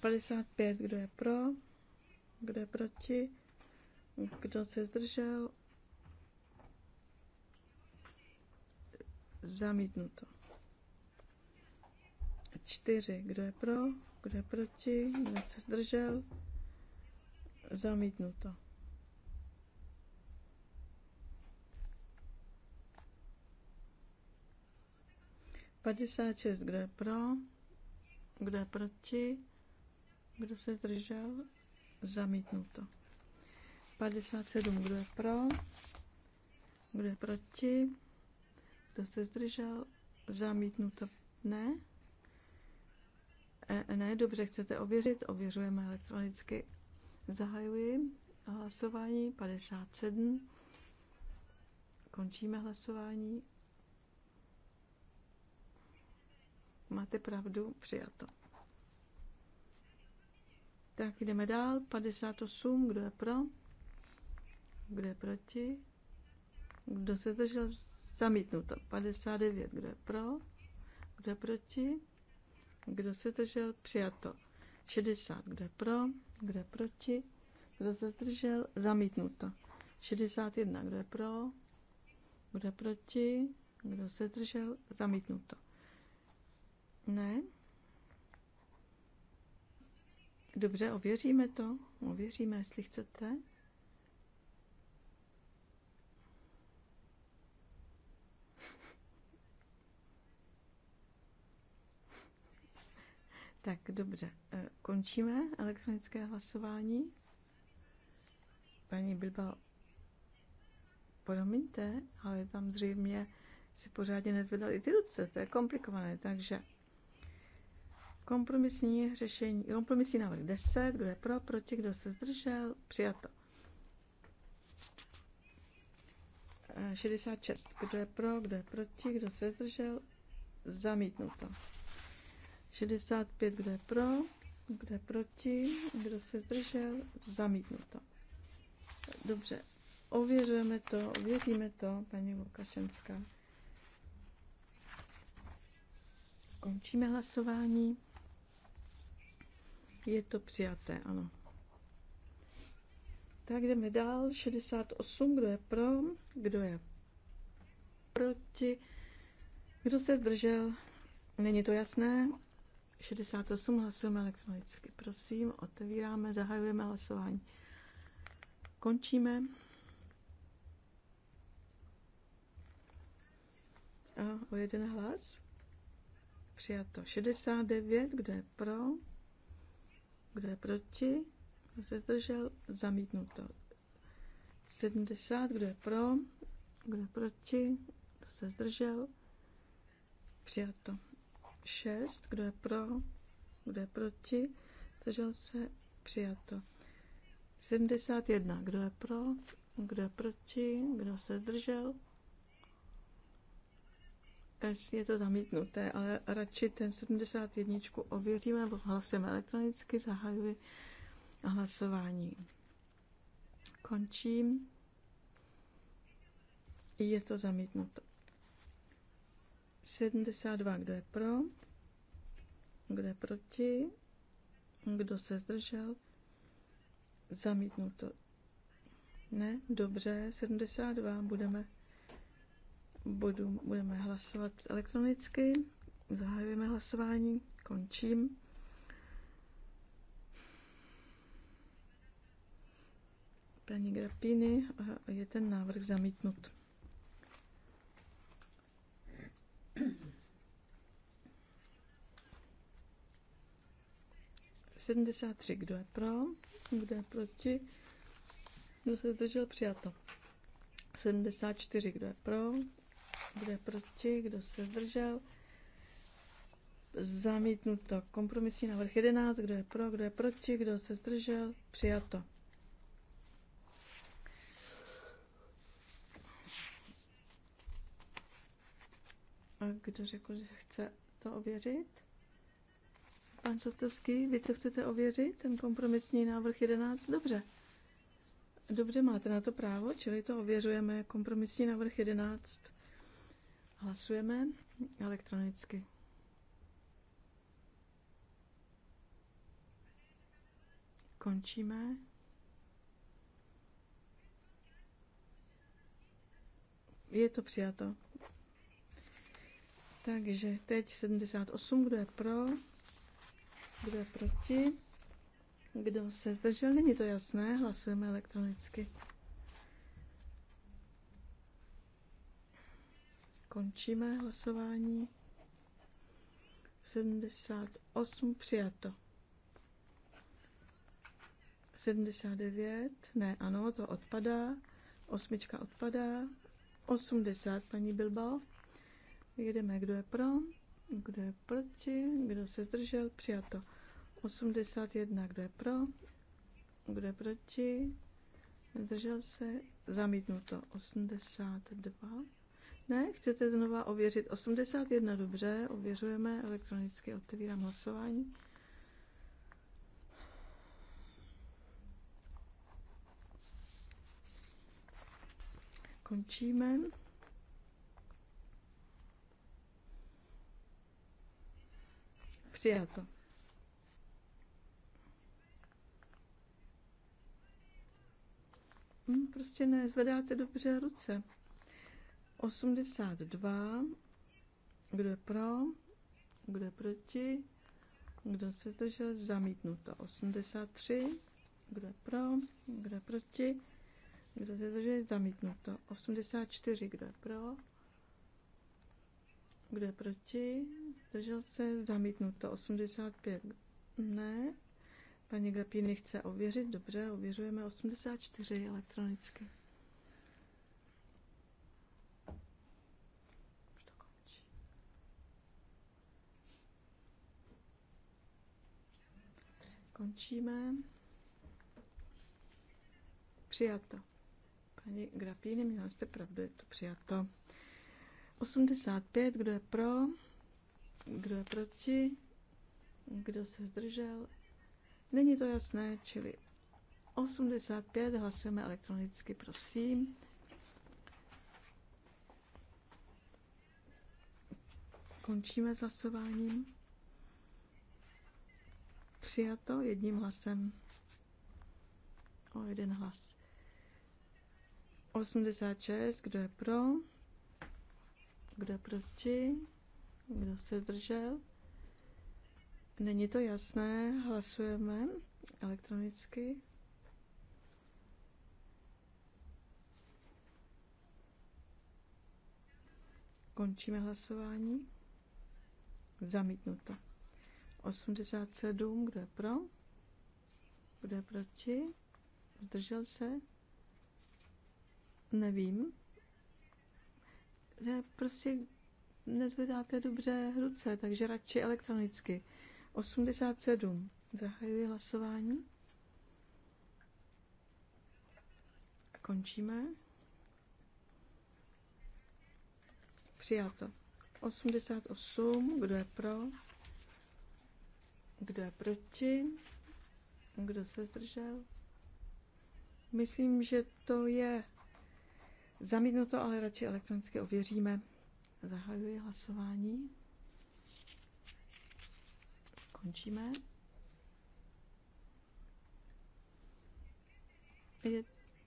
55, kdo je pro, kdo je proti, kdo se zdržel. Zamítnuto. 4, kdo je pro, kdo je proti? Kdo se zdržel? Zamítnuto. Padesát šest. Kdo je pro? Kdo je proti? Kdo se zdržel? Zamítnuto. 57. Kdo je pro? Kdo je proti? Kdo se zdržel? Zamítnuto. Ne? E, ne, dobře, chcete ověřit? Ověřujeme elektronicky. Zahajuji hlasování 57. Končíme hlasování. Máte pravdu, přijato. Tak jdeme dál. 58, kdo je pro? Kdo je proti? Kdo se držel? Zamítnuto. 59, kdo je pro? Kdo je proti? Kdo se držel? Přijato. 60. Kdo je pro? Kdo je proti? Kdo se zdržel? Zamítnuto. 61. Kdo je pro? Kdo je proti? Kdo se zdržel? Zamítnuto. Ne? Dobře, ověříme to. Ověříme, jestli chcete. Tak dobře, eh, končíme elektronické hlasování. Paní Bilba, promiňte, ale tam zřejmě si pořádně nezvedali ty ruce, to je komplikované, takže kompromisní řešení, kompromisní návrh 10, kdo je pro, proti, kdo se zdržel, přijato. 66, eh, kdo je pro, kdo je proti, kdo se zdržel, zamítnuto. 65, kdo je pro, kdo je proti, kdo se zdržel, zamítnuto. Dobře, ověřujeme to, ověříme to, paní Lukašenská. Končíme hlasování. Je to přijaté, ano. Tak jdeme dál. 68, kdo je pro, kdo je proti, kdo se zdržel. Není to jasné, 68 hlasujeme elektronicky. Prosím, otevíráme, zahajujeme hlasování. Končíme. A o jeden hlas. Přijato 69. Kdo je pro? Kdo je proti? Kdo se zdržel? Zamítnuto. 70. Kdo je pro? Kdo je proti? Kdo se zdržel? Přijato. 6, kdo je pro, kdo je proti, zdržel se, přijato. 71, kdo je pro, kdo je proti, kdo se zdržel. Eh, je to zamítnuté, ale radši ten 71 ověříme nebo hlasujeme elektronicky, zahajuji hlasování. Končím. Je to zamítnuto. 72, kdo je pro, kdo je proti, kdo se zdržel, zamítnuto. Ne, dobře, 72 budeme, budu, budeme hlasovat elektronicky, zahajujeme hlasování, končím. Paní Grapiny je ten návrh zamítnut. 73, kdo je pro, kdo je proti, kdo se zdržel, přijato. 74, kdo je pro, kdo je proti, kdo se zdržel, zamítnuto. Kompromisní návrh 11, kdo je pro, kdo je proti, kdo se zdržel, přijato. A kdo řekl, že chce to ověřit? Pan Sotovský, vy to chcete ověřit? Ten kompromisní návrh 11? Dobře. Dobře, máte na to právo, čili to ověřujeme. Kompromisní návrh 11. Hlasujeme elektronicky. Končíme. Je to přijato. Takže teď 78, kdo je pro? Kdo je proti? Kdo se zdržel? Není to jasné, hlasujeme elektronicky. Končíme hlasování. 78 přijato. 79, ne, ano, to odpadá. Osmička odpadá. 80, paní Bilbao. Jedeme, kdo je pro, kdo je proti? Kdo se zdržel? Přijato. 81. Kdo je pro? Kdo je proti? Zdržel se? Zamítnuto. 82. Ne, chcete znova ověřit 81, dobře, ověřujeme, elektronicky otevírám hlasování. Končíme. Přijato. Hmm, prostě nezvedáte dobře ruce. 82. Kdo je pro? Kdo je proti? Kdo se zdržel? Zamítnuto. 83. Kdo je pro? Kdo je proti? Kdo se zdržel? Zamítnuto. 84. Kdo je pro? Kdo je proti? Zdržel se? Zamítnuto. 85. Ne. Paní Grapíny chce ověřit. Dobře, ověřujeme 84 elektronicky. Končíme. Přijato. Paní Grapíny, měla jste pravdu, je to přijato. 85, kdo je pro, kdo je proti, kdo se zdržel. Není to jasné, čili 85 hlasujeme elektronicky, prosím. Končíme s hlasováním. Přijato jedním hlasem. O jeden hlas. 86, kdo je pro? Kdo je proti? Kdo se zdržel? Není to jasné, hlasujeme elektronicky. Končíme hlasování. Zamítnuto. 87, kdo je pro? Kdo je proti? Zdržel se? Nevím ne, prostě nezvedáte dobře ruce, takže radši elektronicky. 87. Zahajuji hlasování. A končíme. Přijato. 88. Kdo je pro? Kdo je proti? Kdo se zdržel? Myslím, že to je Zamítnu to, ale radši elektronicky ověříme. Zahajuji hlasování. Končíme. Je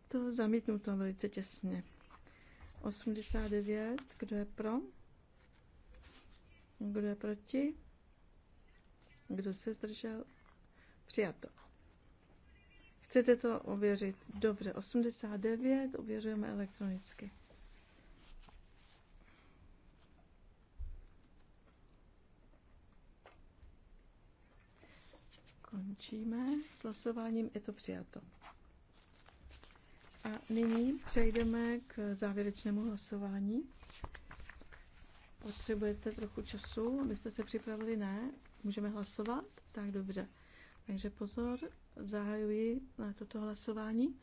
to zamítnuto velice těsně. 89, kdo je pro? Kdo je proti? Kdo se zdržel? Přijato. Chcete to ověřit? Dobře, 89 ověřujeme elektronicky. Končíme s hlasováním, je to přijato. A nyní přejdeme k závěrečnému hlasování. Potřebujete trochu času, abyste se připravili? Ne? Můžeme hlasovat? Tak dobře. Takže pozor, zahajuji na toto hlasování.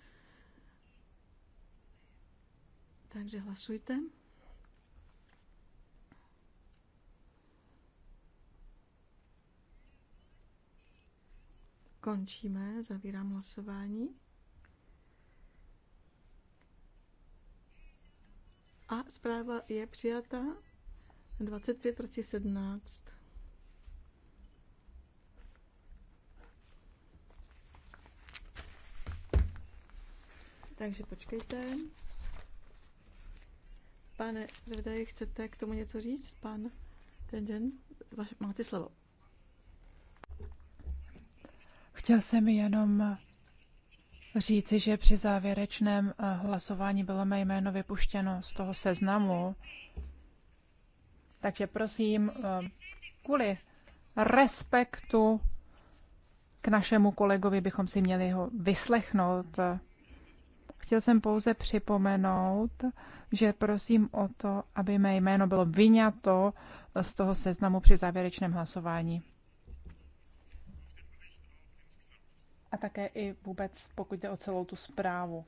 Takže hlasujte. Končíme, zavírám hlasování. A zpráva je přijata 25 proti 17. Takže počkejte. Pane zpravodaji, chcete k tomu něco říct, pan Tenžen? Máte slovo. Chtěl jsem jenom říci, že při závěrečném eh, hlasování bylo mé jméno vypuštěno z toho seznamu. Takže prosím, eh, kvůli respektu k našemu kolegovi bychom si měli ho vyslechnout. Chtěl jsem pouze připomenout, že prosím o to, aby mé jméno bylo vyňato z toho seznamu při závěrečném hlasování. A také i vůbec, pokud jde o celou tu zprávu.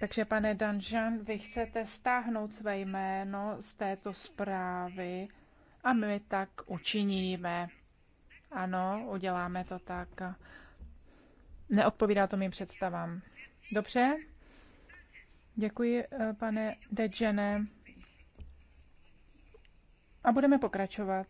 Takže pane Danžan, vy chcete stáhnout své jméno z této zprávy a my tak učiníme. Ano, uděláme to tak neodpovídá to mým představám. Dobře? Děkuji, eh, pane Dejene. A budeme pokračovat.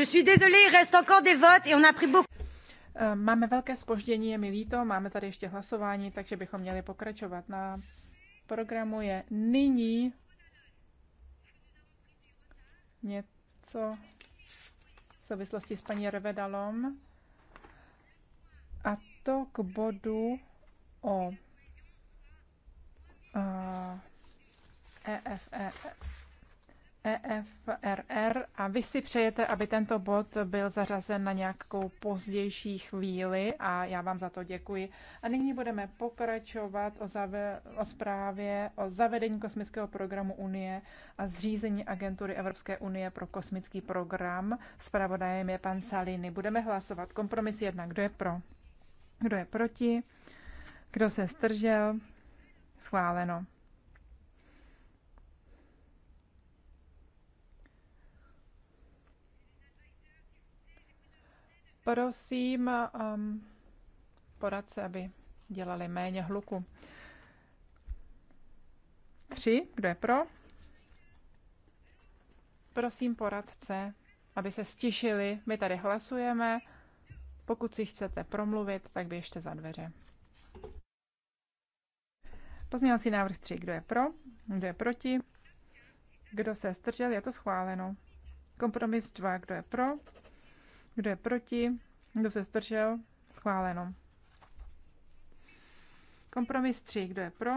Je suis désolée, il reste encore des votes et on a pris beaucoup. Eh, máme velké spoždění, je mi líto, máme tady ještě hlasování, takže bychom měli pokračovat. Na programu je nyní něco v souvislosti s paní Revedalom a to k bodu o a, eh, EFE. EFRR a vy si přejete, aby tento bod byl zařazen na nějakou pozdější chvíli a já vám za to děkuji. A nyní budeme pokračovat o, zave- o zprávě o zavedení kosmického programu Unie a zřízení agentury Evropské unie pro kosmický program. Spravodajem je pan Salini. Budeme hlasovat. Kompromis jedna. Kdo je pro? Kdo je proti? Kdo se zdržel? Schváleno. prosím um, poradce, aby dělali méně hluku. Tři, kdo je pro? Prosím poradce, aby se stišili. My tady hlasujeme. Pokud si chcete promluvit, tak běžte za dveře. si návrh 3. Kdo je pro? Kdo je proti? Kdo se zdržel? Je to schváleno. Kompromis 2. Kdo je pro? Kdo je proti? Kdo se zdržel? Schváleno. Kompromis 3. Kdo je pro?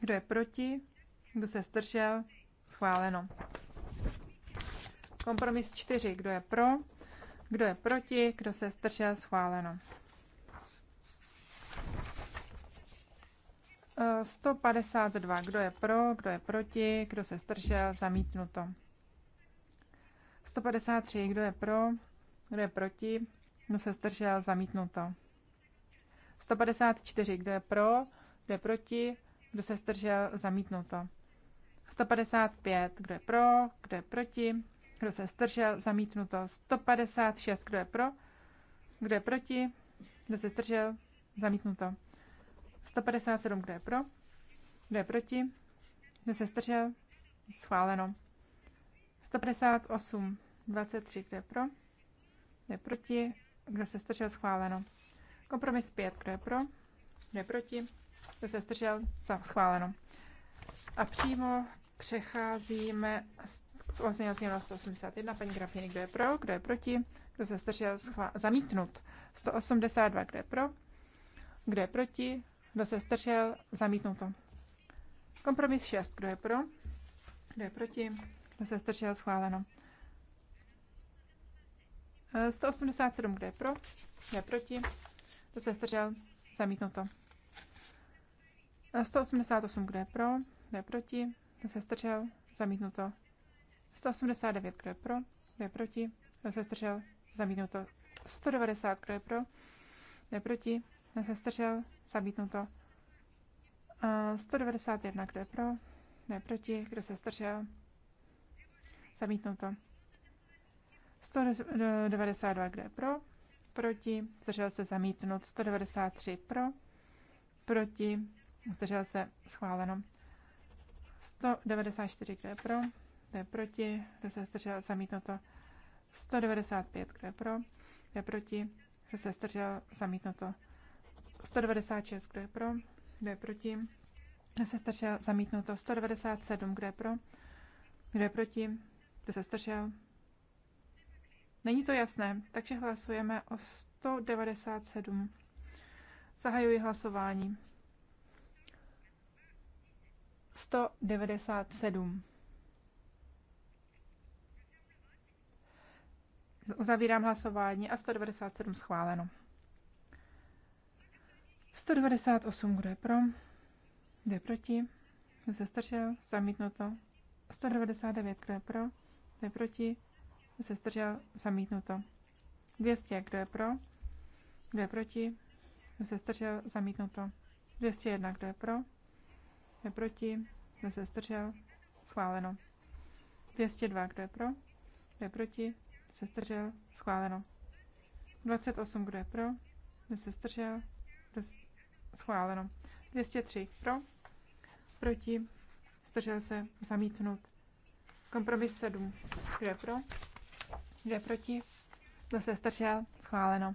Kdo je proti? Kdo se zdržel? Schváleno. Kompromis 4. Kdo je pro? Kdo je proti? Kdo se zdržel? Schváleno. 152. Eh, Kdo je pro? Kdo je proti? Kdo se zdržel? Zamítnuto. 153. Kdo je pro? Kdo je proti? Kdo se zdržel? Zamítnuto. 154. Kdo je pro? Kdo je proti? Kdo se zdržel? Zamítnuto. 155. Kdo je pro? Kdo je proti? Kdo se zdržel? Zamítnuto. 156. Kdo je pro? Kdo je proti? Kdo se zdržel? Zamítnuto. 157. Kdo je pro? Kdo je proti? Kdo se zdržel? Schváleno. 158. 23. Kdo je pro? kdo je proti, kdo se zdržel, schváleno. Kompromis 5, kdo je pro, kdo je proti, kdo se zdržel, schváleno. A přímo přecházíme k pozměňovacímu 181, paní Grafiny, kdo je pro, kdo je proti, kdo se zdržel, schvál... zamítnut. 182, kdo je pro, kdo je proti, kdo se zdržel, zamítnuto. Kompromis 6, kdo je pro, kdo je proti, kdo se zdržel, schváleno. 187, eh, kde je pro, kde je proti, kdo se zdržel, zamítnuto. 188, eh, kde je pro, kde je proti, kdo se zdržel, zamítnuto. 189, kde je pro, kde je proti, kdo se zdržel, zamítnuto. 190, kde je pro, kde je proti, kdo se zdržel, zamítnuto. 191, eh, kde je pro, kde je proti, kdo se zdržel, zamítnuto. 192, kde pro, proti, zdržel se zamítnut, 193 pro, proti, zdržel se schváleno, 194, kde pro, kde proti, kde se zdržel zamítnuto, 195, kde pro, kde proti, kde se zdržel zamítnuto, 196, kde pro, kde proti, kde se zdržel zamítnuto, 197, kde pro, kde proti, kde se zdržel Není to jasné, takže hlasujeme o 197. Zahajuji hlasování. 197. Uzavírám hlasování a 197 schváleno. 198, kdo je pro? Kdo je proti? Zastržel, zamítnuto. 199, kdo je pro? Kdo je proti? se zdržel, zamítnuto. 200, kdo je pro, kdo je proti, kdo se zdržel, zamítnuto. 201, kdo je pro, kdo je proti, kdo se zdržel, schváleno. 202, kdo je pro, kdo je proti, kdo se zdržel, schváleno. 28, kdo je pro, kdo se zdržel, kdo schváleno. 203, pro, proti, zdržel se, zamítnut. Kompromis 7, kdo je pro, kdo je proti? Kdo se zdržel? Schváleno.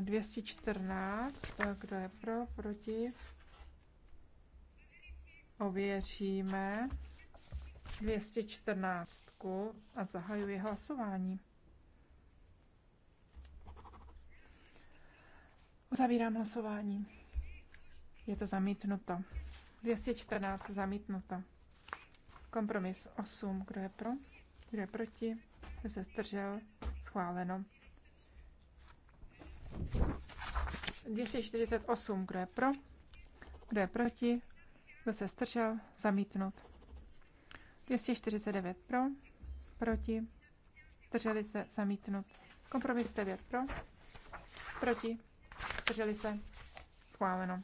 214, eh, eh, kdo je pro, proti? Ověříme 214 a zahajuji hlasování. Uzavírám hlasování. Je to zamítnuto. 214 zamítnuto. Kompromis 8. Kdo je pro? Kdo je proti? Kdo se zdržel? Schváleno. 248. Kdo je pro? Kdo je proti? Kdo se zdržel? Zamítnut. 249 pro, proti, zdrželi se, zamítnut. Kompromis 9 pro, proti, zdrželi se, schváleno.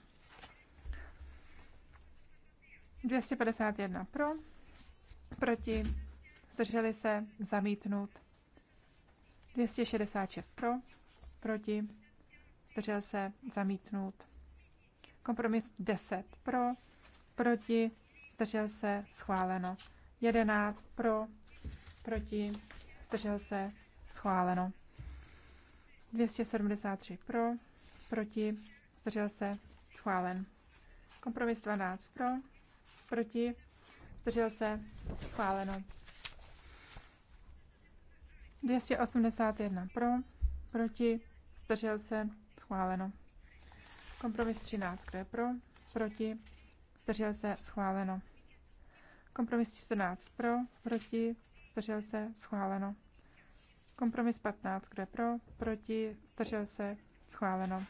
251 pro, proti, zdrželi se, zamítnut. 266 pro, proti, zdržel se, zamítnut. Kompromis 10 pro, proti, zdržel se, schváleno. 11 pro, proti, zdržel se, schváleno. 273 pro, proti, zdržel se, schválen. Kompromis 12 pro, proti, Zdržel se? Schváleno. 281 pro, proti, zdržel se, schváleno. Kompromis 13, kdo je pro, proti, zdržel se, schváleno. Kompromis 14 pro, proti, zdržel se, schváleno. Kompromis 15, kdo je pro, proti, zdržel se, schváleno.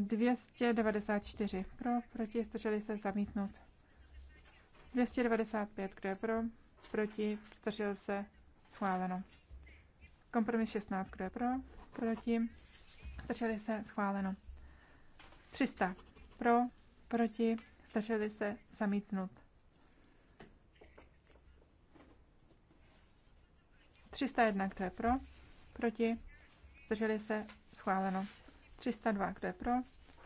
294 eh, pro, proti, zdrželi se, zamítnut. 295, kdo je pro? Proti, zdržel se, schváleno. Kompromis 16, kdo je pro? Proti, zdrželi se, schváleno. 300, pro, proti, zdrželi se, zamítnut. 301, kdo je pro? Proti, zdrželi se, schváleno. 302, kdo je pro?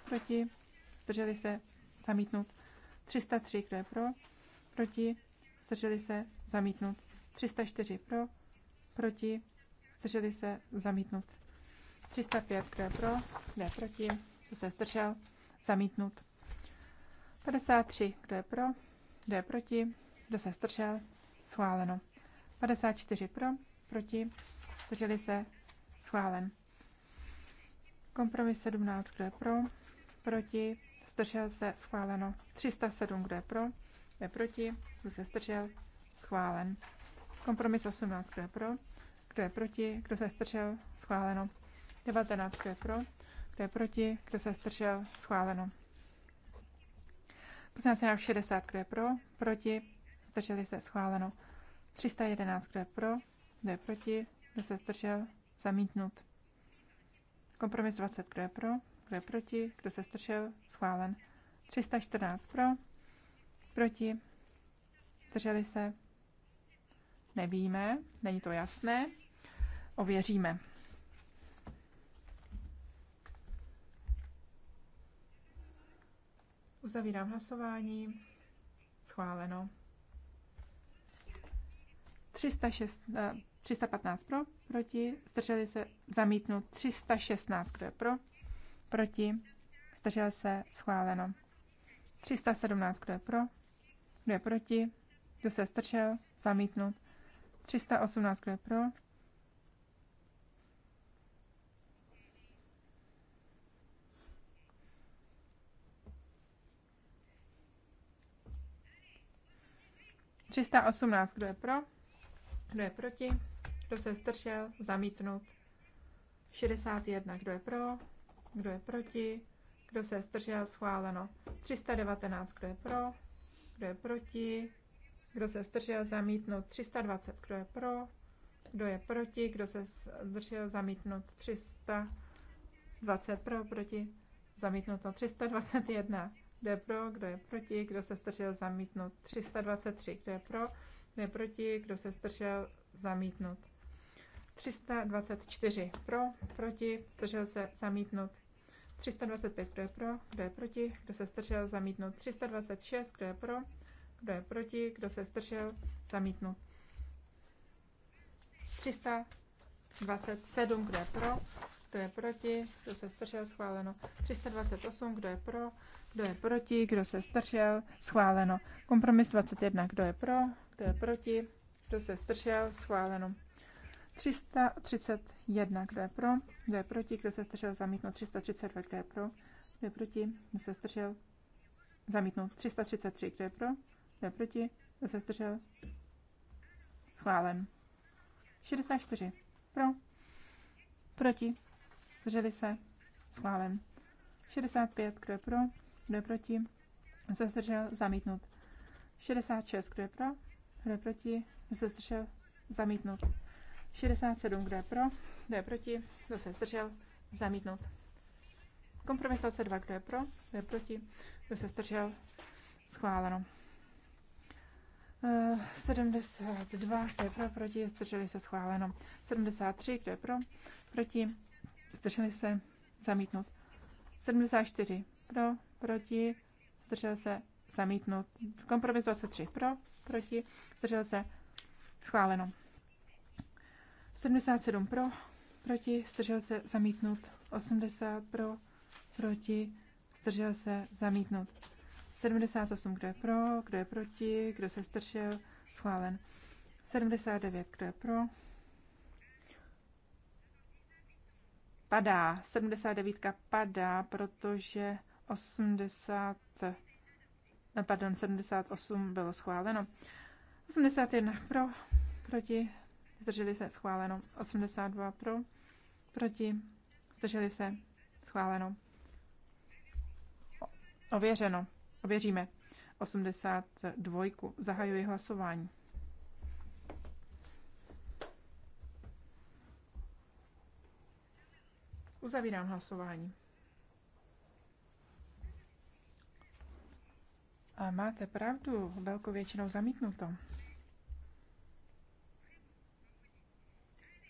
Proti, zdrželi se, zamítnut. 303, kdo je pro? proti, zdrželi se, zamítnut. 304 pro, proti, zdrželi se, zamítnut. 305, kdo je pro, kdo je proti, kdo se zdržel, zamítnut. 53, kdo je pro, kdo je proti, kdo se zdržel, schváleno. 54 pro, proti, zdrželi se, schválen. Kompromis 17, kdo je pro, proti, zdržel se, schváleno. 307, kdo je pro, kdo je proti, kdo se zdržel, schválen. Kompromis 18, kdo je pro, kdo je proti, kdo se zdržel, schváleno. 19, kdo je pro, kdo je proti, kdo se zdržel, schváleno. Poslanec návrh 60, kdo je pro, proti, zdrželi se, schváleno. 311, kdo je pro, kdo je proti, kdo se zdržel, zamítnut. Kompromis 20, kdo je pro, kdo je proti, kdo se zdržel, schválen. 314 pro, Proti? Drželi se? Nevíme, není to jasné. Ověříme. Uzavírám hlasování. Schváleno. 306, 315 eh, pro, proti, zdrželi se, zamítnut 316, kdo je pro, proti, zdržel se, schváleno. 317, kdo je pro, kdo je proti? Kdo se strčel? Zamítnut. 318. Kdo je pro? Třista osmnáct, kdo je pro? Kdo je proti? Kdo se stršel, Zamítnut. 61, kdo je pro? Kdo je proti? Kdo se zdržel? Schváleno. 319, kdo je pro? kdo je proti, kdo se zdržel zamítnout 320, kdo je pro, kdo je proti, kdo se zdržel zamítnout 320 pro, proti, zamítnuto 321, kdo je pro, kdo je proti, kdo se zdržel zamítnout 323, kdo je pro, kdo je proti, kdo se zdržel zamítnout 324 pro, proti, zdržel se zamítnout 325, kdo je pro, kdo je proti, kdo se zdržel, zamítnu. 326, kdo je pro, kdo je proti, kdo se zdržel, zamítnu. 327, kdo je pro, kdo je proti, kdo se zdržel, schváleno. 328, kdo je pro, kdo je proti, kdo se zdržel, schváleno. Kompromis 21, kdo je pro, kdo je proti, kdo se zdržel, schváleno. 331, kdo je pro, kdo je proti, kdo se zdržel zamítnout, 332, kdo je pro, kdo je proti, kdo se zdržel zamítnout, 333, kdo je pro, kdo je proti, kdo se zdržel schválen. 64, pro, proti, zdrželi se, schválen. 65, kdo je pro, kdo je proti, kdo se zdržel zamítnout. 66, kdo je pro, kdo je proti, kdo se zdržel zamítnout. 67, kdo je pro, kdo je proti, kdo se zdržel, zamítnout. Kompromis 22, kdo je pro, kdo je proti, kdo se zdržel, schváleno. 72, eh, kdo je pro, proti, zdrželi se, schváleno. 73, kdo je pro, proti, zdrželi se, zamítnout. 74, pro, proti, zdržel se, zamítnout. Kompromis 23, pro, proti, zdržel se, schváleno. 77 pro, proti, zdržel se zamítnut. 80 pro, proti, zdržel se zamítnut. 78, kdo je pro, kdo je proti, kdo se zdržel, schválen. 79, kdo je pro, padá, 79 padá, protože 80, no, pardon, 78 bylo schváleno. 81 pro, proti, zdrželi se, schváleno. 82 pro, proti, zdrželi se, schváleno. Ověřeno, ověříme. 82. Zahajuji hlasování. Uzavírám hlasování. A máte pravdu, velkou většinou zamítnuto.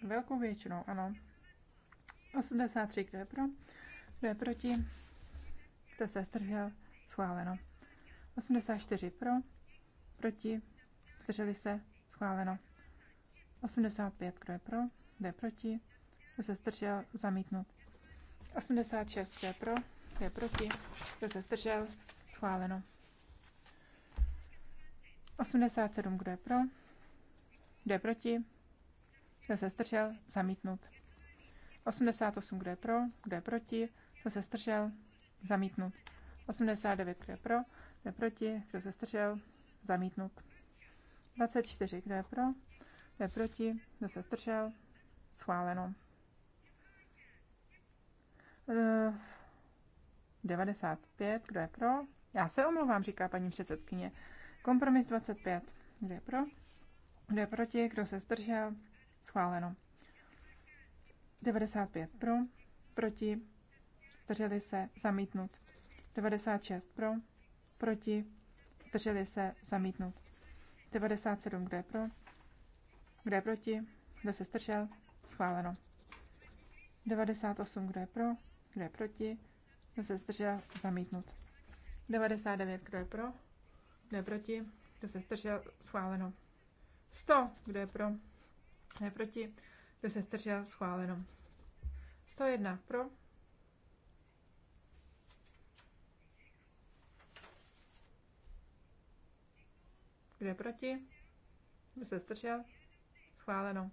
Velkou většinou, ano. 83, kdo je pro? Kdo je proti? Kdo se zdržel? Schváleno. 84 pro, proti, zdrželi se, schváleno. 85, kdo je pro, kdo je proti, kdo se zdržel, zamítnut. 86, kdo je pro, kdo je proti, kdo se zdržel, schváleno. 87, kdo je pro, kdo je proti, kdo se zdržel? Zamítnut. 88, kdo je pro? Kdo je proti? Kdo se zdržel? Zamítnut. 89, kdo je pro? Kdo je proti? Kdo se zdržel? Zamítnut. 24, kdo je pro? Kdo je proti? Kdo se zdržel? Schváleno. 95, eh, kdo je pro? Já se omlouvám, říká paní předsedkyně. Kompromis 25, kdo je pro? Kdo je proti? Kdo se zdržel? Schváleno. 95 pro, proti, zdrželi se, zamítnut. 96 pro, proti, zdrželi se, zamítnut. 97, kde pro, kde proti, kde se zdržel, schváleno. 98, kde pro, kde proti, kde se zdržel, zamítnut. 99, kde pro, kde proti, kde se zdržel, schváleno. 100, kde pro, ne proti, kdo se zdržel, schváleno. 101 pro. 2 proti? Kdo se zdržel? Schváleno.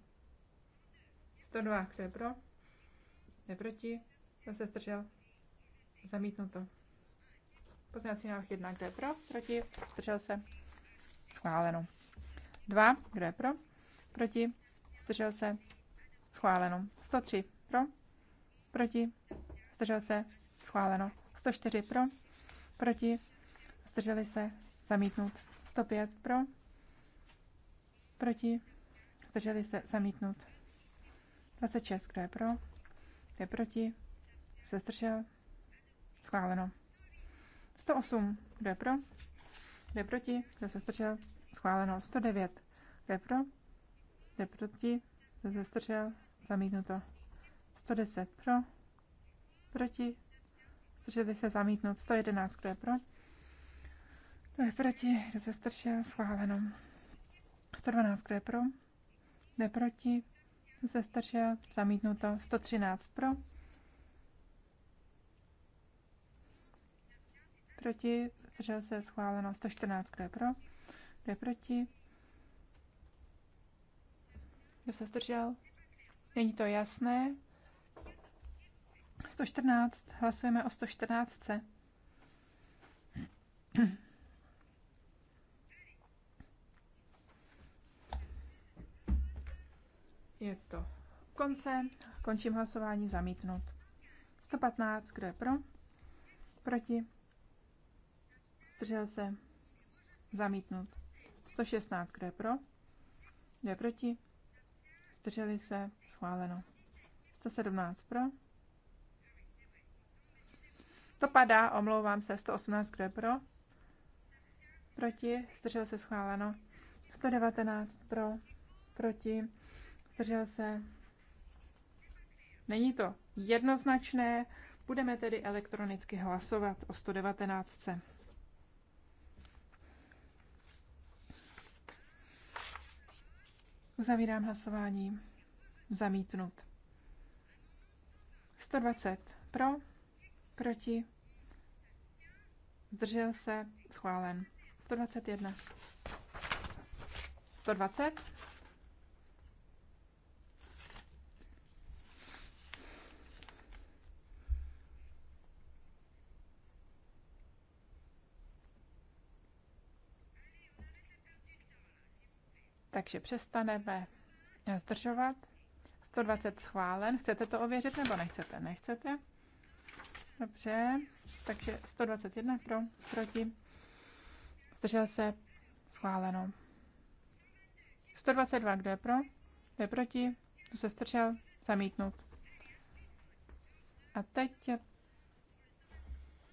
102, kdo je pro? Kdo proti? Kdo se zdržel? Zamítnuto. Pozměl si návrh 1, kdo je pro? Proti? Zdržel se? Schváleno. 2, kdo je pro? Proti? zdržel se, schváleno. 103 pro, proti, zdržel se, schváleno. 104 pro, proti, zdrželi se, zamítnut. 105 pro, proti, zdrželi se, zamítnut. 26, kdo je pro, kdo je proti, se zdržel, schváleno. 108, kdo je pro, kdo je proti, kdo se zdržel, schváleno. 109, kdo je pro, kdo je proti? Kdo se zdržel? Zamítnuto. 110 pro. Proti? Zdrželi se zamítnout. 111. Kdo je pro? Kdo je proti? Kdo se zdržel? Schváleno. 112. Kdo je pro? Kdo je proti? Kdo se zdržel? Zamítnuto. 113 pro. Proti? Zdržel se schváleno. 114. Kdo je pro? Kdo je proti? Kdo se zdržel? Není to jasné. 114. Hlasujeme o 114. Je to konce. Končím hlasování zamítnut. 115. Kdo je pro? Proti? Zdržel se? Zamítnut. 116. Kdo je pro? Kdo je proti? zdrželi se, schváleno. 117 pro. To padá, omlouvám se, 118, kdo je pro? Proti, zdržel se, schváleno. 119 pro, proti, zdržel se. Není to jednoznačné, budeme tedy elektronicky hlasovat o 119. Uzavírám hlasování. Zamítnut. 120 pro, proti, zdržel se, schválen. 121. 120 takže přestaneme zdržovat. 120 schválen. Chcete to ověřit nebo nechcete? Nechcete. Dobře, takže 121 pro, proti. Zdržel se, schváleno. 122, kdo je pro? Kdo je proti? Kdo se zdržel? Zamítnut. A teď je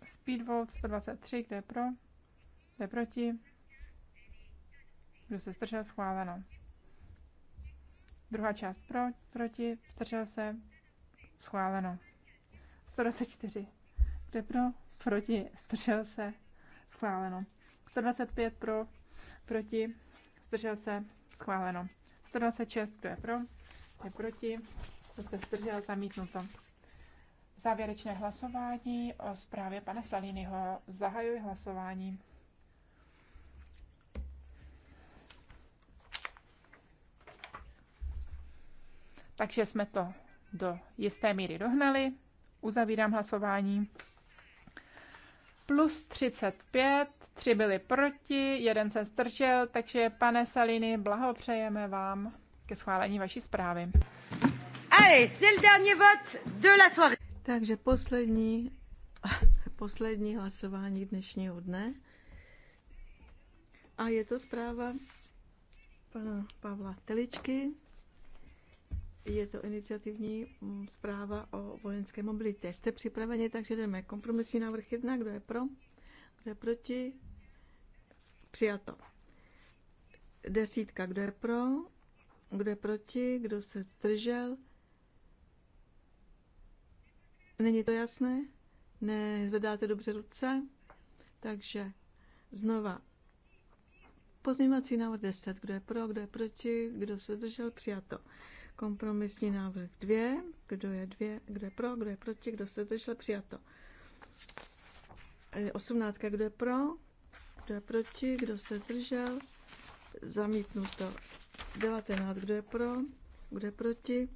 speedvote 123, kdo je pro? Kdo je proti? Kdo se zdržel? Schváleno. Druhá část pro, proti, zdržel se, schváleno. 124. Kde pro, proti, zdržel se, schváleno. 125 pro, proti, zdržel se, schváleno. 126, kdo je pro, je proti, kdo se zdržel, zamítnuto. Závěrečné hlasování o zprávě pana Salínyho. Zahajuji hlasování. Takže jsme to do jisté míry dohnali. Uzavírám hlasování. Plus 35, tři byli proti, jeden se zdržel, takže pane Saliny, blahopřejeme vám ke schválení vaší zprávy. Allez, c'est le dernier vote de la soirée. Takže poslední, poslední hlasování dnešního dne. A je to zpráva pana Pavla Teličky. Je to iniciativní mm, zpráva o vojenské mobilitě. Jste připraveni, takže jdeme. Kompromisní návrh jedna, kdo je pro, kdo je proti? Přijato. Desítka, kdo je pro, kdo je proti, kdo se zdržel? Není to jasné? Nezvedáte dobře ruce? Takže znova. Pozměňovací návrh 10. Kdo je pro, kdo je proti, kdo se držel, přijato. Kompromisní návrh 2. Kdo je dvě, kdo je pro, kdo je proti, kdo se zdržel, přijato. 18. Kdo je pro, kdo je proti, kdo se zdržel, zamítnuto. 19. Kdo je pro, kdo je proti,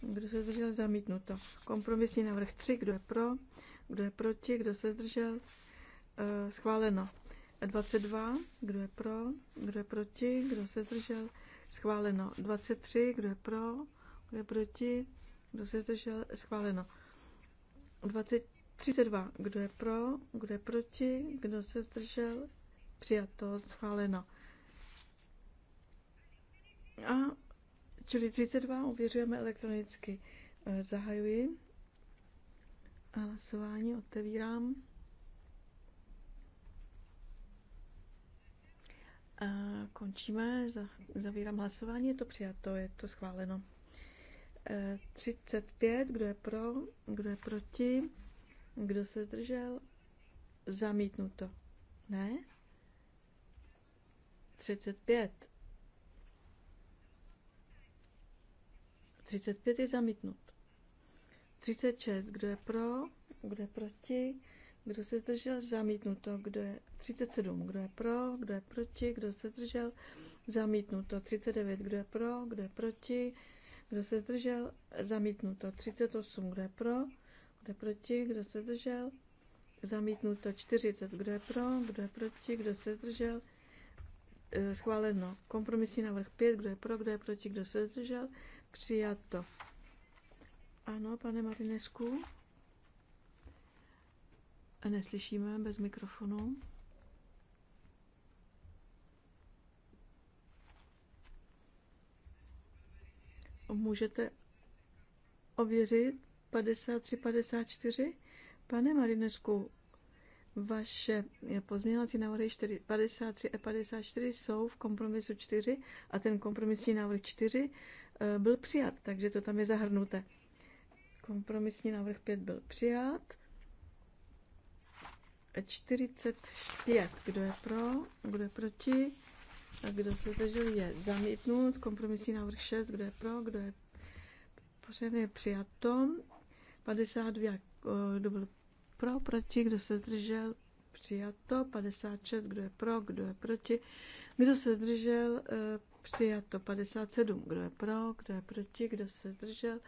kdo se zdržel, zamítnuto. Kompromisní návrh 3. Kdo je pro, kdo je proti, kdo se zdržel, schváleno. 22. Kdo je pro, kdo je proti, kdo se zdržel, schváleno. 23, kdo je pro, kdo je proti, kdo se zdržel, schváleno. 32, kdo je pro, kdo je proti, kdo se zdržel, přijato, schváleno. A čili 32 ověřujeme elektronicky. E, zahajuji hlasování, otevírám. A končíme, zavírám hlasování, je to přijato, je to schváleno. 35, e, kdo je pro, kdo je proti, kdo se zdržel, zamítnuto. Ne? 35. 35 je zamítnut. 36, kdo je pro, kdo je proti, kdo se zdržel? Zamítnuto. Kdo je 37? Kdo je pro? Kdo je proti? Kdo se zdržel? Zamítnuto. 39. Kdo je pro? Kdo je proti? Kdo se zdržel? Zamítnuto. 38. Kdo je pro? Kdo je proti? Kdo se zdržel? Zamítnuto. 40. Kdo je pro? Kdo je proti? Kdo se zdržel? Schváleno. Kompromisní návrh 5. Kdo je pro? Kdo je proti? Kdo se zdržel? Přijato. Ano, pane Marinesku. Neslyšíme bez mikrofonu. Můžete ověřit 53-54? Pane Marinesku, vaše pozměňovací návrhy 4, 53 a 54 jsou v kompromisu 4 a ten kompromisní návrh 4 eh, byl přijat, takže to tam je zahrnuté. Kompromisní návrh 5 byl přijat 45. Kdo je pro? Kdo je proti? A kdo se držel je zamítnut. Kompromisní návrh 6. Kdo je pro? Kdo je pořád je přijato. 52. Kdo byl pro? Proti? Kdo se zdržel? Přijato. 56. Kdo je pro? Kdo je proti? Kdo se zdržel? Eh, přijato. 57. Kdo je pro? Kdo je proti? Kdo se zdržel?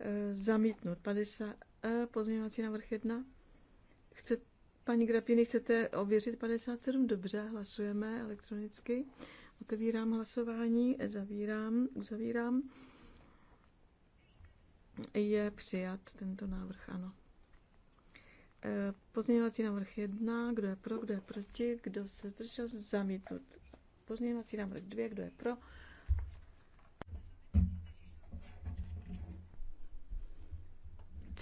Eh, zamítnut. 50. Eh, pozměňovací návrh 1. Chcete Paní Grapiny, chcete ověřit 57? Dobře, hlasujeme elektronicky. Otevírám hlasování, zavírám, uzavírám. Je přijat tento návrh, ano. E, pozměňovací návrh 1, kdo je pro, kdo je proti, kdo se zdržel, zamítnut. Pozměňovací návrh 2, kdo je pro,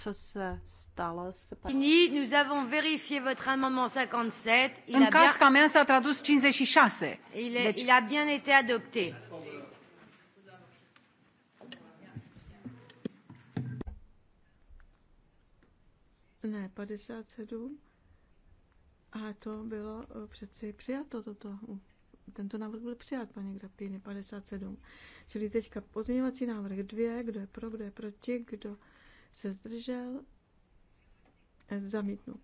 co se stalo s... Fini, nous avons vérifié votre amendement 57. Il În a caz bien... ca mea s-a tradus 56. Il, est, deci... il a bien été adopté. Ne, 57. A to bylo eh, přeci přijato toto. Tento návrh byl přijat, paní Grapíny, 57. Čili teďka pozměňovací návrh dvě, kdo je pro, kdo je proti, kdo se zdržel, zamítnu.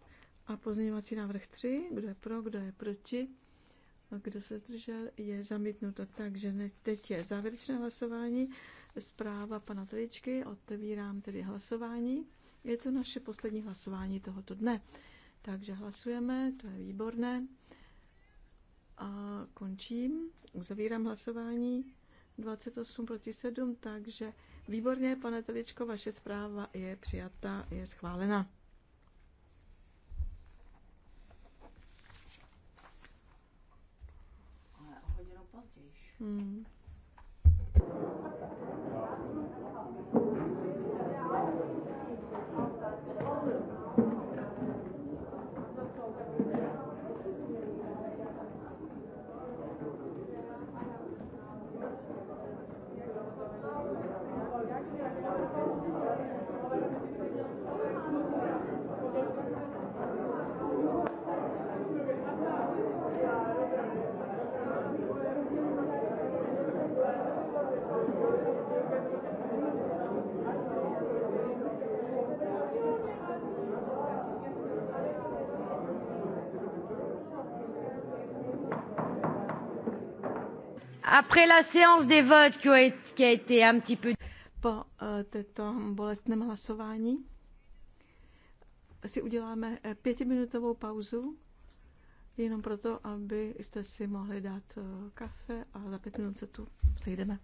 A pozměňovací návrh 3, kdo je pro, kdo je proti, kdo se zdržel, je zamítnuto. Takže teď je závěrečné hlasování. Zpráva pana Tričky, otevírám tedy hlasování. Je to naše poslední hlasování tohoto dne. Takže hlasujeme, to je výborné. A končím, uzavírám hlasování 28 proti 7, takže Výborně, pane Teličko, vaše zpráva je přijata, je schválena. Hmm. Après la séance des votes qui a, qui a été un petit peu... Po uh, této bolestném hlasování si uděláme eh, pětiminutovou pauzu, jenom proto, abyste si mohli dát eh, kafe a za pět minut se tu sejdeme.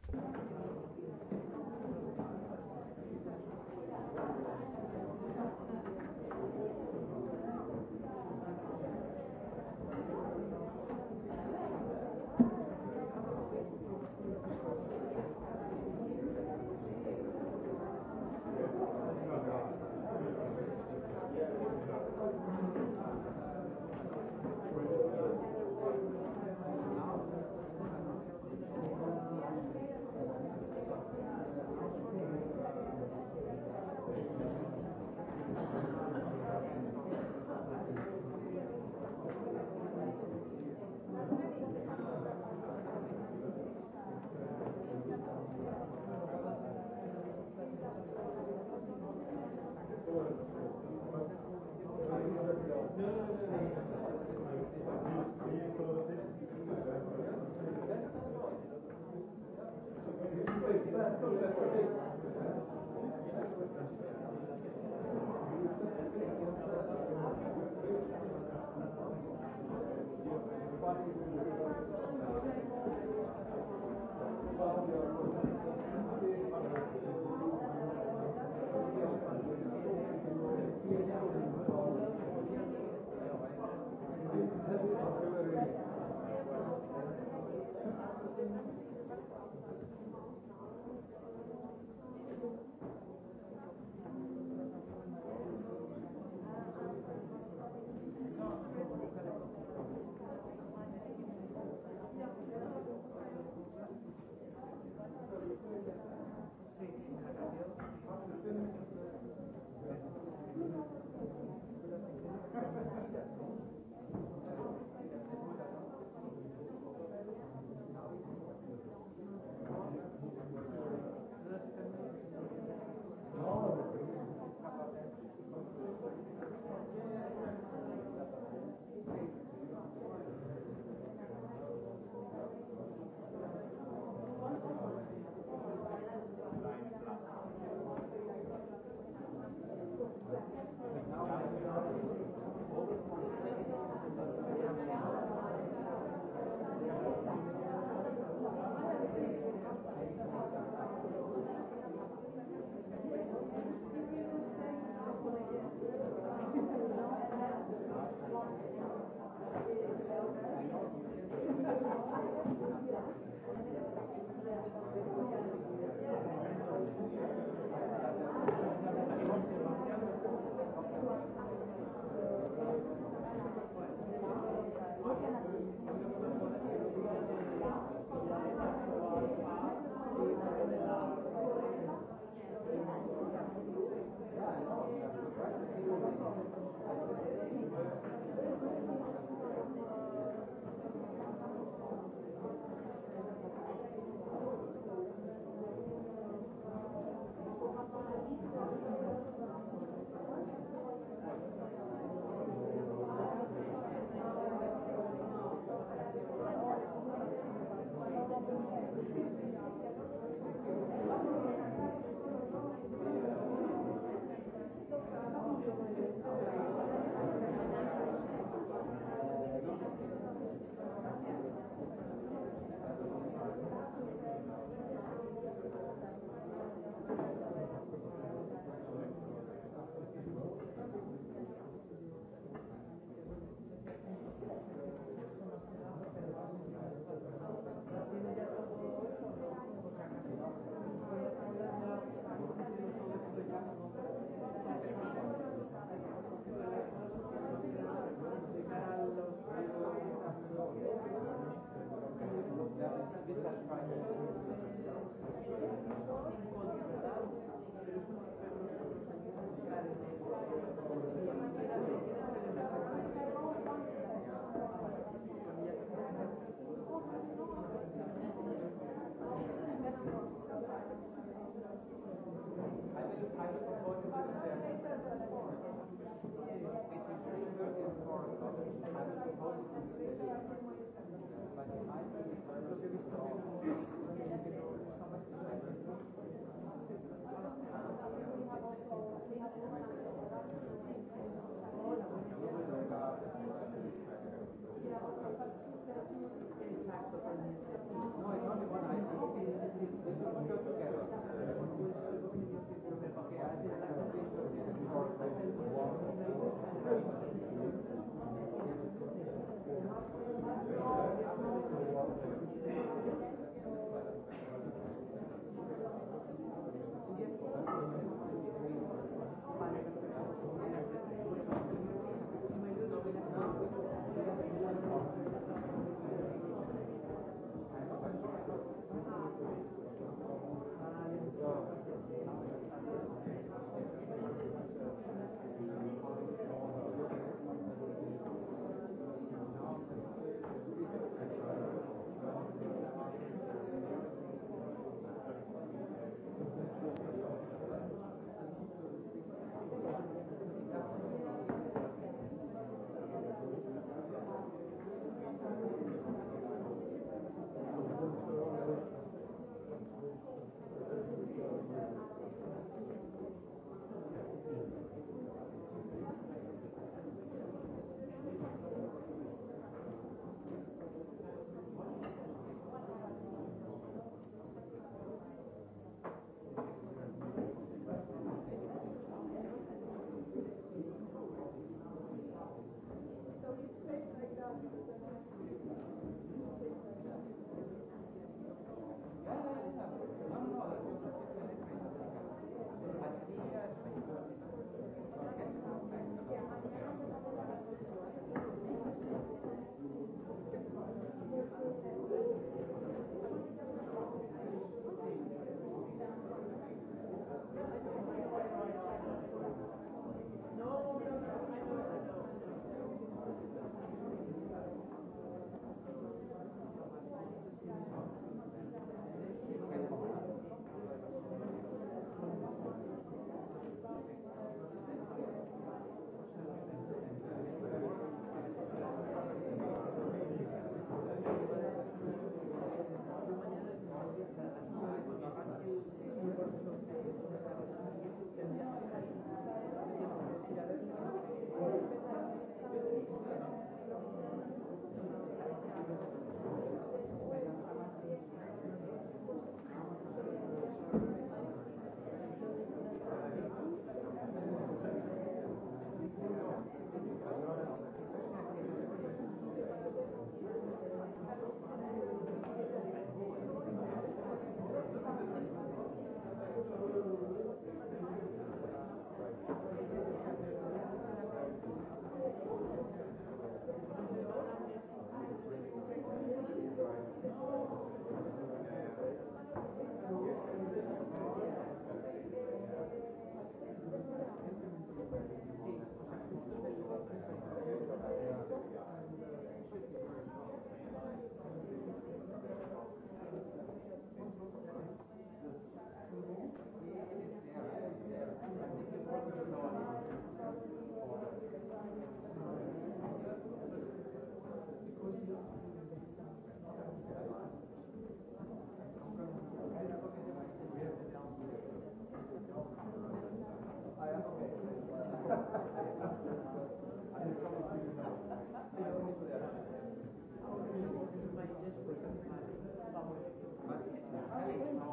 Amen.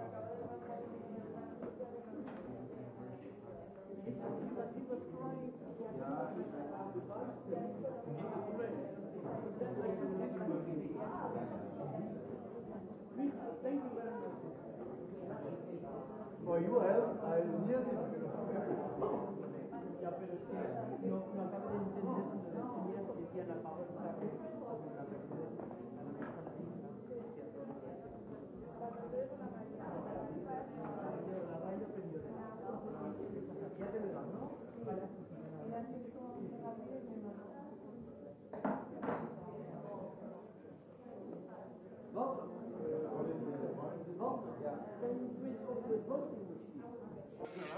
For you have, I nearly. Ja, pero es que no.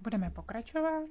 Budeme pokračovat.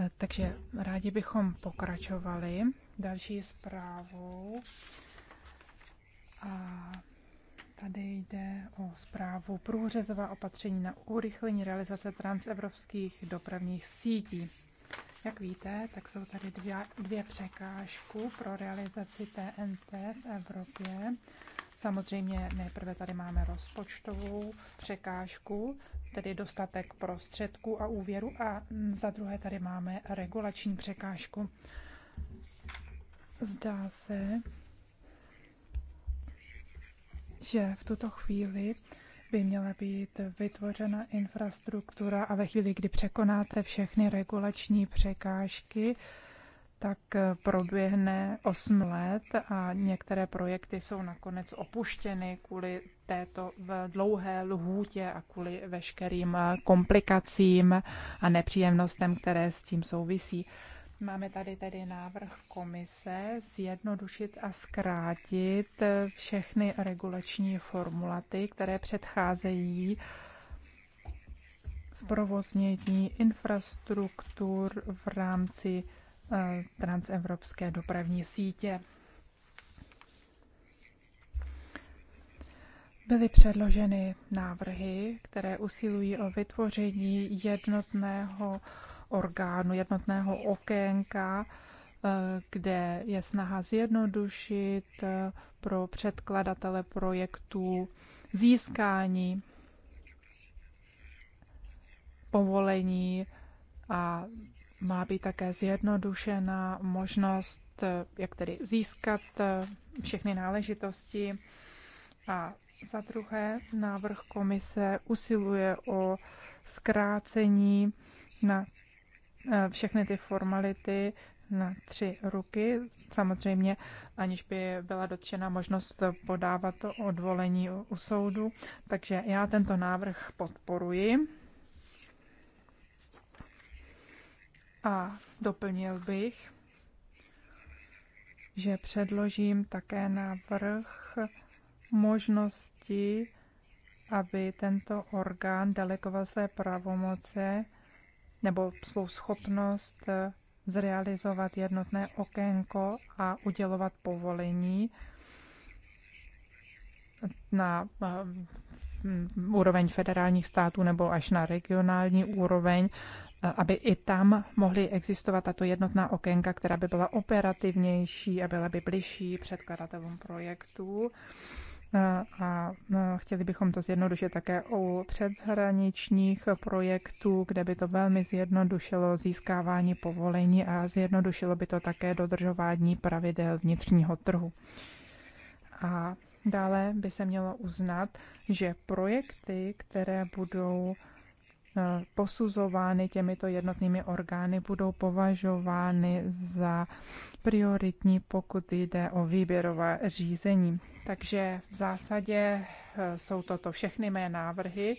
Eh, takže rádi bychom pokračovali další zprávou. A tady jde o zprávu průřezová opatření na urychlení realizace transevropských dopravních sítí. Jak víte, tak jsou tady dvě, dvě překážky pro realizaci TNT v Evropě. Samozřejmě nejprve tady máme rozpočtovou překážku, tedy dostatek prostředků a úvěru a za druhé tady máme regulační překážku. Zdá se, že v tuto chvíli by měla být vytvořena infrastruktura a ve chvíli, kdy překonáte všechny regulační překážky, tak eh, proběhne 8 let a některé projekty jsou nakonec opuštěny kvůli této dlouhé lhůtě a kvůli veškerým eh, komplikacím a nepříjemnostem, které s tím souvisí. Máme tady tedy návrh komise zjednodušit a zkrátit eh, všechny regulační formulaty, které předcházejí zprovoznění infrastruktur v rámci Eh, transevropské dopravní sítě. Byly předloženy návrhy, které usilují o vytvoření jednotného orgánu, jednotného okénka, eh, kde je snaha zjednodušit eh, pro předkladatele projektů získání povolení a má být také zjednodušena možnost, jak tedy získat eh, všechny náležitosti. A za druhé, návrh komise usiluje o zkrácení na eh, všechny ty formality na tři ruky. samozřejmě aniž by byla dotčena možnost podávat to odvolení u soudu. Takže já tento návrh podporuji A doplnil bych, že předložím také návrh možnosti, aby tento orgán delegoval své pravomoce nebo svou schopnost zrealizovat jednotné okénko a udělovat povolení na eh, úroveň federálních států nebo až na regionální úroveň aby i tam mohly existovat tato jednotná okénka, která by byla operativnější a byla by bližší předkladatelům projektů. A chtěli bychom to zjednodušit také u předhraničních projektů, kde by to velmi zjednodušilo získávání povolení a zjednodušilo by to také dodržování pravidel vnitřního trhu. A dále by se mělo uznat, že projekty, které budou Eh, posuzovány těmito jednotnými orgány, budou považovány za prioritní, pokud jde o výběrové řízení. Takže v zásadě eh, jsou toto všechny mé návrhy,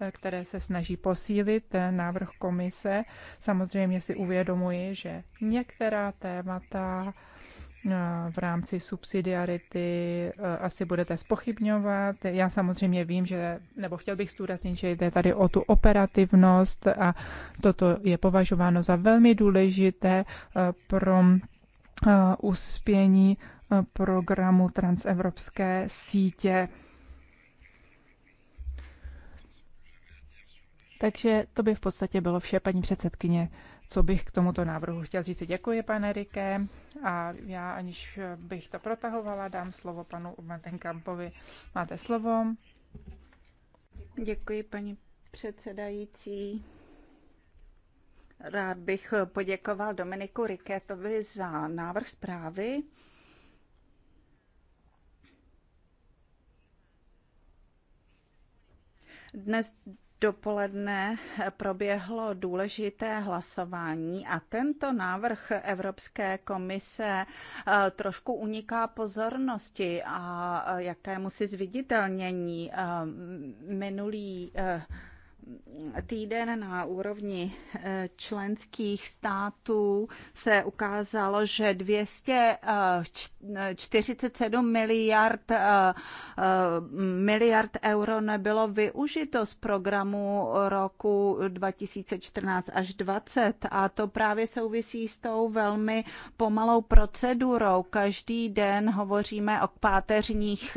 eh, které se snaží posílit návrh komise. Samozřejmě si uvědomuji, že některá témata v rámci subsidiarity e, asi budete spochybňovat. Já samozřejmě vím, že, nebo chtěl bych zdůraznit, že jde tady o tu operativnost a toto je považováno za velmi důležité e, pro e, uspění programu transevropské sítě. Takže to by v podstatě bylo vše, paní předsedkyně co bych k tomuto návrhu chtěl říct. Děkuji, pane Rike. A já, aniž bych to protahovala, dám slovo panu Kampovi. Máte slovo. Děkuji, paní předsedající. Rád bych poděkoval Dominiku Riketovi za návrh zprávy. Dnes dopoledne proběhlo důležité hlasování a tento návrh Evropské komise eh, trošku uniká pozornosti a eh, jakému si zviditelnění eh, minulý týden na úrovni eh, členských států se ukázalo, že 247 eh, eh, miliard, miliard euro nebylo využito z programu roku 2014 až 2020 a to právě souvisí s tou velmi pomalou procedurou. Každý den hovoříme o páteřních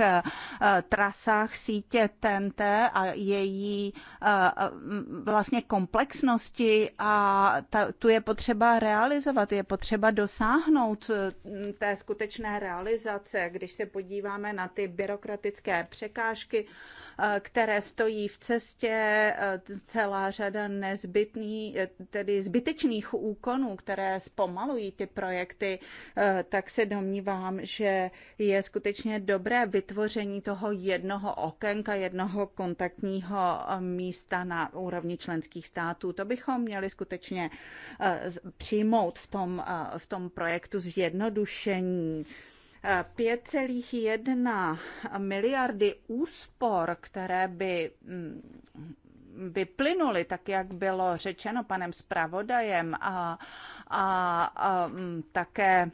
trasách sítě TNT a její vlastně komplexnosti a ta, tu je potřeba realizovat, je potřeba dosáhnout e, té skutečné realizace. Když se podíváme na ty byrokratické překážky, Eh, které stojí v cestě, eh, celá řada nezbytný, eh, tedy zbytečných úkonů, které zpomalují ty projekty, tak se domnívám, že je skutečně dobré vytvoření toho jednoho okénka, jednoho kontaktního místa na úrovni členských států. To bychom měli skutečně přijmout v tom, v tom projektu zjednodušení 5,1 miliardy úspor, které by vyplynuly, mm, tak jak bylo řečeno panem zpravodajem a, a, a mm, také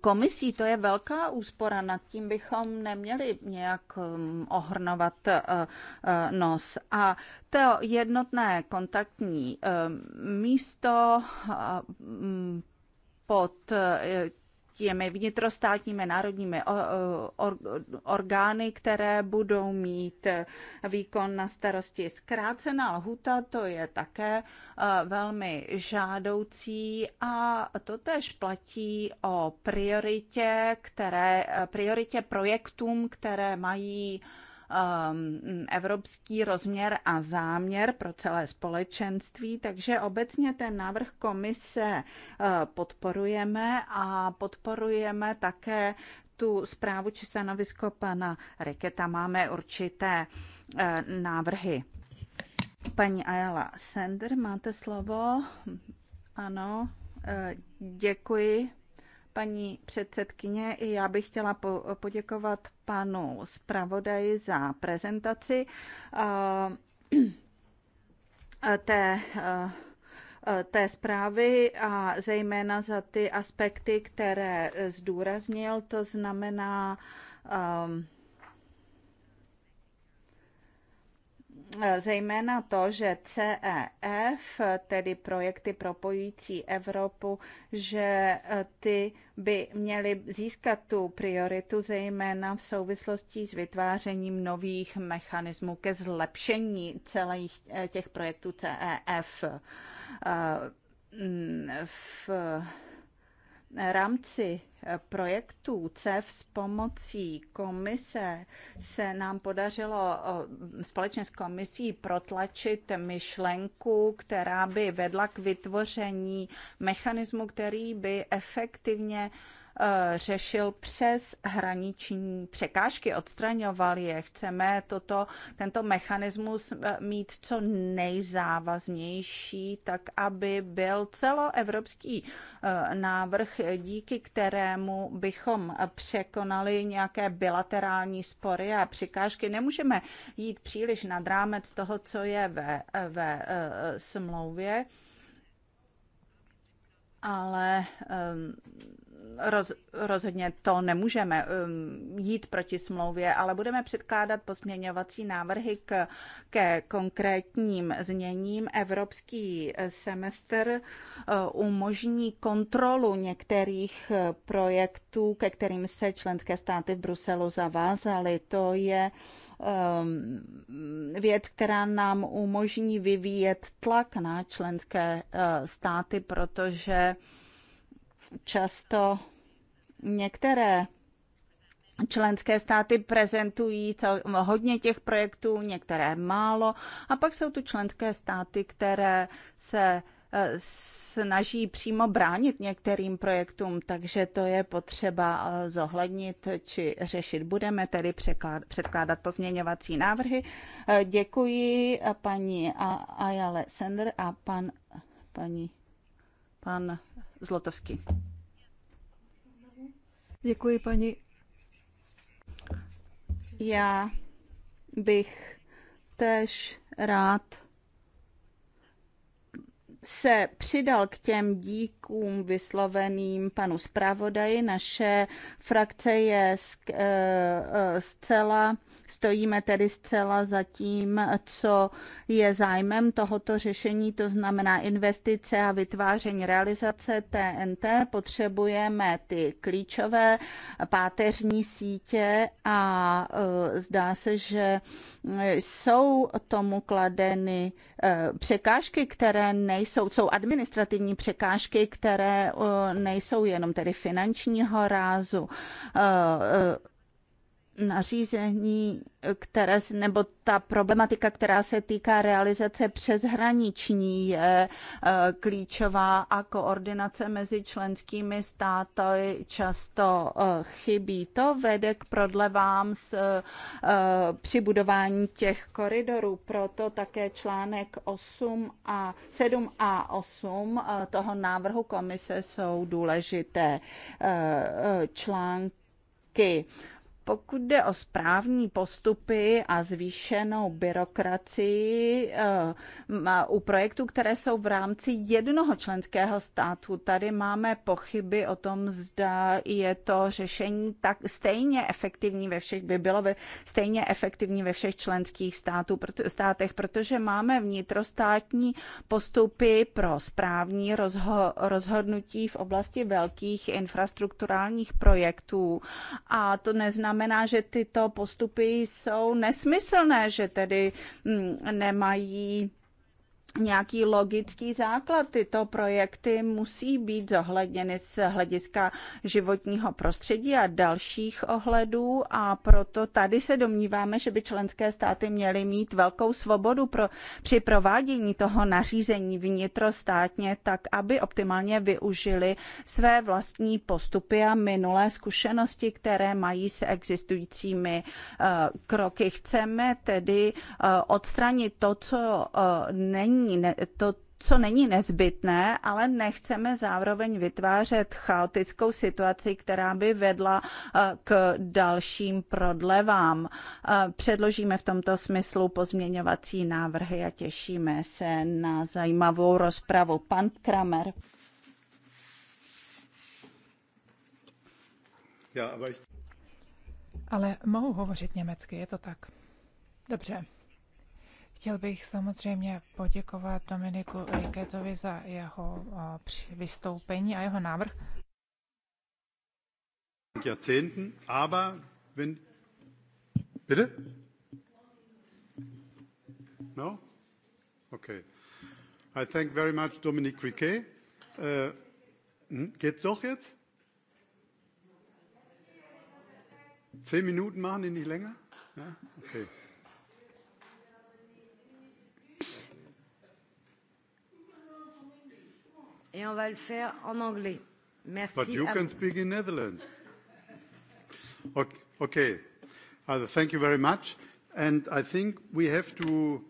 komisí, to je velká úspora, nad tím bychom neměli nějak mm, ohrnovat e, e, nos. A to jednotné kontaktní e, místo pod těmi vnitrostátními národními orgány, které budou mít výkon na starosti. Zkrácená lhuta to je také e, velmi žádoucí a to tež platí o prioritě, které, e, prioritě projektům, které mají Um, evropský rozměr a záměr pro celé společenství, takže obecně ten návrh komise uh, podporujeme a podporujeme také tu zprávu či stanovisko pana Reketa. Máme určité uh, návrhy. Paní Ayala Sender, máte slovo? Ano, uh, děkuji Paní předsedkyně, i já bych chtěla po- poděkovat panu zpravodaji za prezentaci eh, eh, té eh, té zprávy a zejména za ty aspekty, které zdůraznil, to znamená um, Eh, zejména to, že CEF, tedy projekty propojující Evropu, že eh, ty by měly získat tu prioritu, zejména v souvislosti s vytvářením nových mechanismů ke zlepšení celých eh, těch projektů CEF. Mm, v rámci eh, projektů CEF s pomocí komise se nám podařilo eh, společně s komisí protlačit myšlenku, která by vedla k vytvoření mechanismu, který by efektivně Eh, řešil přes hraniční překážky, odstraňoval je. Chceme toto, tento mechanismus eh, mít co nejzávaznější, tak aby byl celoevropský eh, návrh, díky kterému bychom překonali nějaké bilaterální spory a překážky. Nemůžeme jít příliš nad rámec toho, co je ve, ve smlouvě, ale um, roz, rozhodně to nemůžeme um, jít proti smlouvě, ale budeme předkládat posměňovací návrhy k, ke konkrétním změním. Evropský semestr uh, umožní kontrolu některých uh, projektů, ke kterým se členské státy v Bruselu zavázaly. To je um, věc, která nám umožní vyvíjet tlak na členské uh, státy, protože Často některé Členské státy prezentují cel, hodně těch projektů, některé málo, a pak jsou tu členské státy, které se eh, snaží přímo bránit některým projektům, takže to je potřeba eh, zohlednit či řešit. Budeme tedy předkládat pozměňovací návrhy. Eh, děkuji paní Ayale Sender a pan, paní, pan Zlotovský. Děkuji, paní. Já bych tež rád se přidal k těm díkům vysloveným panu zpravodaji. Naše frakce je eh, eh, zcela Stojíme tedy zcela za tím, co je zájmem tohoto řešení, to znamená investice a vytváření realizace TNT. Potřebujeme ty klíčové páteřní sítě a e, zdá se, že jsou tomu kladeny e, překážky, které nejsou, jsou administrativní překážky, které e, nejsou jenom tedy finančního rázu nařízení, eh, které, nebo ta problematika, která se týká realizace přeshraniční, je eh, klíčová a koordinace mezi členskými státy často eh, chybí. To vede k prodlevám s přibudování těch koridorů. Proto také článek 8 a 7 a 8 toho návrhu komise jsou důležité články. Pokud jde o správní postupy a zvýšenou byrokracii eh, u projektů, které jsou v rámci jednoho členského státu, tady máme pochyby o tom, zda je to řešení tak stejně efektivní ve všech, by bylo by stejně efektivní ve všech členských států, státech, protože máme vnitrostátní postupy pro správní rozho, rozhodnutí v oblasti velkých infrastrukturálních projektů a to neznamená, znamená, že tyto postupy jsou nesmyslné, že tedy mm, nemají nějaký logický základ. Tyto projekty musí být zohledněny z hlediska životního prostředí a dalších ohledů a proto tady se domníváme, že by členské státy měly mít velkou svobodu pro, při provádění toho nařízení vnitrostátně, tak aby optimálně využili své vlastní postupy a minulé zkušenosti, které mají s existujícími uh, kroky. Chceme tedy uh, odstranit to, co uh, není není, ne, to, co není nezbytné, ale nechceme zároveň vytvářet chaotickou situaci, která by vedla eh, k dalším prodlevám. Eh, předložíme v tomto smyslu pozměňovací návrhy a těšíme se na zajímavou rozpravu. Pan Kramer. Ale mohu hovořit německy, je to tak. Dobře. Chtěl bych samozřejmě poděkovat Dominiku Riketovi za jeho vystoupení a jeho návrh. Jahrzehnten, aber wenn... Bitte? No? Okay. I thank very much Dominique Riquet. Äh, geht's doch jetzt? Zehn Minuten machen die nicht länger? Ja? Okay. et on va le faire en anglais. Merci. But you à... can speak in Netherlands. Okay. okay. Uh, thank you very much. And I think we have to,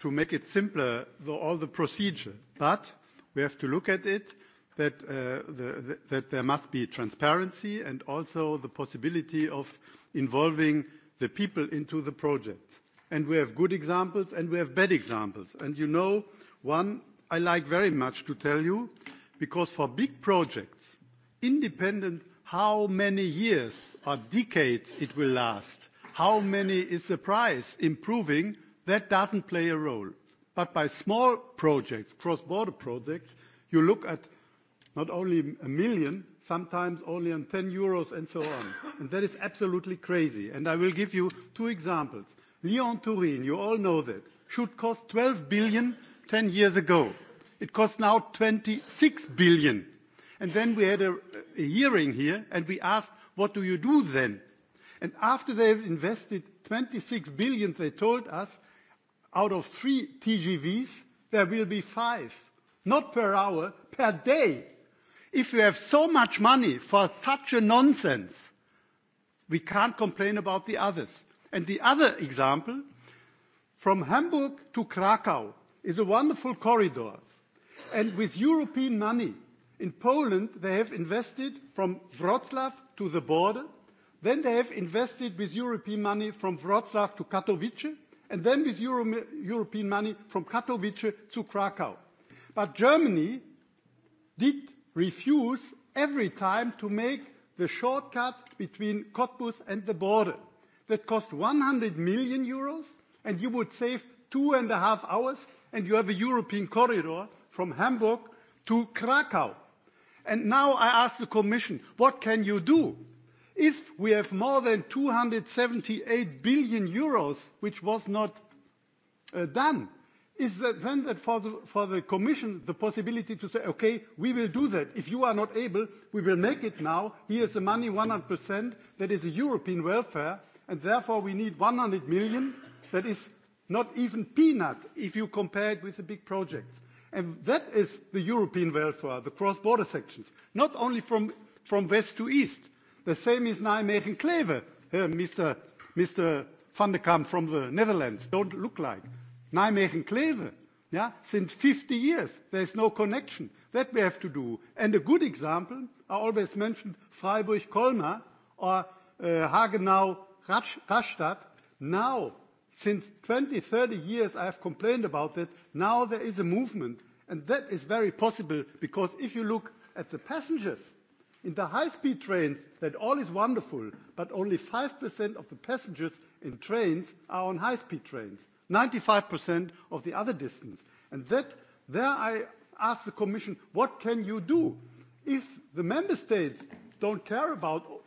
to make it simpler, the, all the procedure. But we have to look at it that, uh, the, that there must be transparency and also the possibility of involving the people into the project. And we have good examples and we have bad examples. And you know, one i like very much to tell you, because for big projects, independent how many years or decades it will last, how many is the price improving, that doesn't play a role. But by small projects, cross-border projects, you look at not only a million, sometimes only on 10 euros and so on. and that is absolutely crazy. And I will give you two examples. Lyon-Turin, you all know that, should cost 12 billion 10 years ago. It costs now 26 billion. And then we had a, a hearing here and we asked, what do you do then? And after they've invested 26 billion, they told us, out of three TGVs, there will be five. Not per hour, per day. If you have so much money for such a nonsense, we can't complain about the others. And the other example, from Hamburg to Krakow, is a wonderful corridor. And with European money, in Poland, they have invested from Wroclaw to the border. Then they have invested with European money from Wroclaw to Katowice, and then with Euro European money from Katowice to Krakow. But Germany did refuse every time to make the shortcut between Cottbus and the border. That cost 100 million euros, and you would save two and a half hours and you have a European corridor from Hamburg to Krakow. And now I ask the Commission, what can you do? If we have more than 278 billion euros, which was not uh, done, is that then that for the, for the Commission the possibility to say, okay, we will do that. If you are not able, we will make it now. Here is the money, 100%. That is a European welfare, and therefore we need 100 million. That is not even peanut if you compare it with the big projects. And that is the European welfare, the cross-border sections, not only from, from west to east. The same is Nijmegen-Kleve, uh, Mr. Mr. van der Kamp from the Netherlands, don't look like. Nijmegen-Kleve, yeah, since 50 years, there's no connection. That we have to do. And a good example, I always mentioned Freiburg-Colmar or uh, Hagenau-Rastatt. Now Since 20, 30 years I have complained about that. Now there is a movement. And that is very possible because if you look at the passengers in the high-speed trains, that all is wonderful, but only 5% of the passengers in trains are on high-speed trains, 95% of the other distance. And that, there I ask the Commission, what can you do? If the member states don't care about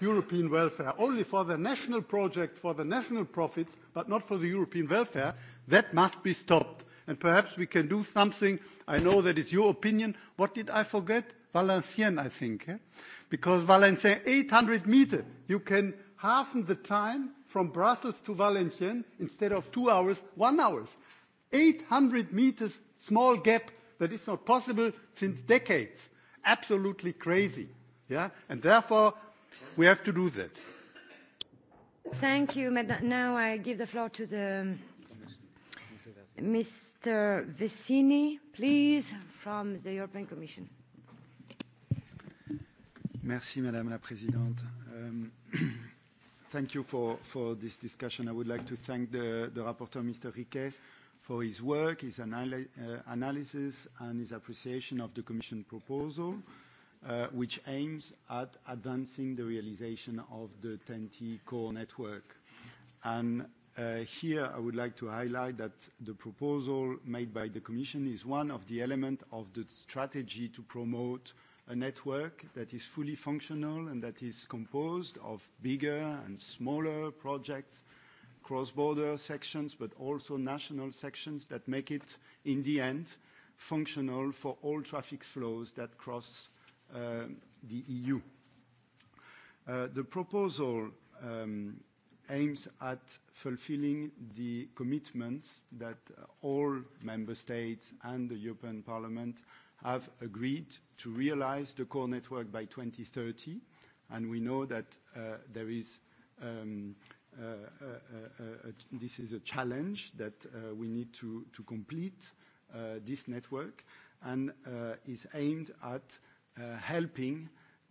European welfare only for the national project, for the national profit, but not for the European welfare, that must be stopped. And perhaps we can do something. I know that is your opinion. What did I forget? Valenciennes, I think. Eh? Because Valenciennes, 800 meters, you can halve the time from Brussels to Valenciennes instead of two hours, one hour. 800 meters, small gap that is not possible since decades. Absolutely crazy. Yeah? And therefore, We have to do that. Thank you, madam. Now I give the floor to the Mr. Um, Vecini, please, from the European Commission. Merci, Madame la Présidente. Um, thank you for, for this discussion. I would like to thank the, the rapporteur, Mr. Riquet, for his work, his anal uh, analysis, and his appreciation of the Commission proposal. Uh, Uh, which aims at advancing the realization of the TEN-T core network. And uh, Here I would like to highlight that the proposal made by the Commission is one of the element of the strategy to promote a network that is fully functional and that is composed of bigger and smaller projects, cross-border sections, but also national sections that make it, in the end, functional for all traffic flows that cross Uh, the EU. Uh, the proposal um, aims at fulfilling the commitments that all member states and the European Parliament have agreed to realize the core network by 2030, and we know that uh, there is um, uh, uh, uh this is a challenge that we need to, to complete this network and is aimed at Uh, helping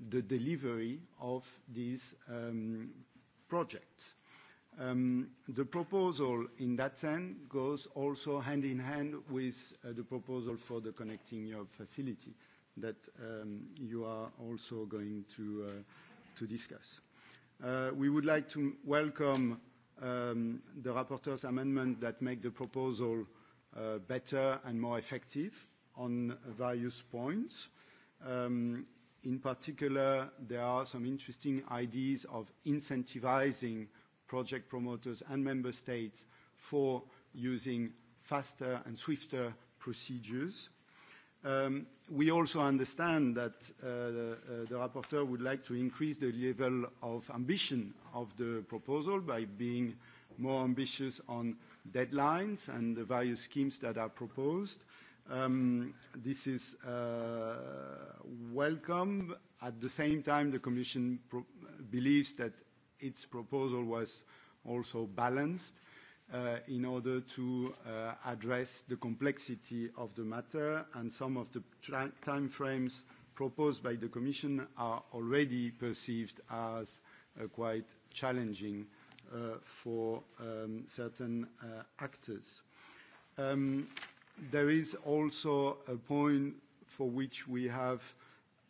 the delivery of these um, projects. Um, the proposal in that sense goes also hand in hand with uh, the proposal for the Connecting Europe facility that um, you are also going to, uh, to discuss. Uh, we would like to welcome um, the rapporteur's amendment that make the proposal uh, better and more effective on various points. Um, in particular, there are some interesting ideas of incentivizing project promoters and member states for using faster and swifter procedures. Um, we also understand that uh, uh, the rapporteur would like to increase the level of ambition of the proposal by being more ambitious on deadlines and the various schemes that are proposed. Um, this is uh, welcome. At the same time, the Commission believes that its proposal was also balanced uh, in order to uh, address the complexity of the matter, and some of the time frames proposed by the Commission are already perceived as quite challenging for um, certain actors. Um, There is also a point for which we have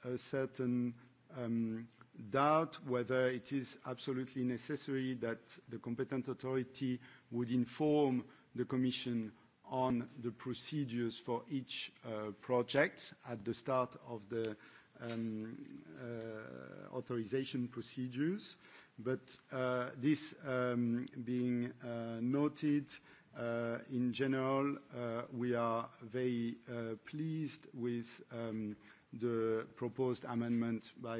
a certain um, doubt whether it is absolutely necessary that the competent authority would inform the Commission on the procedures for each uh, project at the start of the um, uh, authorization procedures. But uh, this um, being uh, noted, Uh, in general, uh, we are very uh, pleased with um, the proposed amendment by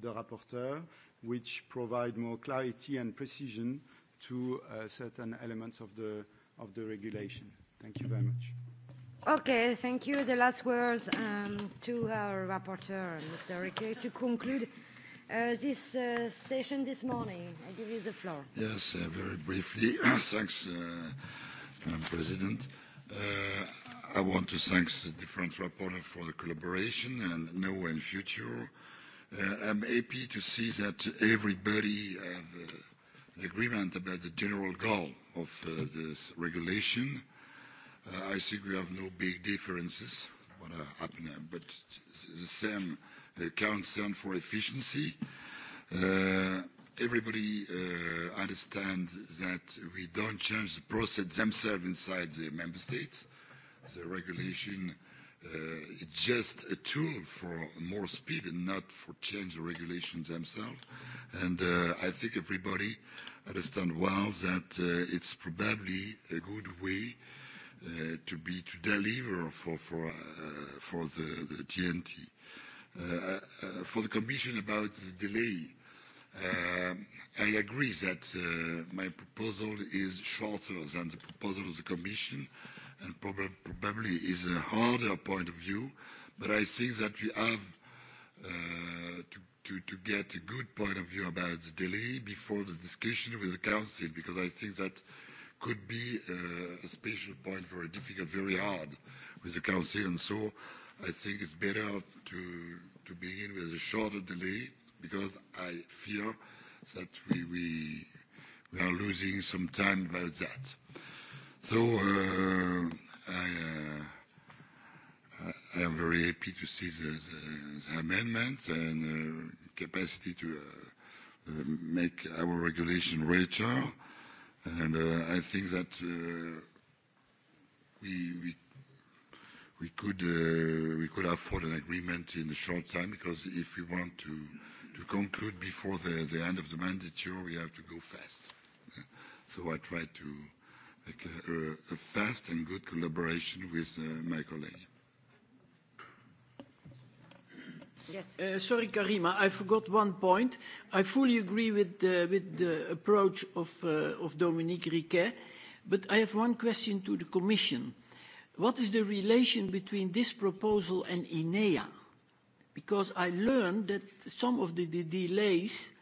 the rapporteur, which provide more clarity and precision to certain elements of the, regulation. Thank you very much. Okay, thank you. The last words um, to our rapporteur, Mr. Riquet, to conclude Uh, this uh, session this morning. I give you the floor. Yes, uh, very briefly. thanks, uh, Madam President. Uh, I want to thank the different rapporteurs for the collaboration and now and future. Uh, I'm happy to see that everybody have an agreement about the general goal of this regulation. I think we have no big differences, what happened, but the same concern for efficiency. Uh, everybody uh, understands that we don't change the process themselves inside the member states. The regulation uh, is just a tool for more speed and not for change the regulations themselves. And uh, I think everybody understand well that uh, it's probably a good way uh, to be to deliver for for uh, for the, the TNT uh, for the Commission about the delay. Uh, I agree that uh, my proposal is shorter than the proposal of the Commission and prob probably is a harder point of view, but I think that we have uh, to, to, to get a good point of view about the delay before the discussion with the Council, because I think that could be uh, a special point, for a difficult, very hard with the Council, and so i think it's better to, to begin with a shorter delay because I fear that we, we, we are losing some time about that. So uh, I, uh, I am very happy to see the, the, the amendment and uh, capacity to uh, make our regulation richer. And uh, I think that uh, we, we we could uh, we could afford an agreement in the short time because if we want to to conclude before the, the end of the mandature, we have to go fast. So I try to make a, a fast and good collaboration with uh, my colleague. Yes. Uh, sorry, Karima, I forgot one point. I fully agree with the, with the approach of, uh, of Dominique Riquet, but I have one question to the Commission. What is the relation between this proposal and INEA? Because I learned that some of the, the delays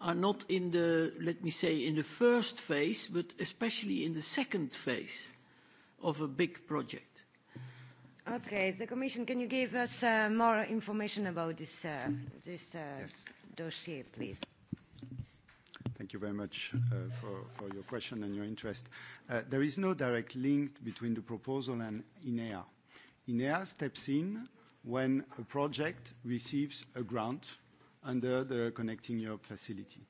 are not in the, let me say, in the first phase, but especially in the second phase of a big project. Okay. The Commission, can you give us uh, more information about this, uh, this uh, yes. dossier, please? Thank you very much uh, for, your question and your interest. Uh, there is no direct link between the proposal and INEA. INEA steps in when a project receives a grant under the Connecting Europe facility.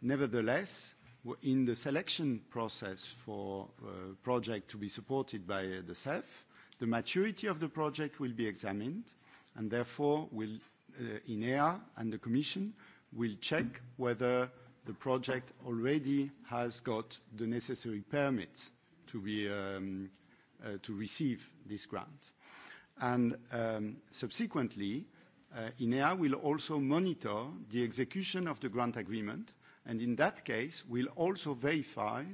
Nevertheless, in the selection process for a uh, project to be supported by the CEF, the maturity of the project will be examined, and therefore INEA and the Commission will check whether the project already has got the necessary permits to um, uh, receive this grant. And um, subsequently, uh, INEA will also monitor the execution of the grant agreement, and in that case, will also verify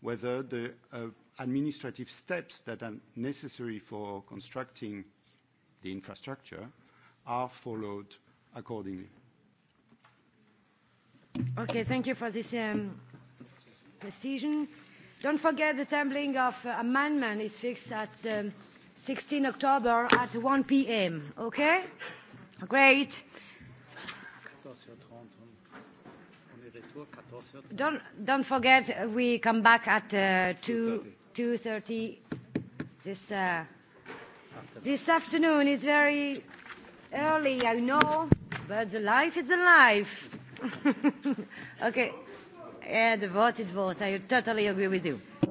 whether the uh, administrative steps that are necessary for constructing the infrastructure are followed accordingly. Okay, thank you for this um, precision. Don't forget the tabling of uh, amendment is fixed at um, 16 October at 1 p.m. Okay? Great. Don't, don't forget uh, we come back at uh, 2, 2.30 this, uh, this afternoon. It's very early, I know, but the life is the life. okay. Yeah, the voted vote. I totally agree with you.